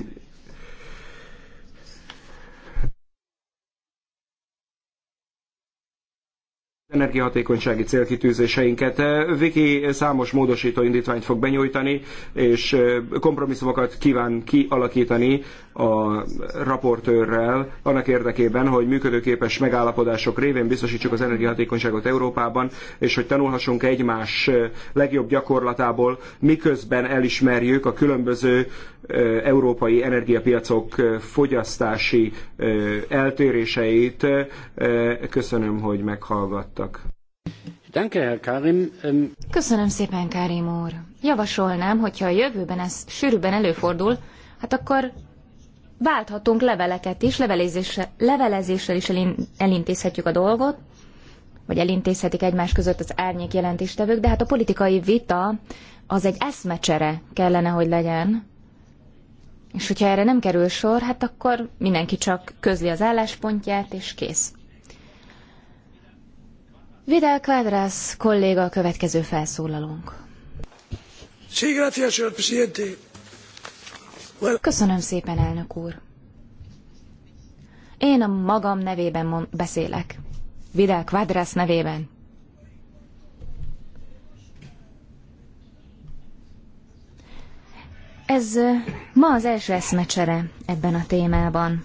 energiahatékonysági célkitűzéseinket. Eh, Viki számos módosító indítványt fog benyújtani, és eh, kompromisszumokat kíván kialakítani a raportőrrel annak érdekében, hogy működőképes megállapodások révén biztosítsuk az energiahatékonyságot Európában, és hogy tanulhassunk egymás legjobb gyakorlatából, miközben elismerjük a különböző európai energiapiacok fogyasztási eltéréseit. Köszönöm, hogy meghallgattak. Ähm, köszönöm szépen, Kárim úr. Javasolnám, hogyha a jövőben ez sűrűbben előfordul, hát akkor válthatunk leveleket is, levelezéssel, is elintézhetjük a dolgot, vagy elintézhetik egymás között az árnyék jelentéstevők, de hát a politikai vita az egy eszmecsere kellene, hogy legyen. És hogyha erre nem kerül sor, hát akkor mindenki csak közli az álláspontját, és kész. Vidal Quadras kolléga a következő felszólalónk. Sí, gracias, señor presidente. Köszönöm szépen, elnök úr. Én a magam nevében mond, beszélek. Vidal Quadras nevében. Ez ma az első eszmecsere ebben a témában.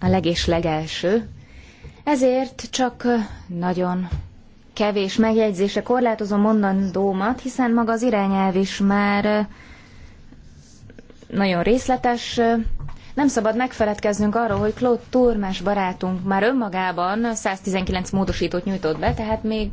A legés legelső. Ezért csak nagyon kevés megjegyzése korlátozom mondandómat, hiszen maga az irányelv is már nagyon részletes. Nem szabad megfeledkeznünk arról, hogy Claude Turmes barátunk már önmagában 119 módosítót nyújtott be, tehát még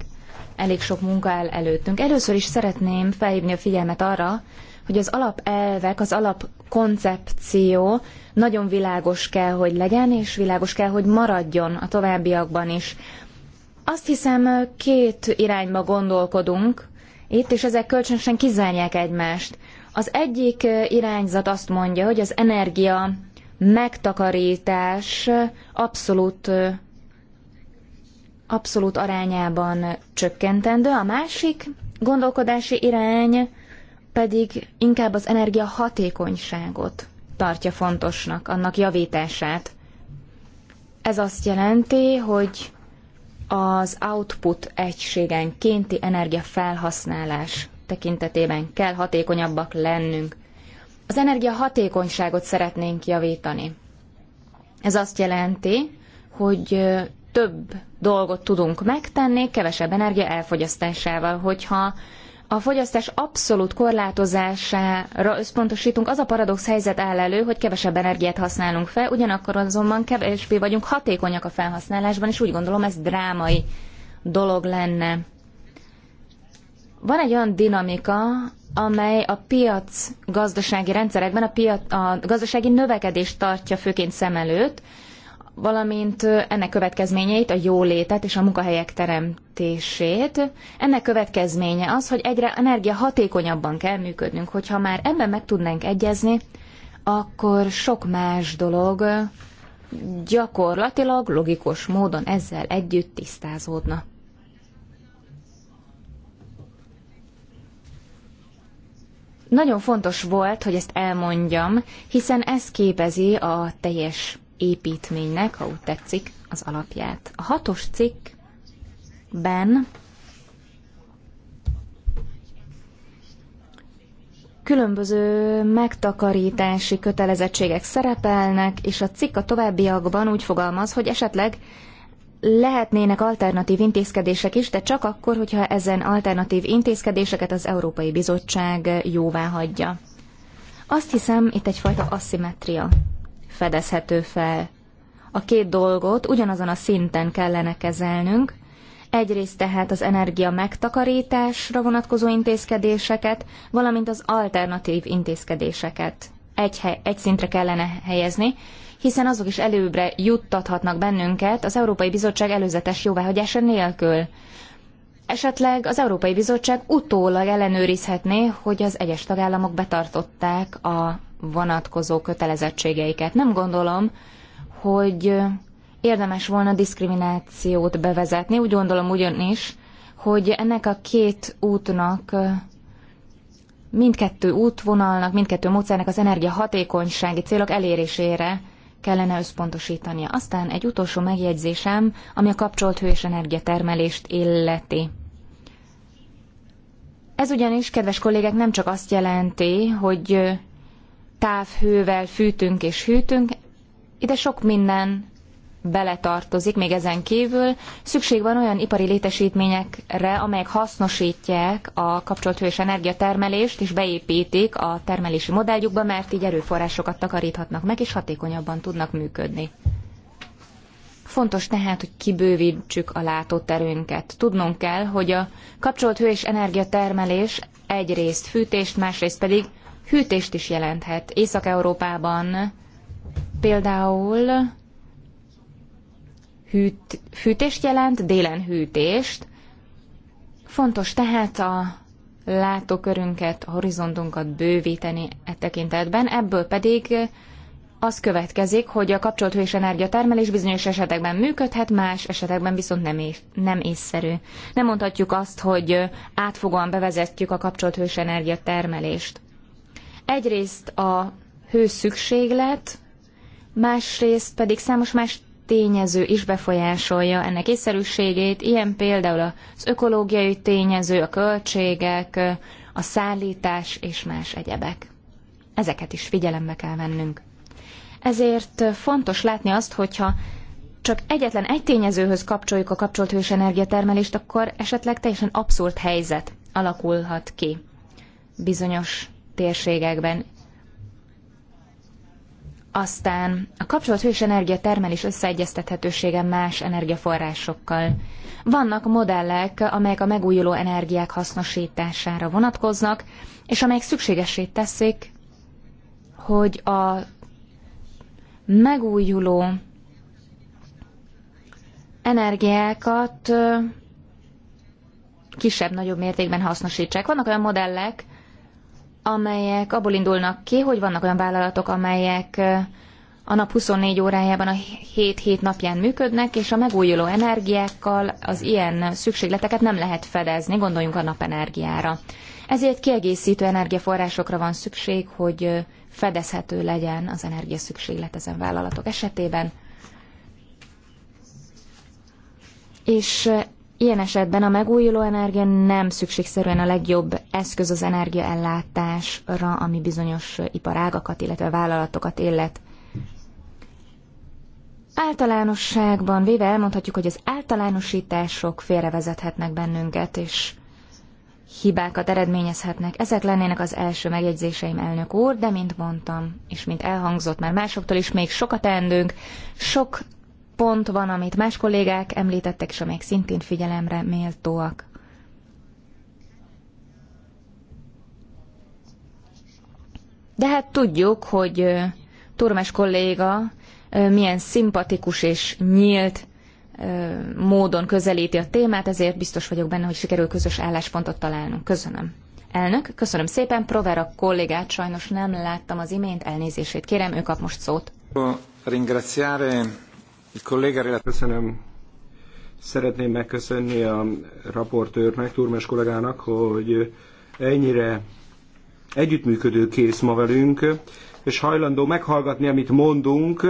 elég sok munka áll előttünk. Először is szeretném felhívni a figyelmet arra, hogy az alapelvek, az alapkoncepció nagyon világos kell, hogy legyen, és világos kell, hogy maradjon a továbbiakban is. Azt hiszem, két irányba gondolkodunk itt, és ezek kölcsönösen kizárják egymást. Az egyik irányzat azt mondja, hogy az energia megtakarítás abszolút abszolút arányában csökkentendő, a másik gondolkodási irány pedig inkább az energia hatékonyságot tartja fontosnak, annak javítását. Ez azt jelenti, hogy az output egységenkénti energiafelhasználás tekintetében kell hatékonyabbak lennünk. Az energia hatékonyságot szeretnénk javítani. Ez azt jelenti, hogy több dolgot tudunk megtenni kevesebb energia elfogyasztásával, hogyha a fogyasztás abszolút korlátozására összpontosítunk, az a paradox helyzet áll elő, hogy kevesebb energiát használunk fel, ugyanakkor azonban kevésbé vagyunk hatékonyak a felhasználásban, és úgy gondolom ez drámai dolog lenne. Van egy olyan dinamika, amely a piac gazdasági rendszerekben a, piac, a gazdasági növekedést tartja főként szem előtt, valamint ennek következményeit, a jólétet és a munkahelyek teremtését. Ennek következménye az, hogy egyre energiahatékonyabban kell működnünk. Hogyha már ebben meg tudnánk egyezni, akkor sok más dolog gyakorlatilag logikus módon ezzel együtt tisztázódna. Nagyon fontos volt, hogy ezt elmondjam, hiszen ez képezi a teljes építménynek, ha úgy tetszik, az alapját. A hatos cikkben különböző megtakarítási kötelezettségek szerepelnek, és a cikk a továbbiakban úgy fogalmaz, hogy esetleg lehetnének alternatív intézkedések is, de csak akkor, hogyha ezen alternatív intézkedéseket az Európai Bizottság jóvá hagyja. Azt hiszem, itt egyfajta aszimetria fedezhető fel. A két dolgot ugyanazon a szinten kellene kezelnünk, egyrészt tehát az energia megtakarításra vonatkozó intézkedéseket, valamint az alternatív intézkedéseket egy, hely, egy szintre kellene helyezni, hiszen azok is előbbre juttathatnak bennünket az Európai Bizottság előzetes jóváhagyása nélkül. Esetleg az Európai Bizottság utólag ellenőrizhetné, hogy az egyes tagállamok betartották a vonatkozó kötelezettségeiket. Nem gondolom, hogy érdemes volna diszkriminációt bevezetni. Úgy gondolom ugyanis, hogy ennek a két útnak, mindkettő útvonalnak, mindkettő módszernek az energiahatékonysági célok elérésére kellene összpontosítania. Aztán egy utolsó megjegyzésem, ami a kapcsolt hő és energiatermelést illeti. Ez ugyanis, kedves kollégek, nem csak azt jelenti, hogy távhővel fűtünk és hűtünk, ide sok minden beletartozik még ezen kívül. Szükség van olyan ipari létesítményekre, amelyek hasznosítják a kapcsolt hős energiatermelést, és beépítik a termelési modelljukba, mert így erőforrásokat takaríthatnak meg, és hatékonyabban tudnak működni. Fontos tehát, hogy kibővítsük a látóterünket. Tudnunk kell, hogy a kapcsolt hő és energiatermelés egyrészt fűtést, másrészt pedig hűtést is jelenthet. Észak-Európában például hűt, fűtést jelent, délen hűtést. Fontos tehát a látókörünket, a horizontunkat bővíteni e tekintetben, ebből pedig az következik, hogy a kapcsolt hős energiatermelés bizonyos esetekben működhet, más esetekben viszont nem, ész, nem észszerű. Nem mondhatjuk azt, hogy átfogóan bevezetjük a kapcsolt hős energiatermelést. Egyrészt a hő szükséglet, másrészt pedig számos más tényező is befolyásolja ennek észszerűségét, ilyen például az ökológiai tényező, a költségek, a szállítás és más egyebek. Ezeket is figyelembe kell vennünk. Ezért fontos látni azt, hogyha csak egyetlen egy tényezőhöz kapcsoljuk a kapcsolt hős energiatermelést, akkor esetleg teljesen abszurd helyzet alakulhat ki bizonyos térségekben. Aztán a kapcsolat hős energia termelés összeegyeztethetősége más energiaforrásokkal. Vannak modellek, amelyek a megújuló energiák hasznosítására vonatkoznak, és amelyek szükségesé teszik, hogy a megújuló energiákat kisebb-nagyobb mértékben hasznosítsák. Vannak olyan modellek, amelyek abból indulnak ki, hogy vannak olyan vállalatok, amelyek a nap 24 órájában a 7-7 napján működnek, és a megújuló energiákkal az ilyen szükségleteket nem lehet fedezni, gondoljunk a napenergiára. Ezért kiegészítő energiaforrásokra van szükség, hogy fedezhető legyen az energiaszükséglet ezen vállalatok esetében. És Ilyen esetben a megújuló energia nem szükségszerűen a legjobb eszköz az energiaellátásra, ami bizonyos iparágakat, illetve vállalatokat illet. Általánosságban véve elmondhatjuk, hogy az általánosítások félrevezethetnek bennünket, és hibákat eredményezhetnek. Ezek lennének az első megjegyzéseim, elnök úr, de mint mondtam, és mint elhangzott már másoktól is, még sokat teendünk, sok pont van, amit más kollégák említettek, és amelyek szintén figyelemre méltóak. De hát tudjuk, hogy Turmes kolléga milyen szimpatikus és nyílt módon közelíti a témát, ezért biztos vagyok benne, hogy sikerül közös álláspontot találnunk. Köszönöm. Elnök, köszönöm szépen. Provera kollégát sajnos nem láttam az imént, elnézését kérem, ő kap most szót. Ringraziare Szeretném megköszönni a raportőrnek, Turmes kollégának, hogy ennyire együttműködő kész ma velünk, és hajlandó meghallgatni, amit mondunk.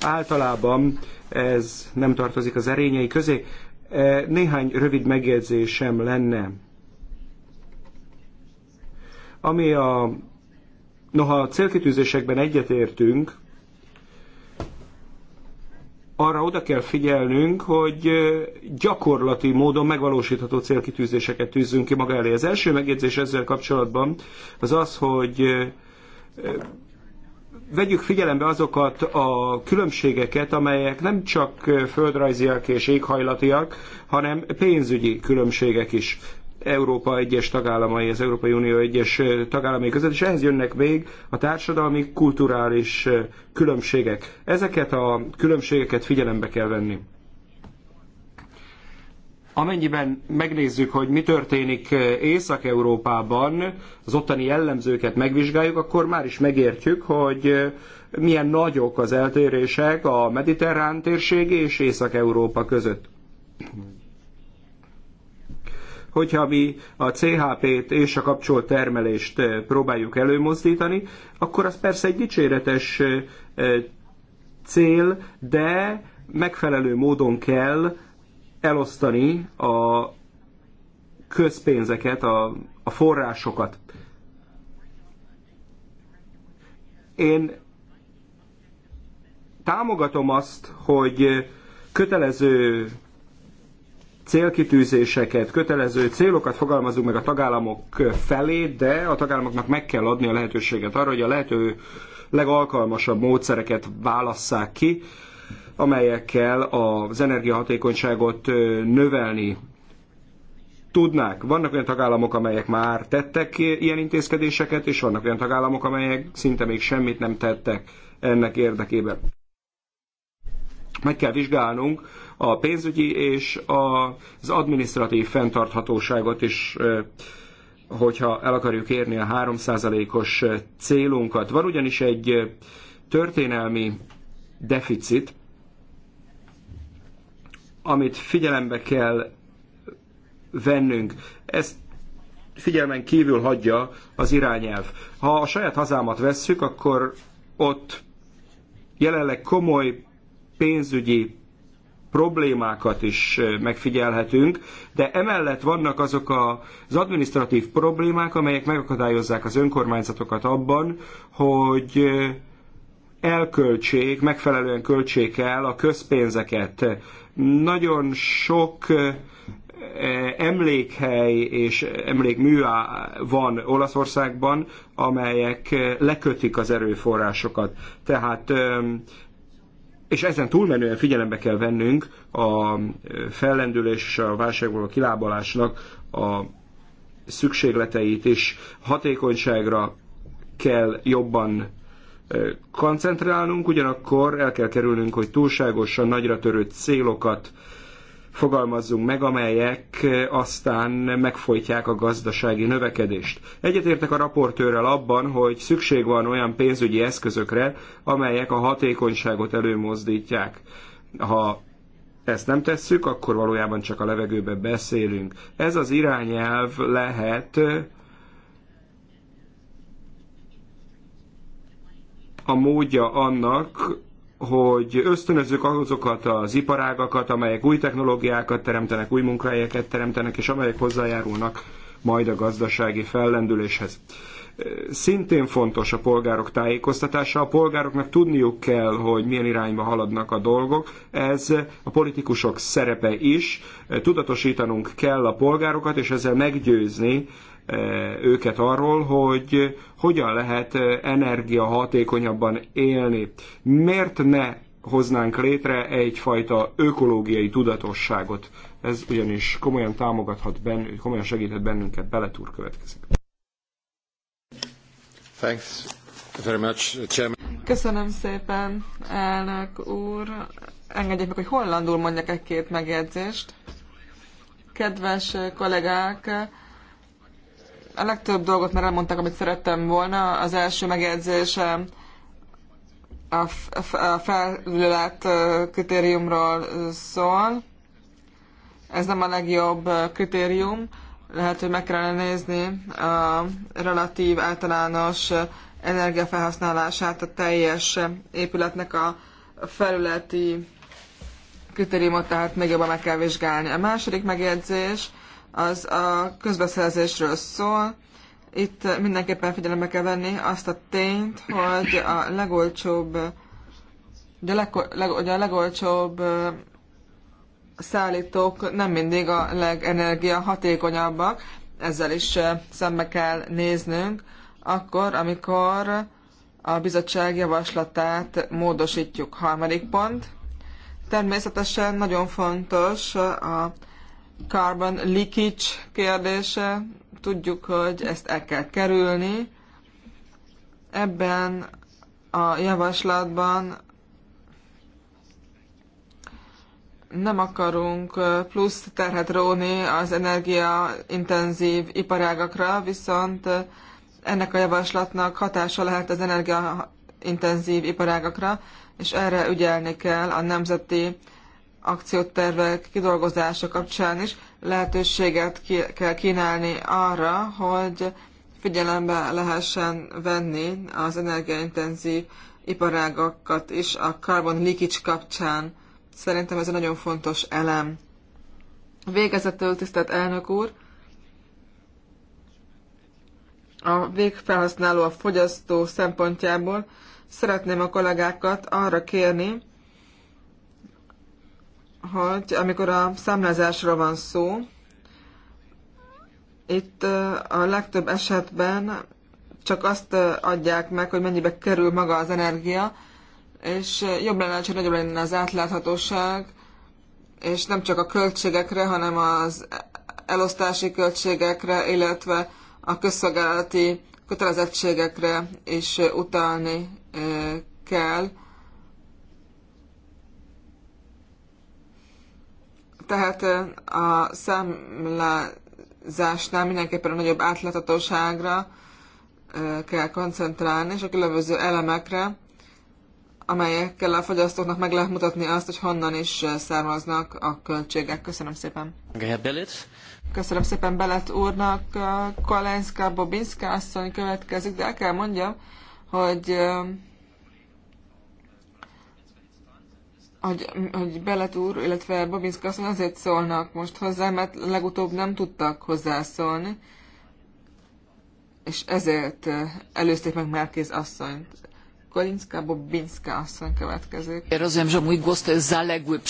Általában ez nem tartozik az erényei közé. E, néhány rövid megjegyzésem lenne. Ami a Noha a célkitűzésekben egyetértünk, arra oda kell figyelnünk, hogy gyakorlati módon megvalósítható célkitűzéseket tűzzünk ki maga elé. Az első megjegyzés ezzel kapcsolatban az az, hogy vegyük figyelembe azokat a különbségeket, amelyek nem csak földrajziak és éghajlatiak, hanem pénzügyi különbségek is. Európa egyes tagállamai, az Európai Unió egyes tagállamai között, és ehhez jönnek még a társadalmi, kulturális különbségek. Ezeket a különbségeket figyelembe kell venni. Amennyiben megnézzük, hogy mi történik Észak-Európában, az ottani jellemzőket megvizsgáljuk, akkor már is megértjük, hogy milyen nagyok az eltérések a mediterrán térség és Észak-Európa között hogyha mi a CHP-t és a kapcsolt termelést eh, próbáljuk előmozdítani, akkor az persze egy dicséretes eh, eh, cél, de megfelelő módon kell elosztani a közpénzeket, a, a forrásokat. Én támogatom azt, hogy kötelező célkitűzéseket, kötelező célokat fogalmazunk meg a tagállamok felé, de a tagállamoknak meg kell adni a lehetőséget arra, hogy a lehető legalkalmasabb módszereket válasszák ki, amelyekkel az energiahatékonyságot növelni tudnák. Vannak olyan tagállamok, amelyek már tettek ilyen intézkedéseket, és vannak olyan tagállamok, amelyek szinte még semmit nem tettek ennek érdekében. Meg kell vizsgálnunk, a pénzügyi és az adminisztratív fenntarthatóságot is hogyha el akarjuk érni a 3%-os célunkat. Van ugyanis egy történelmi deficit, amit figyelembe kell vennünk. Ezt figyelmen kívül hagyja az irányelv. Ha a saját hazámat vesszük, akkor ott jelenleg komoly pénzügyi problémákat is megfigyelhetünk, de emellett vannak azok az administratív problémák, amelyek megakadályozzák az önkormányzatokat abban, hogy elköltsék, megfelelően költsék el a közpénzeket. Nagyon sok e, emlékhely és emlékmű van Olaszországban, amelyek lekötik az erőforrásokat. Tehát és ezen túlmenően figyelembe kell vennünk a fellendülés és a válságból a kilábalásnak a szükségleteit is. Hatékonyságra kell jobban koncentrálnunk, ugyanakkor el kell kerülnünk, hogy túlságosan nagyra törő célokat fogalmazzunk meg, amelyek aztán megfojtják a gazdasági növekedést. Egyetértek a raportőrrel abban, hogy szükség van olyan pénzügyi eszközökre, amelyek a hatékonyságot előmozdítják. Ha ezt nem tesszük, akkor valójában csak a levegőbe beszélünk. Ez az irányelv lehet a módja annak, hogy ösztönözzük azokat az iparágakat, amelyek új technológiákat teremtenek, új munkahelyeket teremtenek, és amelyek hozzájárulnak majd a gazdasági fellendüléshez. Szintén fontos a polgárok tájékoztatása. A polgároknak tudniuk kell, hogy milyen irányba haladnak a dolgok. Ez a politikusok szerepe is. Tudatosítanunk kell a polgárokat, és ezzel meggyőzni őket arról, hogy hogyan lehet energiahatékonyabban élni. Miért ne hoznánk létre egyfajta ökológiai tudatosságot? Ez ugyanis komolyan támogathat bennünket, komolyan segíthet bennünket. Beletúr következik. Thanks very much, Chairman. Köszönöm szépen, elnök úr. Engedjék meg, hogy hollandul mondjak egy-két megjegyzést. Kedves kollégák, a legtöbb dolgot már elmondtak, amit szerettem volna. Az első megjegyzésem a, a felület kritériumról szól. Ez nem a legjobb kritérium. Lehet, hogy meg kellene nézni a relatív általános energiafelhasználását a teljes épületnek a felületi kritériumot, tehát még jobban meg kell vizsgálni. A második megjegyzés, az a közbeszerzésről szól. Itt mindenképpen figyelembe kell venni azt a tényt, hogy a legolcsóbb, de leg, leg, a legolcsóbb szállítók nem mindig a legenergia hatékonyabbak. ezzel is szembe kell néznünk, akkor, amikor a bizottság javaslatát módosítjuk. Harmadik pont. Természetesen nagyon fontos a carbon leakage kérdése. Tudjuk, hogy ezt el kell kerülni. Ebben a javaslatban nem akarunk plusz terhet róni az energiaintenzív iparágakra, viszont ennek a javaslatnak hatása lehet az energiaintenzív iparágakra, és erre ügyelni kell a nemzeti akciótervek kidolgozása kapcsán is lehetőséget ki- kell kínálni arra, hogy figyelembe lehessen venni az energiaintenzív iparágakat is a carbon leakage kapcsán. Szerintem ez egy nagyon fontos elem. Végezetül, tisztelt elnök úr, a végfelhasználó a fogyasztó szempontjából szeretném a kollégákat arra kérni, hogy amikor a számlázásra van szó, itt a legtöbb esetben csak azt adják meg, hogy mennyibe kerül maga az energia, és jobb lenne, hogy nagyobb lenne az átláthatóság, és nem csak a költségekre, hanem az elosztási költségekre, illetve a közszolgálati kötelezettségekre is utalni kell. Tehát a számlázásnál mindenképpen a nagyobb átláthatóságra kell koncentrálni, és a különböző elemekre, amelyekkel a fogyasztóknak meg lehet mutatni azt, hogy honnan is származnak a költségek. Köszönöm szépen. Köszönöm szépen Belet úrnak. Kalenszka Bobinska asszony következik, de el kell mondjam, hogy hogy, hogy Bellet úr, illetve Babinsk asszony azért szólnak most hozzá, mert legutóbb nem tudtak hozzászólni, és ezért eh, előzték meg Márkéz asszonyt. Kolinska Bobinska asszony következik. Rozumiem, hogy mój głos to jest zaległy,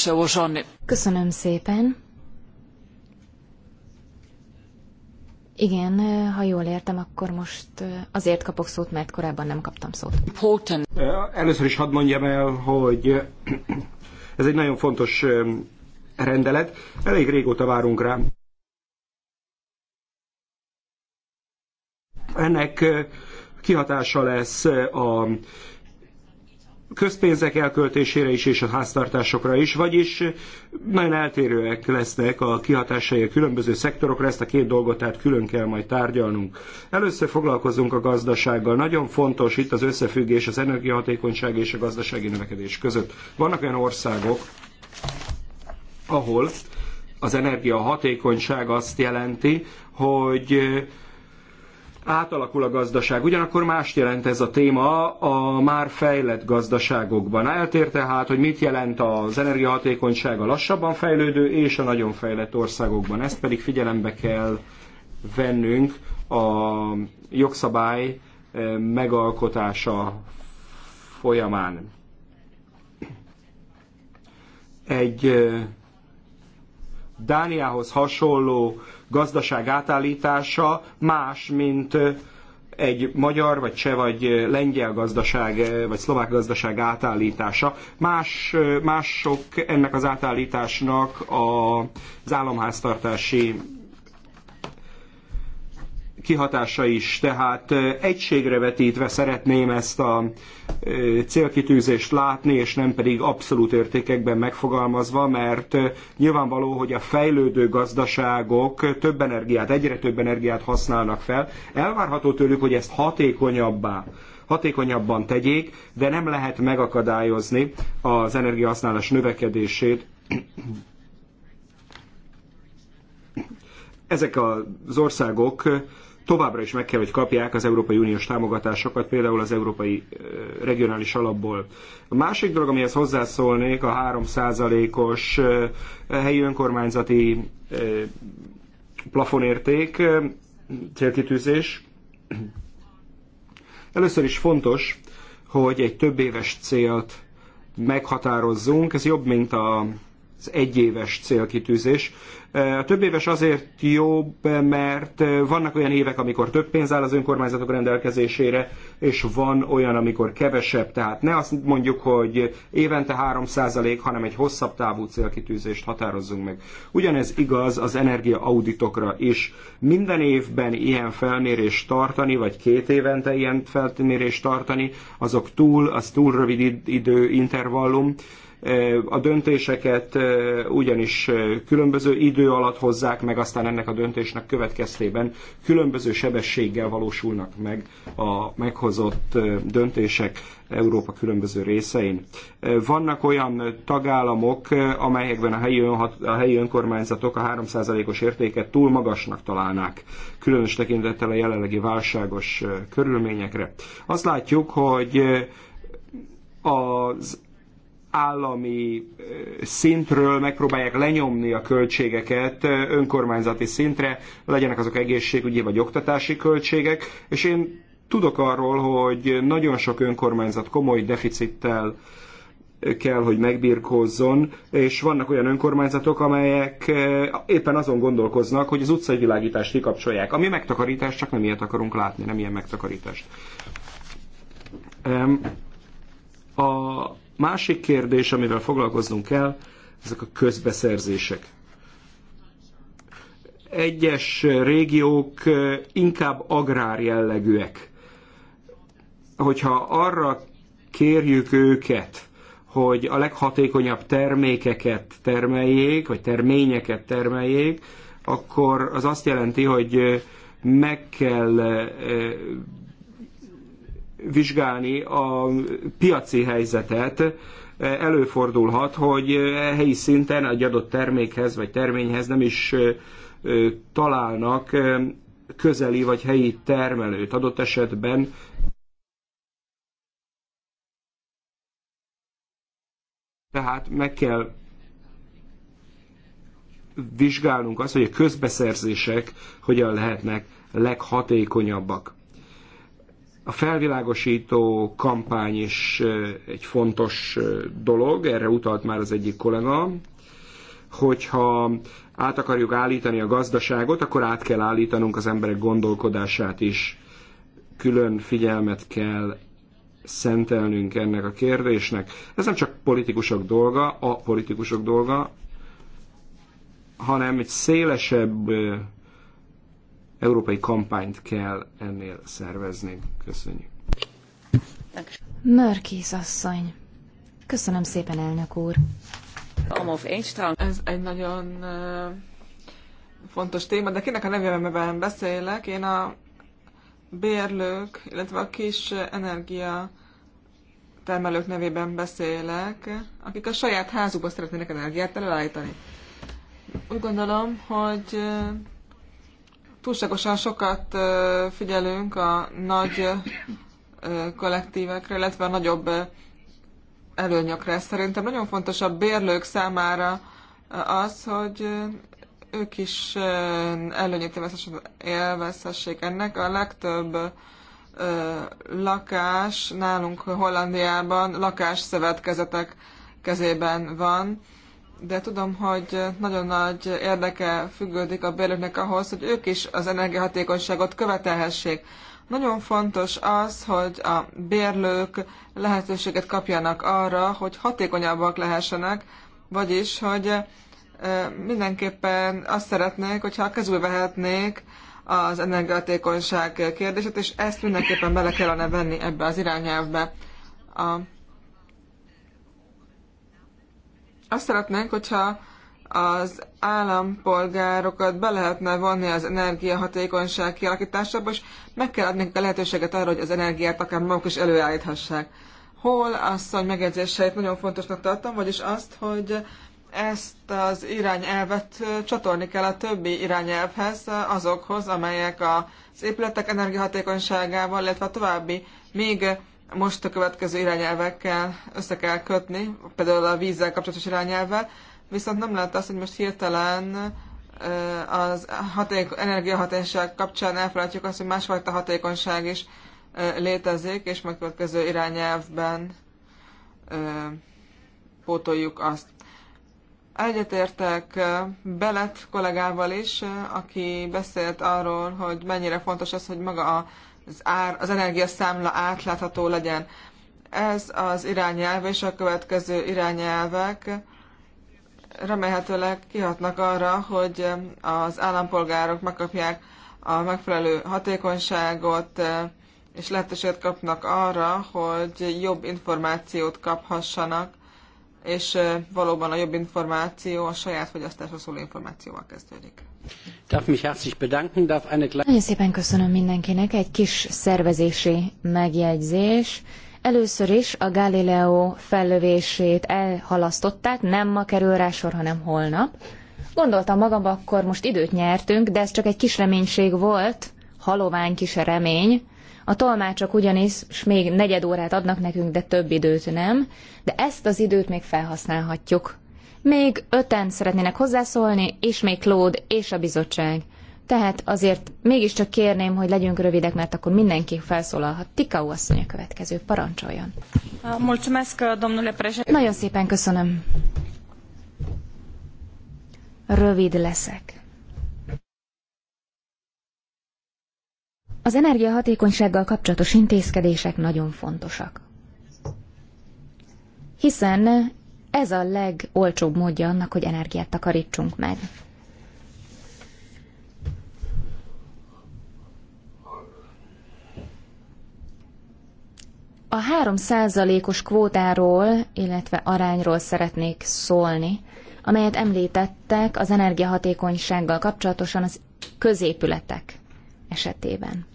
Köszönöm szépen. Igen, eh, ha jól értem, akkor most eh, azért kapok szót, mert korábban nem kaptam szót. Important. Először is hadd mondjam el, hogy ez egy nagyon fontos rendelet. Elég régóta várunk rá. Ennek kihatása lesz a közpénzek elköltésére is és a háztartásokra is, vagyis nagyon eltérőek lesznek a kihatásai a különböző szektorokra, ezt a két dolgot tehát külön kell majd tárgyalnunk. Először foglalkozunk a gazdasággal. Nagyon fontos itt az összefüggés az energiahatékonyság és a gazdasági növekedés között. Vannak olyan országok, ahol az energiahatékonyság azt jelenti, hogy átalakul a gazdaság. Ugyanakkor mást jelent ez a téma a már fejlett gazdaságokban. Eltér tehát, hogy mit jelent az energiahatékonyság a lassabban fejlődő és a nagyon fejlett országokban. Ezt pedig figyelembe kell vennünk a jogszabály eh, megalkotása folyamán. Egy eh, Dániához hasonló gazdaság átállítása más, mint egy magyar, vagy cseh, vagy lengyel gazdaság, vagy szlovák gazdaság átállítása. Más, mások ennek az átállításnak a, az államháztartási kihatása is. Tehát egységre vetítve szeretném ezt a célkitűzést látni, és nem pedig abszolút értékekben megfogalmazva, mert nyilvánvaló, hogy a fejlődő gazdaságok több energiát, egyre több energiát használnak fel. Elvárható tőlük, hogy ezt hatékonyabbá hatékonyabban tegyék, de nem lehet megakadályozni az energiahasználás növekedését ezek az országok továbbra is meg kell, hogy kapják az Európai Uniós támogatásokat, például az Európai Regionális Alapból. A másik dolog, amihez hozzászólnék, a 3%-os helyi önkormányzati plafonérték, célkitűzés. Először is fontos, hogy egy több éves célt meghatározzunk, ez jobb, mint az egyéves célkitűzés. A több éves azért jobb, mert vannak olyan évek, amikor több pénz áll az önkormányzatok rendelkezésére, és van olyan, amikor kevesebb. Tehát ne azt mondjuk, hogy évente 3%, hanem egy hosszabb távú célkitűzést határozzunk meg. Ugyanez igaz az energiaauditokra is. Minden évben ilyen felmérést tartani, vagy két évente ilyen felmérést tartani, azok túl, az túl rövid időintervallum, a döntéseket ugyanis különböző idő alatt hozzák meg, aztán ennek a döntésnek következtében különböző sebességgel valósulnak meg a meghozott döntések Európa különböző részein. Vannak olyan tagállamok, amelyekben a helyi, önhat, a helyi önkormányzatok a 3%-os értéket túl magasnak találnák, különös tekintettel a jelenlegi válságos körülményekre. Azt látjuk, hogy az állami szintről megpróbálják lenyomni a költségeket önkormányzati szintre, legyenek azok egészségügyi vagy oktatási költségek, és én tudok arról, hogy nagyon sok önkormányzat komoly deficittel kell, hogy megbirkózzon, és vannak olyan önkormányzatok, amelyek éppen azon gondolkoznak, hogy az utcai világítást kikapcsolják. Ami megtakarítás, csak nem ilyet akarunk látni, nem ilyen megtakarítást. A Másik kérdés, amivel foglalkoznunk kell, ezek a közbeszerzések. Egyes régiók inkább agrár jellegűek. Hogyha arra kérjük őket, hogy a leghatékonyabb termékeket termeljék, vagy terményeket termeljék, akkor az azt jelenti, hogy meg kell vizsgálni a piaci helyzetet, előfordulhat, hogy helyi szinten egy adott termékhez vagy terményhez nem is találnak közeli vagy helyi termelőt. Adott esetben tehát meg kell vizsgálnunk azt, hogy a közbeszerzések hogyan lehetnek leghatékonyabbak. A felvilágosító kampány is egy fontos dolog, erre utalt már az egyik kollega, hogyha át akarjuk állítani a gazdaságot, akkor át kell állítanunk az emberek gondolkodását is. Külön figyelmet kell szentelnünk ennek a kérdésnek. Ez nem csak politikusok dolga, a politikusok dolga, hanem egy szélesebb európai kampányt kell ennél szervezni. Köszönjük. Mörkész asszony. Köszönöm szépen, elnök úr. Ez egy nagyon fontos téma, de kinek a nevében beszélek? Én a bérlők, illetve a kis energia termelők nevében beszélek, akik a saját házukba szeretnének energiát elállítani. Úgy gondolom, hogy túlságosan sokat figyelünk a nagy kollektívekre, illetve a nagyobb előnyökre. Szerintem nagyon fontos a bérlők számára az, hogy ők is előnyét élvezhessék ennek. A legtöbb lakás nálunk Hollandiában lakásszövetkezetek kezében van, de tudom, hogy nagyon nagy érdeke függődik a bérlőknek ahhoz, hogy ők is az energiahatékonyságot követelhessék. Nagyon fontos az, hogy a bérlők lehetőséget kapjanak arra, hogy hatékonyabbak lehessenek, vagyis, hogy e, mindenképpen azt szeretnék, hogyha kezül vehetnék az energiahatékonyság kérdését, és ezt mindenképpen bele kellene venni ebbe az irányelvbe. A Azt szeretnénk, hogyha az állampolgárokat be lehetne vonni az energiahatékonyság kialakításába, és meg kell adni a lehetőséget arra, hogy az energiát akár maguk is előállíthassák. Hol hogy megjegyzéseit nagyon fontosnak tartom, vagyis azt, hogy ezt az irányelvet csatolni kell a többi irányelvhez, azokhoz, amelyek az épületek energiahatékonyságával, illetve a további még most a következő irányelvekkel össze kell kötni, például a vízzel kapcsolatos irányelvvel, viszont nem lehet az hogy most hirtelen az haték, energiahatékonyság kapcsán elfelejtjük azt, hogy másfajta hatékonyság is létezik, és majd következő irányelvben pótoljuk azt. Egyetértek Belet kollégával is, aki beszélt arról, hogy mennyire fontos az, hogy maga a az, ár, az energiaszámla átlátható legyen. Ez az irányelv és a következő irányelvek remélhetőleg kihatnak arra, hogy az állampolgárok megkapják a megfelelő hatékonyságot, és lehetőséget kapnak arra, hogy jobb információt kaphassanak, és valóban a jobb információ a saját fogyasztáshoz szóló információval kezdődik. Nagyon szépen köszönöm mindenkinek. Egy kis szervezési megjegyzés. Először is a Galileo fellövését elhalasztották, nem ma kerül rá sor, hanem holnap. Gondoltam magamban, akkor most időt nyertünk, de ez csak egy kis reménység volt, halovány kis remény. A tolmácsok ugyanis még negyed órát adnak nekünk, de több időt nem, de ezt az időt még felhasználhatjuk még öten szeretnének hozzászólni, és még Claude és a bizottság. Tehát azért mégiscsak kérném, hogy legyünk rövidek, mert akkor mindenki felszólalhat. Tikau asszony a következő, parancsoljon. Ah, mulțumesc, domnule președinte. Nagyon szépen köszönöm. Rövid leszek. Az energiahatékonysággal kapcsolatos intézkedések nagyon fontosak. Hiszen ez a legolcsóbb módja annak, hogy energiát takarítsunk meg. A 3%-os kvótáról, illetve arányról szeretnék szólni, amelyet említettek az energiahatékonysággal kapcsolatosan az középületek esetében.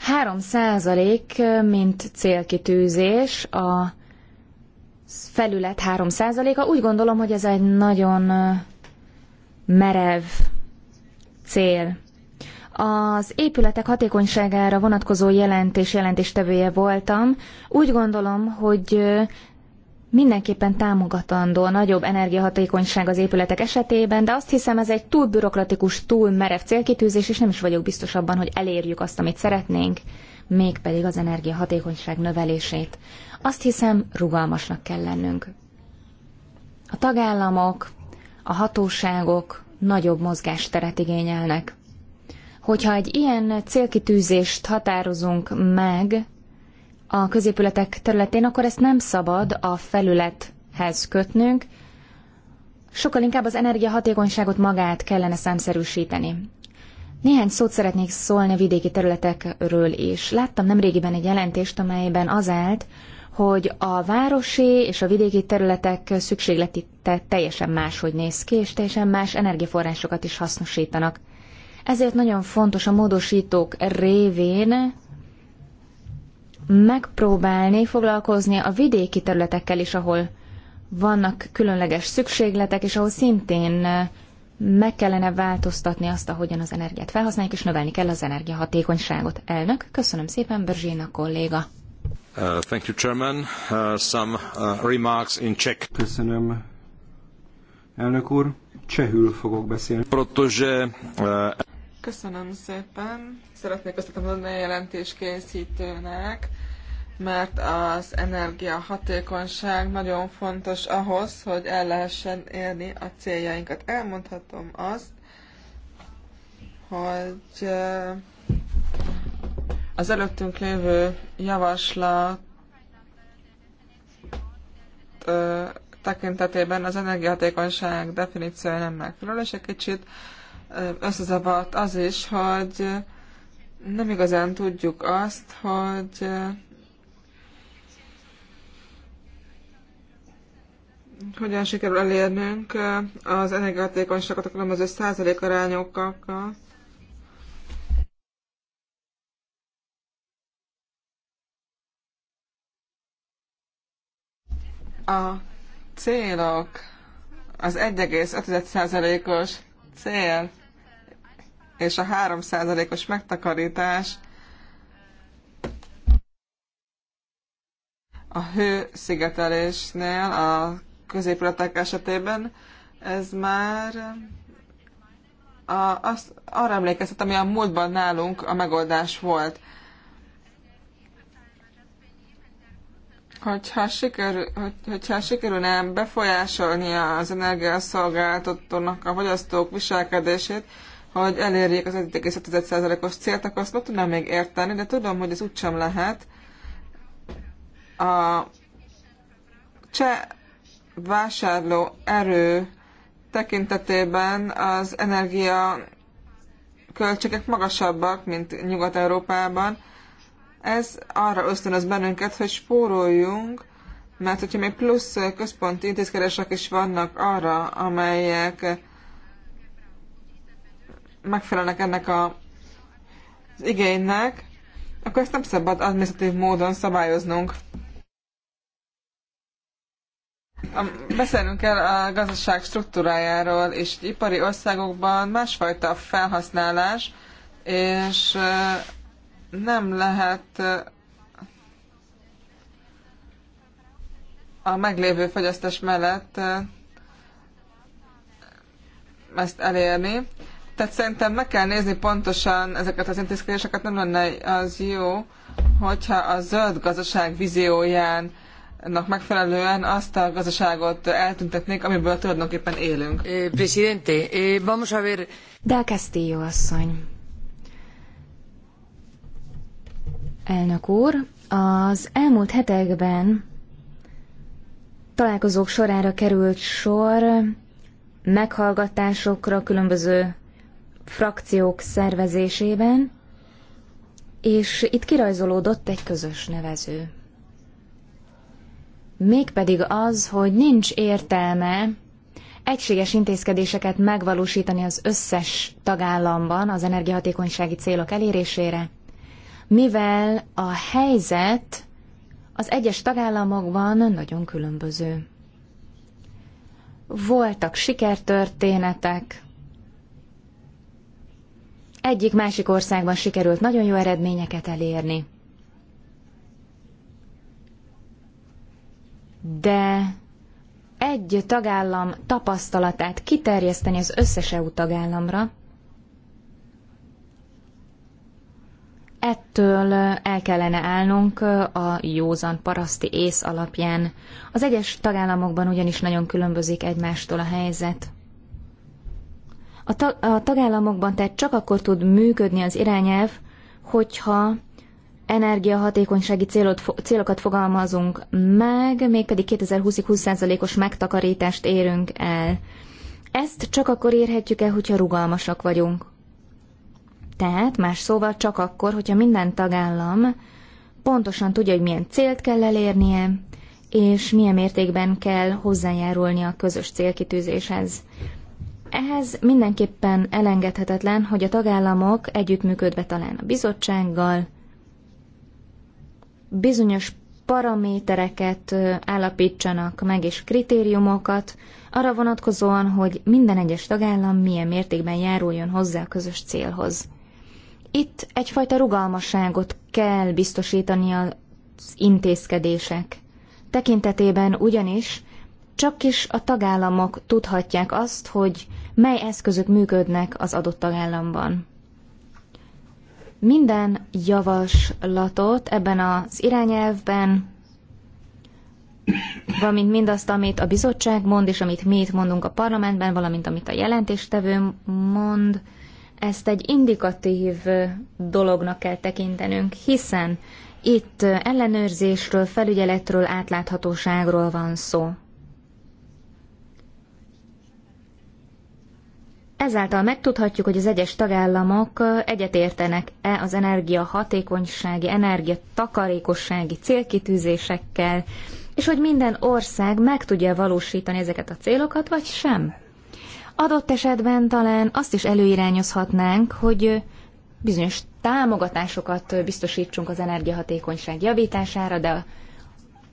3 százalék, mint célkitűzés, a felület 3 százaléka. Úgy gondolom, hogy ez egy nagyon merev cél. Az épületek hatékonyságára vonatkozó jelentés jelentéstevője voltam. Úgy gondolom, hogy mindenképpen támogatandó a nagyobb energiahatékonyság az épületek esetében, de azt hiszem ez egy túl bürokratikus, túl merev célkitűzés, és nem is vagyok biztos abban, hogy elérjük azt, amit szeretnénk, mégpedig az energiahatékonyság növelését. Azt hiszem, rugalmasnak kell lennünk. A tagállamok, a hatóságok nagyobb mozgásteret igényelnek. Hogyha egy ilyen célkitűzést határozunk meg, a középületek területén, akkor ezt nem szabad a felülethez kötnünk, sokkal inkább az energiahatékonyságot magát kellene számszerűsíteni. Néhány szót szeretnék szólni a vidéki területekről is. Láttam nemrégiben egy jelentést, amelyben az állt, hogy a városi és a vidéki területek szükségleti teljesen máshogy néz ki, és teljesen más energiaforrásokat is hasznosítanak. Ezért nagyon fontos a módosítók révén megpróbálni foglalkozni a vidéki területekkel is, ahol vannak különleges szükségletek, és ahol szintén meg kellene változtatni azt, ahogyan az energiát felhasználjuk, és növelni kell az energiahatékonyságot. Elnök, köszönöm szépen, a kolléga. Uh, thank you, Chairman. Uh, some uh, remarks in Czech. Köszönöm, elnök úr. Csehül fogok beszélni. Protože, uh... Köszönöm szépen. Szeretnék köszönetem adni a jelentéskészítőnek, mert az energia hatékonyság nagyon fontos ahhoz, hogy el lehessen érni a céljainkat. Elmondhatom azt, hogy az előttünk lévő javaslat tekintetében az energiahatékonyság definíciója nem megfelelő, és egy kicsit összezavart az is, hogy nem igazán tudjuk azt, hogy eh, hogyan sikerül elérnünk eh, az energiahatékonyságot a különböző százalékarányokkal. A célok, az 1,5%-os cél és a 3%-os megtakarítás a hőszigetelésnél, a középületek esetében, ez már a, az, arra emlékeztet, ami a múltban nálunk a megoldás volt. Hogyha, sikerül, hogy, hogyha sikerülne befolyásolni az energiaszolgáltatónak a fogyasztók viselkedését, hogy elérjék az 1,5%-os célt, akkor azt nem tudnám még érteni, de tudom, hogy ez úgysem lehet. A cseh vásárló erő tekintetében az energia költségek magasabbak, mint Nyugat-Európában. Ez arra ösztönöz bennünket, hogy spóroljunk, mert hogyha még plusz központi intézkedések is vannak arra, amelyek megfelelnek ennek a, az igénynek, akkor ezt nem szabad administratív módon szabályoznunk. A, beszélnünk kell a gazdaság struktúrájáról, és ipari országokban másfajta felhasználás, és nem lehet a meglévő fogyasztás mellett ezt elérni. Tehát szerintem meg kell nézni pontosan ezeket az intézkedéseket, nem lenne az jó, hogyha a zöld gazdaság vizióján megfelelően azt a gazdaságot eltüntetnék, amiből tulajdonképpen élünk. Eh, presidente, eh, vamos a ver... Del Castillo asszony. Elnök úr, az elmúlt hetekben találkozók sorára került sor meghallgatásokra, különböző frakciók szervezésében, és itt kirajzolódott egy közös nevező. Mégpedig az, hogy nincs értelme egységes intézkedéseket megvalósítani az összes tagállamban az energiahatékonysági célok elérésére, mivel a helyzet az egyes tagállamokban nagyon különböző. Voltak sikertörténetek, egyik másik országban sikerült nagyon jó eredményeket elérni. De egy tagállam tapasztalatát kiterjeszteni az összes EU tagállamra, Ettől el kellene állnunk a józan paraszti ész alapján. Az egyes tagállamokban ugyanis nagyon különbözik egymástól a helyzet. A, tag, a tagállamokban tehát csak akkor tud működni az irányelv, hogyha energiahatékonysági célot, célokat fogalmazunk meg, mégpedig 2020 20%-os megtakarítást érünk el. Ezt csak akkor érhetjük el, hogyha rugalmasak vagyunk. Tehát más szóval csak akkor, hogyha minden tagállam pontosan tudja, hogy milyen célt kell elérnie, és milyen mértékben kell hozzájárulni a közös célkitűzéshez. Ehhez mindenképpen elengedhetetlen, hogy a tagállamok együttműködve talán a bizottsággal bizonyos paramétereket állapítsanak meg és kritériumokat, arra vonatkozóan, hogy minden egyes tagállam milyen mértékben járuljon hozzá a közös célhoz. Itt egyfajta rugalmasságot kell biztosítani az intézkedések tekintetében ugyanis csak is a tagállamok tudhatják azt, hogy mely eszközök működnek az adott tagállamban. Minden javaslatot ebben az irányelvben, valamint mindazt, amit a bizottság mond, és amit mi itt mondunk a parlamentben, valamint amit a jelentéstevő mond, ezt egy indikatív dolognak kell tekintenünk, hiszen itt ellenőrzésről, felügyeletről, átláthatóságról van szó. Ezáltal megtudhatjuk, hogy az egyes tagállamok egyetértenek-e az energia hatékonysági, energia takarékossági célkitűzésekkel, és hogy minden ország meg tudja valósítani ezeket a célokat, vagy sem. Adott esetben talán azt is előirányozhatnánk, hogy bizonyos támogatásokat biztosítsunk az energiahatékonyság javítására, de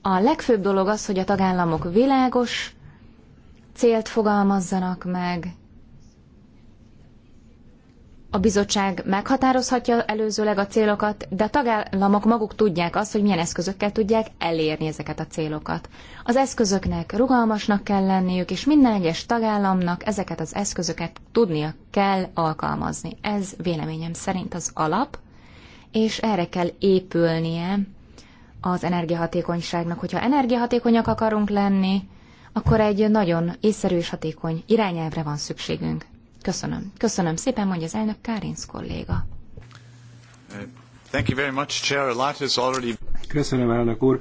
a legfőbb dolog az, hogy a tagállamok világos célt fogalmazzanak meg, a bizottság meghatározhatja előzőleg a célokat, de a tagállamok maguk tudják azt, hogy milyen eszközökkel tudják elérni ezeket a célokat. Az eszközöknek rugalmasnak kell lenniük, és minden egyes tagállamnak ezeket az eszközöket tudnia kell alkalmazni. Ez véleményem szerint az alap, és erre kell épülnie az energiahatékonyságnak. Hogyha energiahatékonyak akarunk lenni, akkor egy nagyon észszerű és hatékony irányelvre van szükségünk. Köszönöm. Köszönöm szépen, mondja az elnök Kárinsz kolléga. Thank you very much, Chair. A lot already... Köszönöm, elnök úr.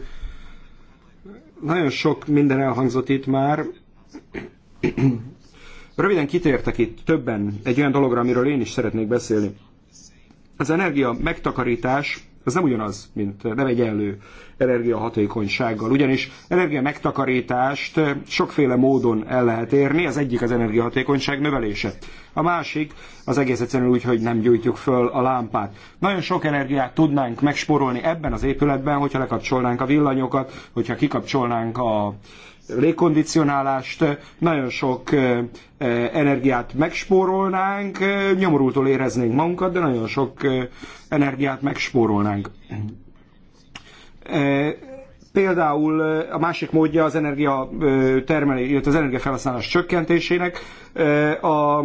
Nagyon sok minden elhangzott itt már. Röviden kitértek itt többen egy olyan dologra, amiről én is szeretnék beszélni. Az energia megtakarítás az nem ugyanaz, mint nem egyenlő energiahatékonysággal. Ugyanis energia megtakarítást sokféle módon el lehet érni, az egyik az energiahatékonyság növelése. A másik az egész egyszerűen úgy, hogy nem gyújtjuk föl a lámpát. Nagyon sok energiát tudnánk megsporolni ebben az épületben, hogyha lekapcsolnánk a villanyokat, hogyha kikapcsolnánk a légkondicionálást, nagyon sok energiát megspórolnánk, nyomorultól éreznénk magunkat, de nagyon sok energiát megspórolnánk. Például a másik módja az energia termelés, illetve az energiafelhasználás csökkentésének a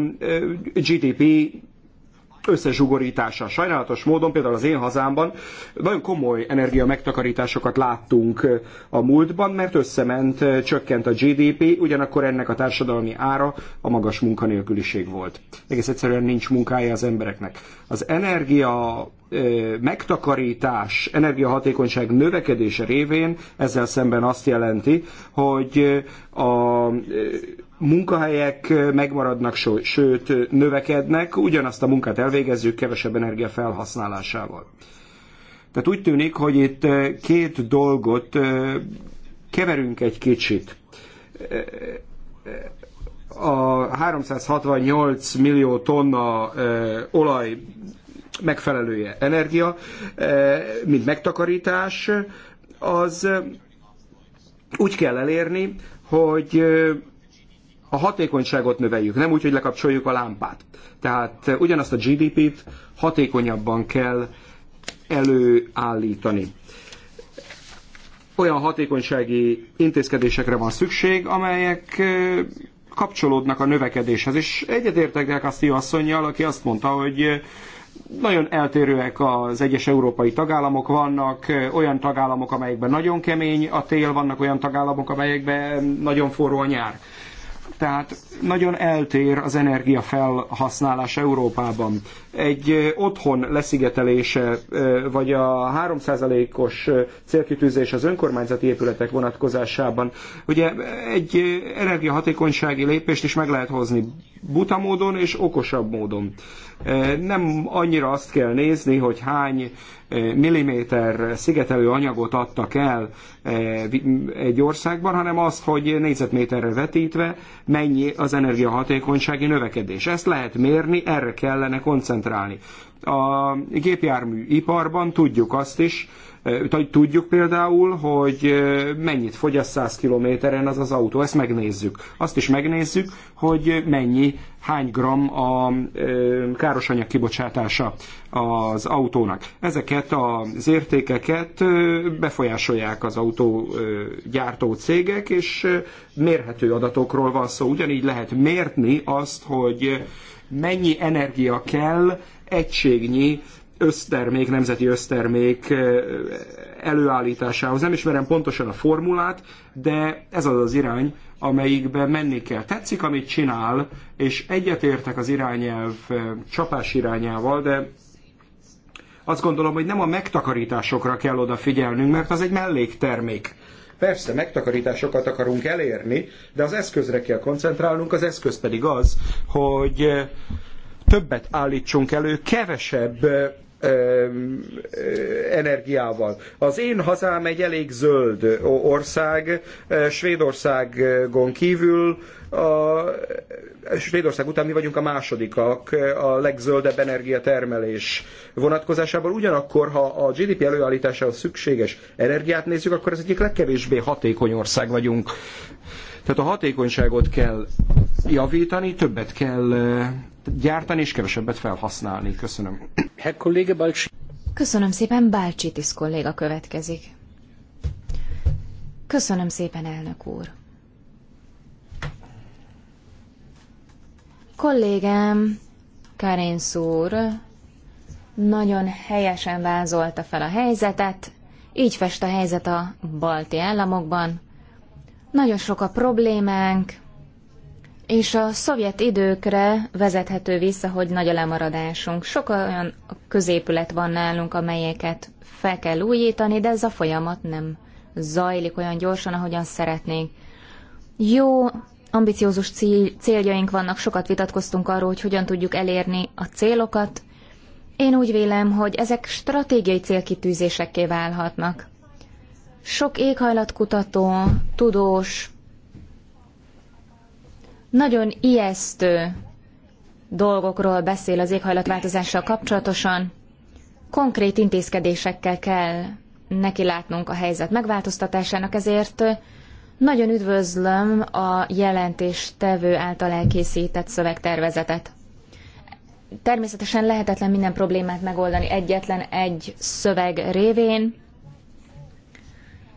GDP összezsugorítása. Sajnálatos módon például az én hazámban nagyon komoly energia megtakarításokat láttunk a múltban, mert összement, csökkent a GDP, ugyanakkor ennek a társadalmi ára a magas munkanélküliség volt. Egész egyszerűen nincs munkája az embereknek. Az energia megtakarítás, energiahatékonyság növekedése révén ezzel szemben azt jelenti, hogy a munkahelyek megmaradnak, sőt növekednek, ugyanazt a munkát elvégezzük kevesebb energia felhasználásával. Tehát úgy tűnik, hogy itt két dolgot keverünk egy kicsit. A 368 millió tonna olaj megfelelője energia, mint megtakarítás, az úgy kell elérni, hogy a hatékonyságot növeljük, nem úgy, hogy lekapcsoljuk a lámpát. Tehát eh, ugyanazt a GDP-t hatékonyabban kell előállítani. Olyan hatékonysági intézkedésekre van szükség, amelyek eh, kapcsolódnak a növekedéshez. És egyetértek el Castillo asszonynal, aki azt mondta, hogy eh, nagyon eltérőek az egyes európai tagállamok, vannak olyan tagállamok, amelyekben nagyon kemény a tél, vannak olyan tagállamok, amelyekben nagyon forró a nyár. Tehát nagyon eltér az energia felhasználás Európában. Egy otthon leszigetelése, vagy a 3%-os célkitűzés az önkormányzati épületek vonatkozásában, ugye egy energiahatékonysági lépést is meg lehet hozni buta módon és okosabb módon. Nem annyira azt kell nézni, hogy hány milliméter szigetelő anyagot adtak el egy országban, hanem azt, hogy négyzetméterre vetítve mennyi az energiahatékonysági növekedés. Ezt lehet mérni, erre kellene koncentrálni. A gépjárműiparban tudjuk azt is, Tudjuk például, hogy mennyit fogyaszt 100 kilométeren az az autó, ezt megnézzük. Azt is megnézzük, hogy mennyi, hány gram a károsanyag kibocsátása az autónak. Ezeket az értékeket befolyásolják az autógyártó cégek, és mérhető adatokról van szó. Ugyanígy lehet mérni azt, hogy mennyi energia kell egységnyi össztermék, nemzeti össztermék előállításához. Nem ismerem pontosan a formulát, de ez az az irány, amelyikbe menni kell. Tetszik, amit csinál, és egyetértek az irányelv csapás irányával, de azt gondolom, hogy nem a megtakarításokra kell odafigyelnünk, mert az egy melléktermék. Persze, megtakarításokat akarunk elérni, de az eszközre kell koncentrálnunk, az eszköz pedig az, hogy többet állítsunk elő kevesebb energiával. Az én hazám egy elég zöld ország, Svédországon kívül, a Svédország után mi vagyunk a másodikak a legzöldebb energiatermelés vonatkozásában. Ugyanakkor, ha a GDP előállításához szükséges energiát nézzük, akkor az egyik legkevésbé hatékony ország vagyunk. Tehát a hatékonyságot kell javítani, többet kell gyártani, és kevesebbet felhasználni. Köszönöm. Köszönöm szépen, Bálcsitis kolléga következik. Köszönöm szépen, elnök úr. Kollégám, Karin Szúr, nagyon helyesen vázolta fel a helyzetet, így fest a helyzet a balti államokban. Nagyon sok a problémánk, és a szovjet időkre vezethető vissza, hogy nagy a lemaradásunk. Sok olyan középület van nálunk, amelyeket fel kell újítani, de ez a folyamat nem zajlik olyan gyorsan, ahogyan szeretnénk. Jó, ambiciózus céljaink vannak, sokat vitatkoztunk arról, hogy hogyan tudjuk elérni a célokat. Én úgy vélem, hogy ezek stratégiai célkitűzésekké válhatnak. Sok éghajlatkutató, tudós, nagyon ijesztő dolgokról beszél az éghajlatváltozással kapcsolatosan. Konkrét intézkedésekkel kell neki látnunk a helyzet megváltoztatásának, ezért nagyon üdvözlöm a jelentéstevő által elkészített szövegtervezetet. Természetesen lehetetlen minden problémát megoldani egyetlen egy szöveg révén.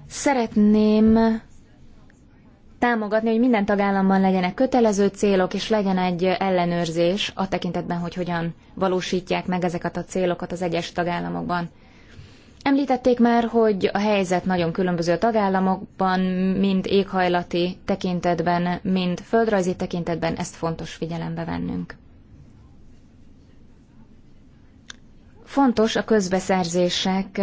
Szeretném támogatni, hogy minden tagállamban legyenek kötelező célok, és legyen egy ellenőrzés a tekintetben, hogy hogyan valósítják meg ezeket a célokat az egyes tagállamokban. Említették már, hogy a helyzet nagyon különböző a tagállamokban, mind éghajlati tekintetben, mind földrajzi tekintetben, ezt fontos figyelembe vennünk. Fontos a közbeszerzések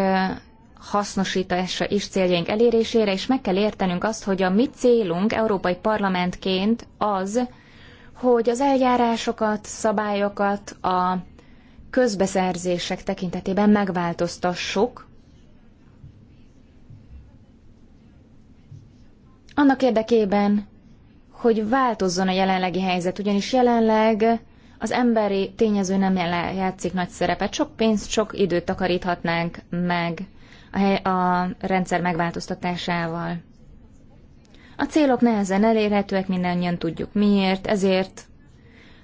hasznosítása is céljaink elérésére, és meg kell értenünk azt, hogy a mi célunk európai parlamentként az, hogy az eljárásokat, szabályokat a közbeszerzések tekintetében megváltoztassuk, annak érdekében, hogy változzon a jelenlegi helyzet, ugyanis jelenleg az emberi tényező nem játszik nagy szerepet, sok pénzt, sok időt takaríthatnánk meg a, hely, a rendszer megváltoztatásával. A célok nehezen elérhetőek, mindannyian tudjuk miért, ezért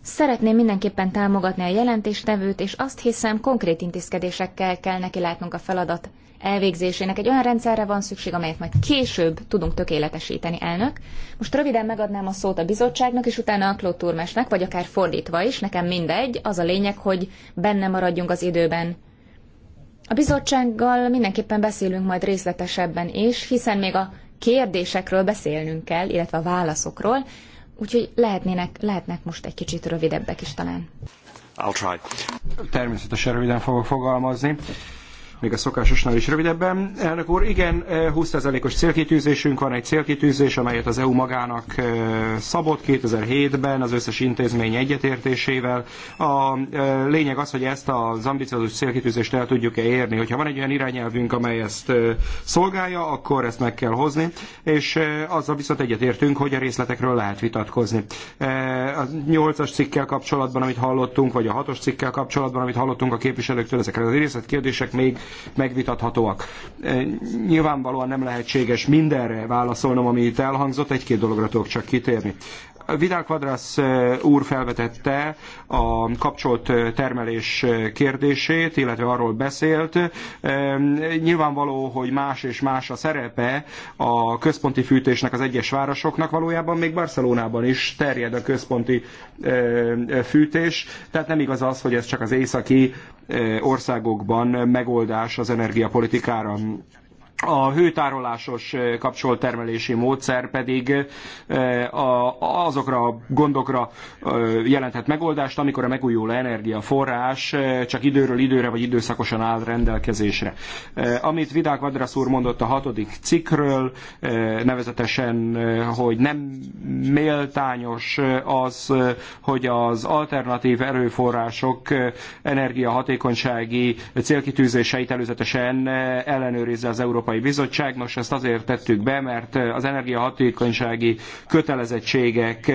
szeretném mindenképpen támogatni a jelentéstevőt, és azt hiszem konkrét intézkedésekkel kell neki látnunk a feladat elvégzésének. Egy olyan rendszerre van szükség, amelyet majd később tudunk tökéletesíteni, elnök. Most röviden megadnám a szót a bizottságnak, és utána a Klótúrmesnek, vagy akár fordítva is, nekem mindegy, az a lényeg, hogy benne maradjunk az időben. A bizottsággal mindenképpen beszélünk majd részletesebben is, hiszen még a kérdésekről beszélnünk kell, illetve a válaszokról, úgyhogy lehetnének, lehetnek most egy kicsit rövidebbek is talán. I'll try. Természetesen röviden fogok fogalmazni még a szokásosnál is rövidebben. Elnök úr, igen, 20%-os eh, célkitűzésünk van, egy célkitűzés, amelyet az EU magának eh, szabott 2007-ben az összes intézmény egyetértésével. A eh, lényeg az, hogy ezt az ambiciózus célkitűzést el tudjuk-e érni. Hogyha van egy olyan irányelvünk, amely ezt szolgálja, akkor ezt meg kell hozni, és azzal viszont egyetértünk, hogy a részletekről lehet vitatkozni. A 8-as cikkel kapcsolatban, amit hallottunk, vagy a 6-os cikkel kapcsolatban, amit hallottunk a képviselőktől, ezekre a részletkérdések még megvitathatóak. Nyilvánvalóan nem lehetséges mindenre válaszolnom, ami itt elhangzott, egy-két dologra tudok csak kitérni. Vidal Quadras eh, úr felvetette a kapcsolt eh, termelés eh, kérdését, illetve arról beszélt. Nyilvánvaló, hogy más és más a szerepe a központi fűtésnek az egyes városoknak. Valójában még Barcelonában is terjed a központi fűtés, tehát nem igaz az, hogy ez csak az északi országokban megoldás az energiapolitikára. A hőtárolásos kapcsoltermelési módszer pedig azokra a gondokra jelenthet megoldást, amikor a megújuló energiaforrás csak időről időre vagy időszakosan áll rendelkezésre. Amit Vidák Vadrasz úr mondott a hatodik cikkről, nevezetesen, hogy nem méltányos az, hogy az alternatív erőforrások energiahatékonysági célkitűzéseit előzetesen ellenőrizze az Európai Európai Bizottság. Nos, ezt azért tettük be, mert az energiahatékonysági kötelezettségek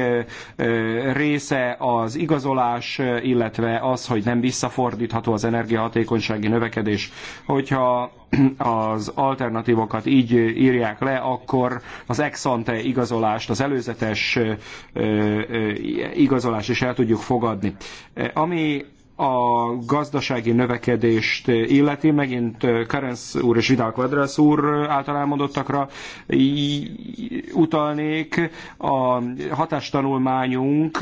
része az igazolás, illetve az, hogy nem visszafordítható az energiahatékonysági növekedés. Hogyha az alternatívokat így írják le, akkor az ex-ante igazolást, az előzetes igazolást is el tudjuk fogadni. Ami a gazdasági növekedést illeti, megint Karenz úr és Vidal Quadras úr által elmondottakra utalnék. A hatástanulmányunk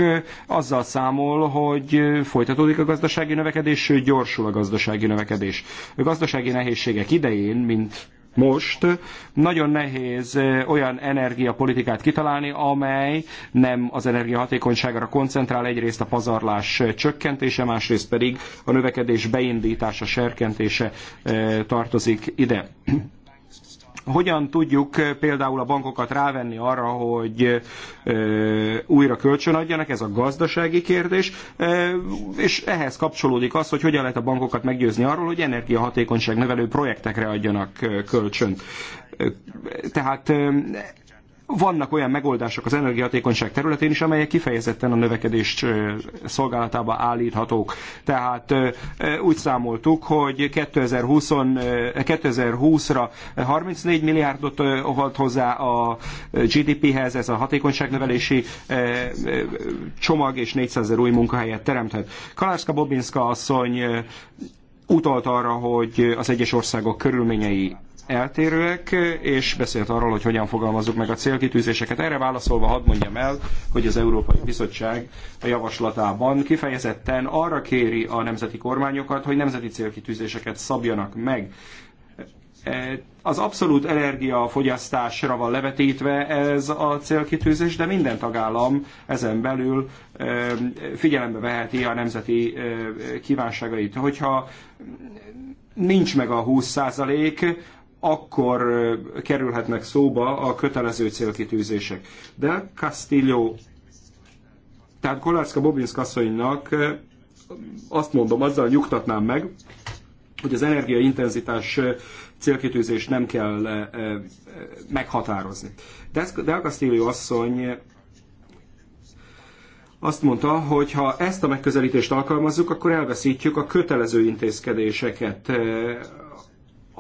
azzal számol, hogy folytatódik a gazdasági növekedés, sőt gyorsul a gazdasági növekedés. A gazdasági nehézségek idején, mint most nagyon nehéz olyan energiapolitikát kitalálni, amely nem az energiahatékonyságra koncentrál, egyrészt a pazarlás csökkentése, másrészt pedig a növekedés beindítása, serkentése tartozik ide hogyan tudjuk eh, például a bankokat rávenni arra, hogy eh, eh, újra kölcsönadjanak, ez a gazdasági kérdés, és ehhez kapcsolódik az, hogy hogyan lehet a bankokat meggyőzni arról, hogy energiahatékonyság növelő projektekre adjanak kölcsönt. Tehát vannak olyan megoldások az energiahatékonyság területén is, amelyek kifejezetten a növekedés szolgálatába állíthatók. Tehát úgy számoltuk, hogy 2020, ra 34 milliárdot volt hozzá a GDP-hez, ez a hatékonyságnövelési csomag, és 400 ezer új munkahelyet teremthet. Kalárska Bobinska asszony utalt arra, hogy az egyes országok körülményei eltérőek, és beszélt arról, hogy hogyan fogalmazzuk meg a célkitűzéseket. Erre válaszolva hadd mondjam el, hogy az Európai Bizottság a javaslatában kifejezetten arra kéri a nemzeti kormányokat, hogy nemzeti célkitűzéseket szabjanak meg az abszolút energiafogyasztásra van levetítve ez a célkitűzés, de minden tagállam ezen belül figyelembe veheti a nemzeti kívánságait. Hogyha nincs meg a 20 százalék, akkor kerülhetnek szóba a kötelező célkitűzések. De Castillo, tehát Kolárszka Bobinsk asszonynak azt mondom, azzal nyugtatnám meg, hogy az energiaintenzitás célkitűzést nem kell meghatározni. de Castillo asszony azt mondta, hogy ha ezt a megközelítést alkalmazzuk, akkor elveszítjük a kötelező intézkedéseket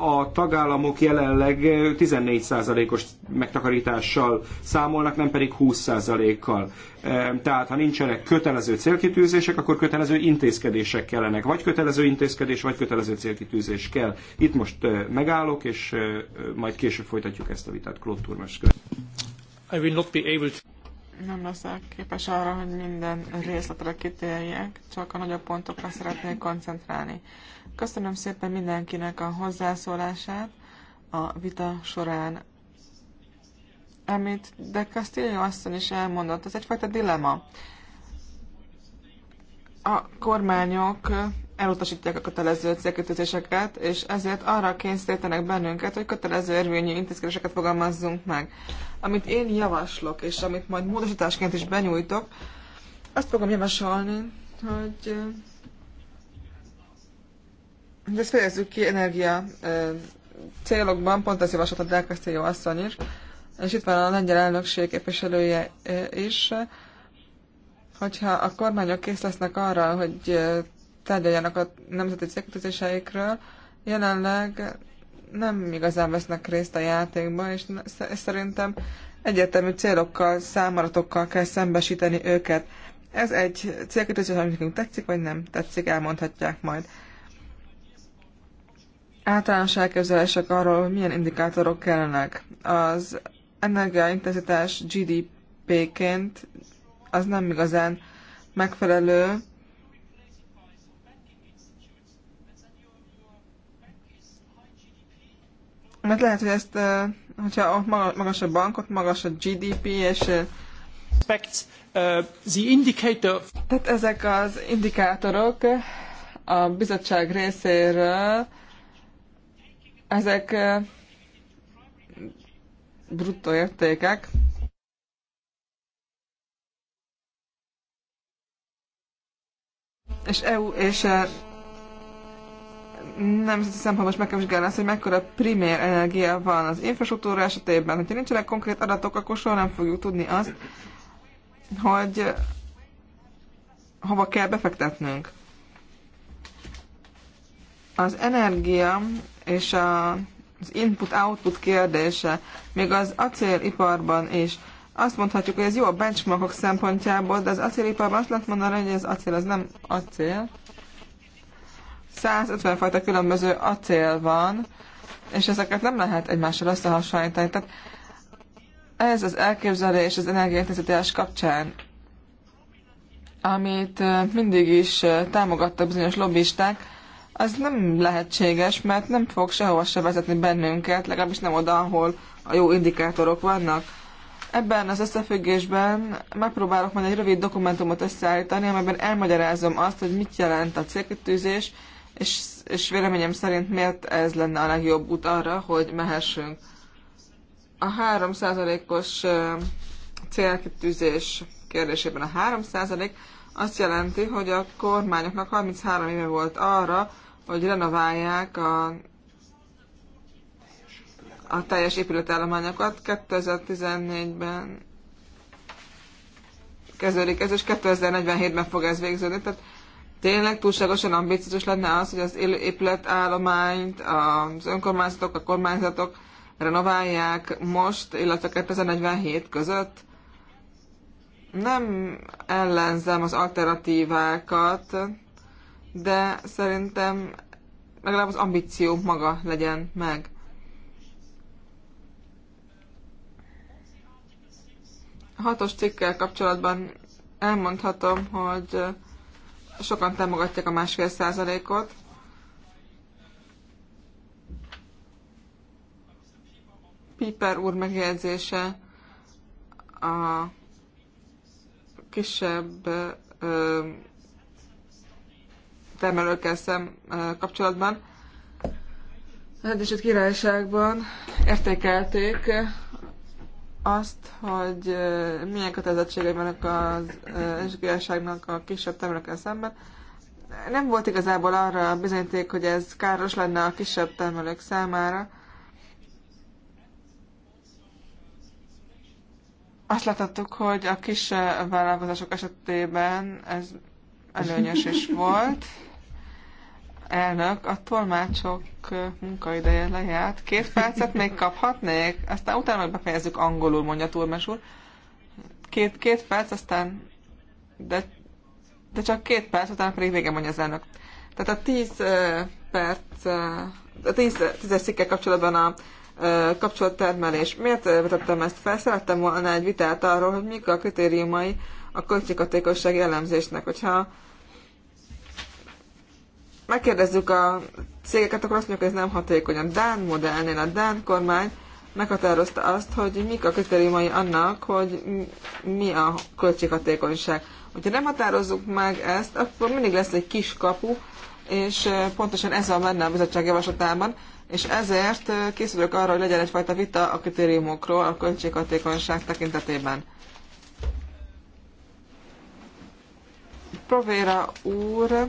a tagállamok jelenleg 14%-os megtakarítással számolnak, nem pedig 20%-kal. Tehát ha nincsenek kötelező célkitűzések, akkor kötelező intézkedések kellenek. Vagy kötelező intézkedés, vagy kötelező célkitűzés kell. Itt most megállok, és majd később folytatjuk ezt a vitát. Claude Turmes I will not be able to... Nem leszek képes arra, hogy minden részletre kitérjek, csak a nagyobb pontokra szeretnék koncentrálni. Köszönöm szépen mindenkinek a hozzászólását a vita során. Amit de Castillo asszony is elmondott, ez egyfajta dilema. A kormányok elutasítják a kötelező célkötőzéseket, és ezért arra kényszerítenek bennünket, hogy kötelező érvényű intézkedéseket fogalmazzunk meg. Amit én javaslok, és amit majd módosításként is benyújtok, azt fogom javasolni, hogy ezt fejezzük ki energia célokban, pont ezt javaslatot elkezdtél asszony is, és itt van a lengyel elnökség képviselője is, hogyha a kormányok kész lesznek arra, hogy tárgyaljanak a nemzeti célkötözéseikről, jelenleg nem igazán vesznek részt a játékban, és szerintem egyértelmű célokkal, számaratokkal kell szembesíteni őket. Ez egy célkötözés, amit nekünk tetszik, vagy nem tetszik, elmondhatják majd általános elképzelések arról, hogy milyen indikátorok kellenek. Az energiaintenzitás GDP-ként az nem igazán megfelelő, mert lehet, hogy ezt, eh, hogyha magas a bankot, magas a GDP, és eh, eh, tehát ezek az indikátorok a bizottság részéről ezek bruttó értékek. És EU és nemzeti szempontból is meg kell vizsgálni azt, hogy mekkora primér energia van az infrastruktúra esetében. Ha nincsenek konkrét adatok, akkor soha nem fogjuk tudni azt, hogy hova kell befektetnünk. Az energia és a, az input-output kérdése, még az acéliparban is, azt mondhatjuk, hogy ez jó a benchmarkok szempontjából, de az acéliparban azt lehet mondani, hogy ez acél, az nem acél. 150 fajta különböző acél van, és ezeket nem lehet egymással összehasonlítani. Tehát ez az elképzelés az energiaintenzitás kapcsán, amit mindig is támogattak bizonyos lobbisták, az nem lehetséges, mert nem fog sehova se vezetni bennünket, legalábbis nem oda, ahol a jó indikátorok vannak. Ebben az összefüggésben megpróbálok majd egy rövid dokumentumot összeállítani, amelyben elmagyarázom azt, hogy mit jelent a célkitűzés, és, és véleményem szerint miért ez lenne a legjobb út arra, hogy mehessünk. A 3%-os célkitűzés kérdésében a azt jelenti, hogy a kormányoknak 33 éve volt arra, hogy renoválják a, a teljes épületállományokat. 2014-ben kezdődik ez, és 2047-ben fog ez végződni. Tehát tényleg túlságosan ambiciózus lenne az, hogy az épületállományt az önkormányzatok, a kormányzatok renoválják most, illetve 2047 között nem ellenzem az alternatívákat, de szerintem legalább az ambíció maga legyen meg. A hatos cikkel kapcsolatban elmondhatom, hogy sokan támogatják a másfél százalékot. Piper úr megjegyzése a kisebb termelőkkel szem kapcsolatban. Az Egyesült Királyságban értékelték azt, hogy milyen kötelezettségei vannak az Egyesült Királyságnak a kisebb termelőkkel szemben. Nem volt igazából arra bizonyíték, hogy ez káros lenne a kisebb termelők számára, Azt láthattuk, hogy a kis vállalkozások esetében ez előnyös is volt. Elnök, a tolmácsok munkaideje lejárt. Két percet még kaphatnék? Aztán utána meg befejezzük angolul, mondja Turmes úr. Két, két perc, aztán... De, de csak két perc, utána pedig vége mondja az elnök. Tehát a tíz perc, a tíz, tízes szikkel kapcsolatban a kapcsolattermelés. Miért vetettem ezt fel? Szerettem volna egy vitát arról, hogy mik a kritériumai a költséghatékonysági elemzésnek. Hogyha megkérdezzük a cégeket, akkor azt mondjuk, hogy ez nem hatékony. A Dán modellnél a Dán kormány meghatározta azt, hogy mik a kritériumai annak, hogy mi a költséghatékonyság. Hogyha nem határozzuk meg ezt, akkor mindig lesz egy kis kapu, és pontosan ez van benne a bizottság javaslatában, és ezért készülök arra, hogy legyen egyfajta vita a kritériumokról a költséghatékonyság tekintetében. Provéra úr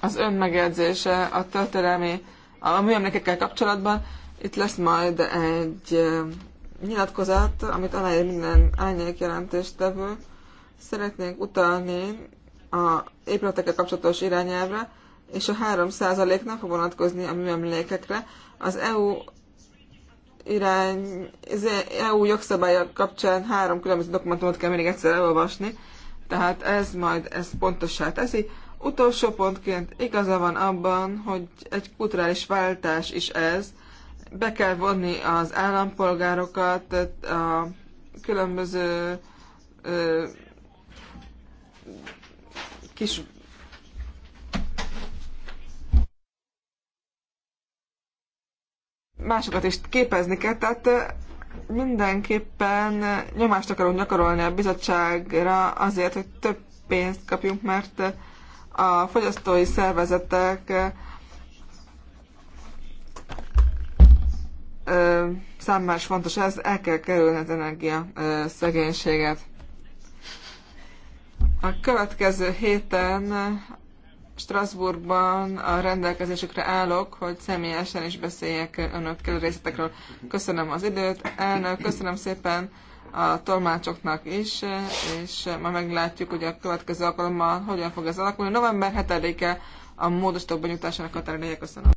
az ön megjegyzése a történelmi, a műemlékekkel kapcsolatban. Itt lesz majd egy nyilatkozat, amit aláír minden árnyék jelentéstevő. Szeretnénk utalni a épületekkel kapcsolatos irányelvre, és a 3% nem fog vonatkozni a műemlékekre. Az EU irány, az EU jogszabályok kapcsán három különböző dokumentumot kell még egyszer elolvasni, tehát ez majd ez pontossá teszi. Utolsó pontként igaza van abban, hogy egy kulturális váltás is ez. Be kell vonni az állampolgárokat, a különböző ö, kis másokat is képezni kell, tehát mindenképpen nyomást akarunk gyakorolni a bizottságra azért, hogy több pénzt kapjunk, mert a fogyasztói szervezetek számára is fontos ez, el kell kerülni az energia szegénységet. A következő héten Strasbourgban a rendelkezésükre állok, hogy személyesen is beszéljek önökkel a részletekről. Köszönöm az időt, elnök, köszönöm szépen a tolmácsoknak is, és ma meglátjuk, hogy a következő alkalommal hogyan fog ez alakulni. November 7-e a módosítók benyújtásának határideje. Köszönöm.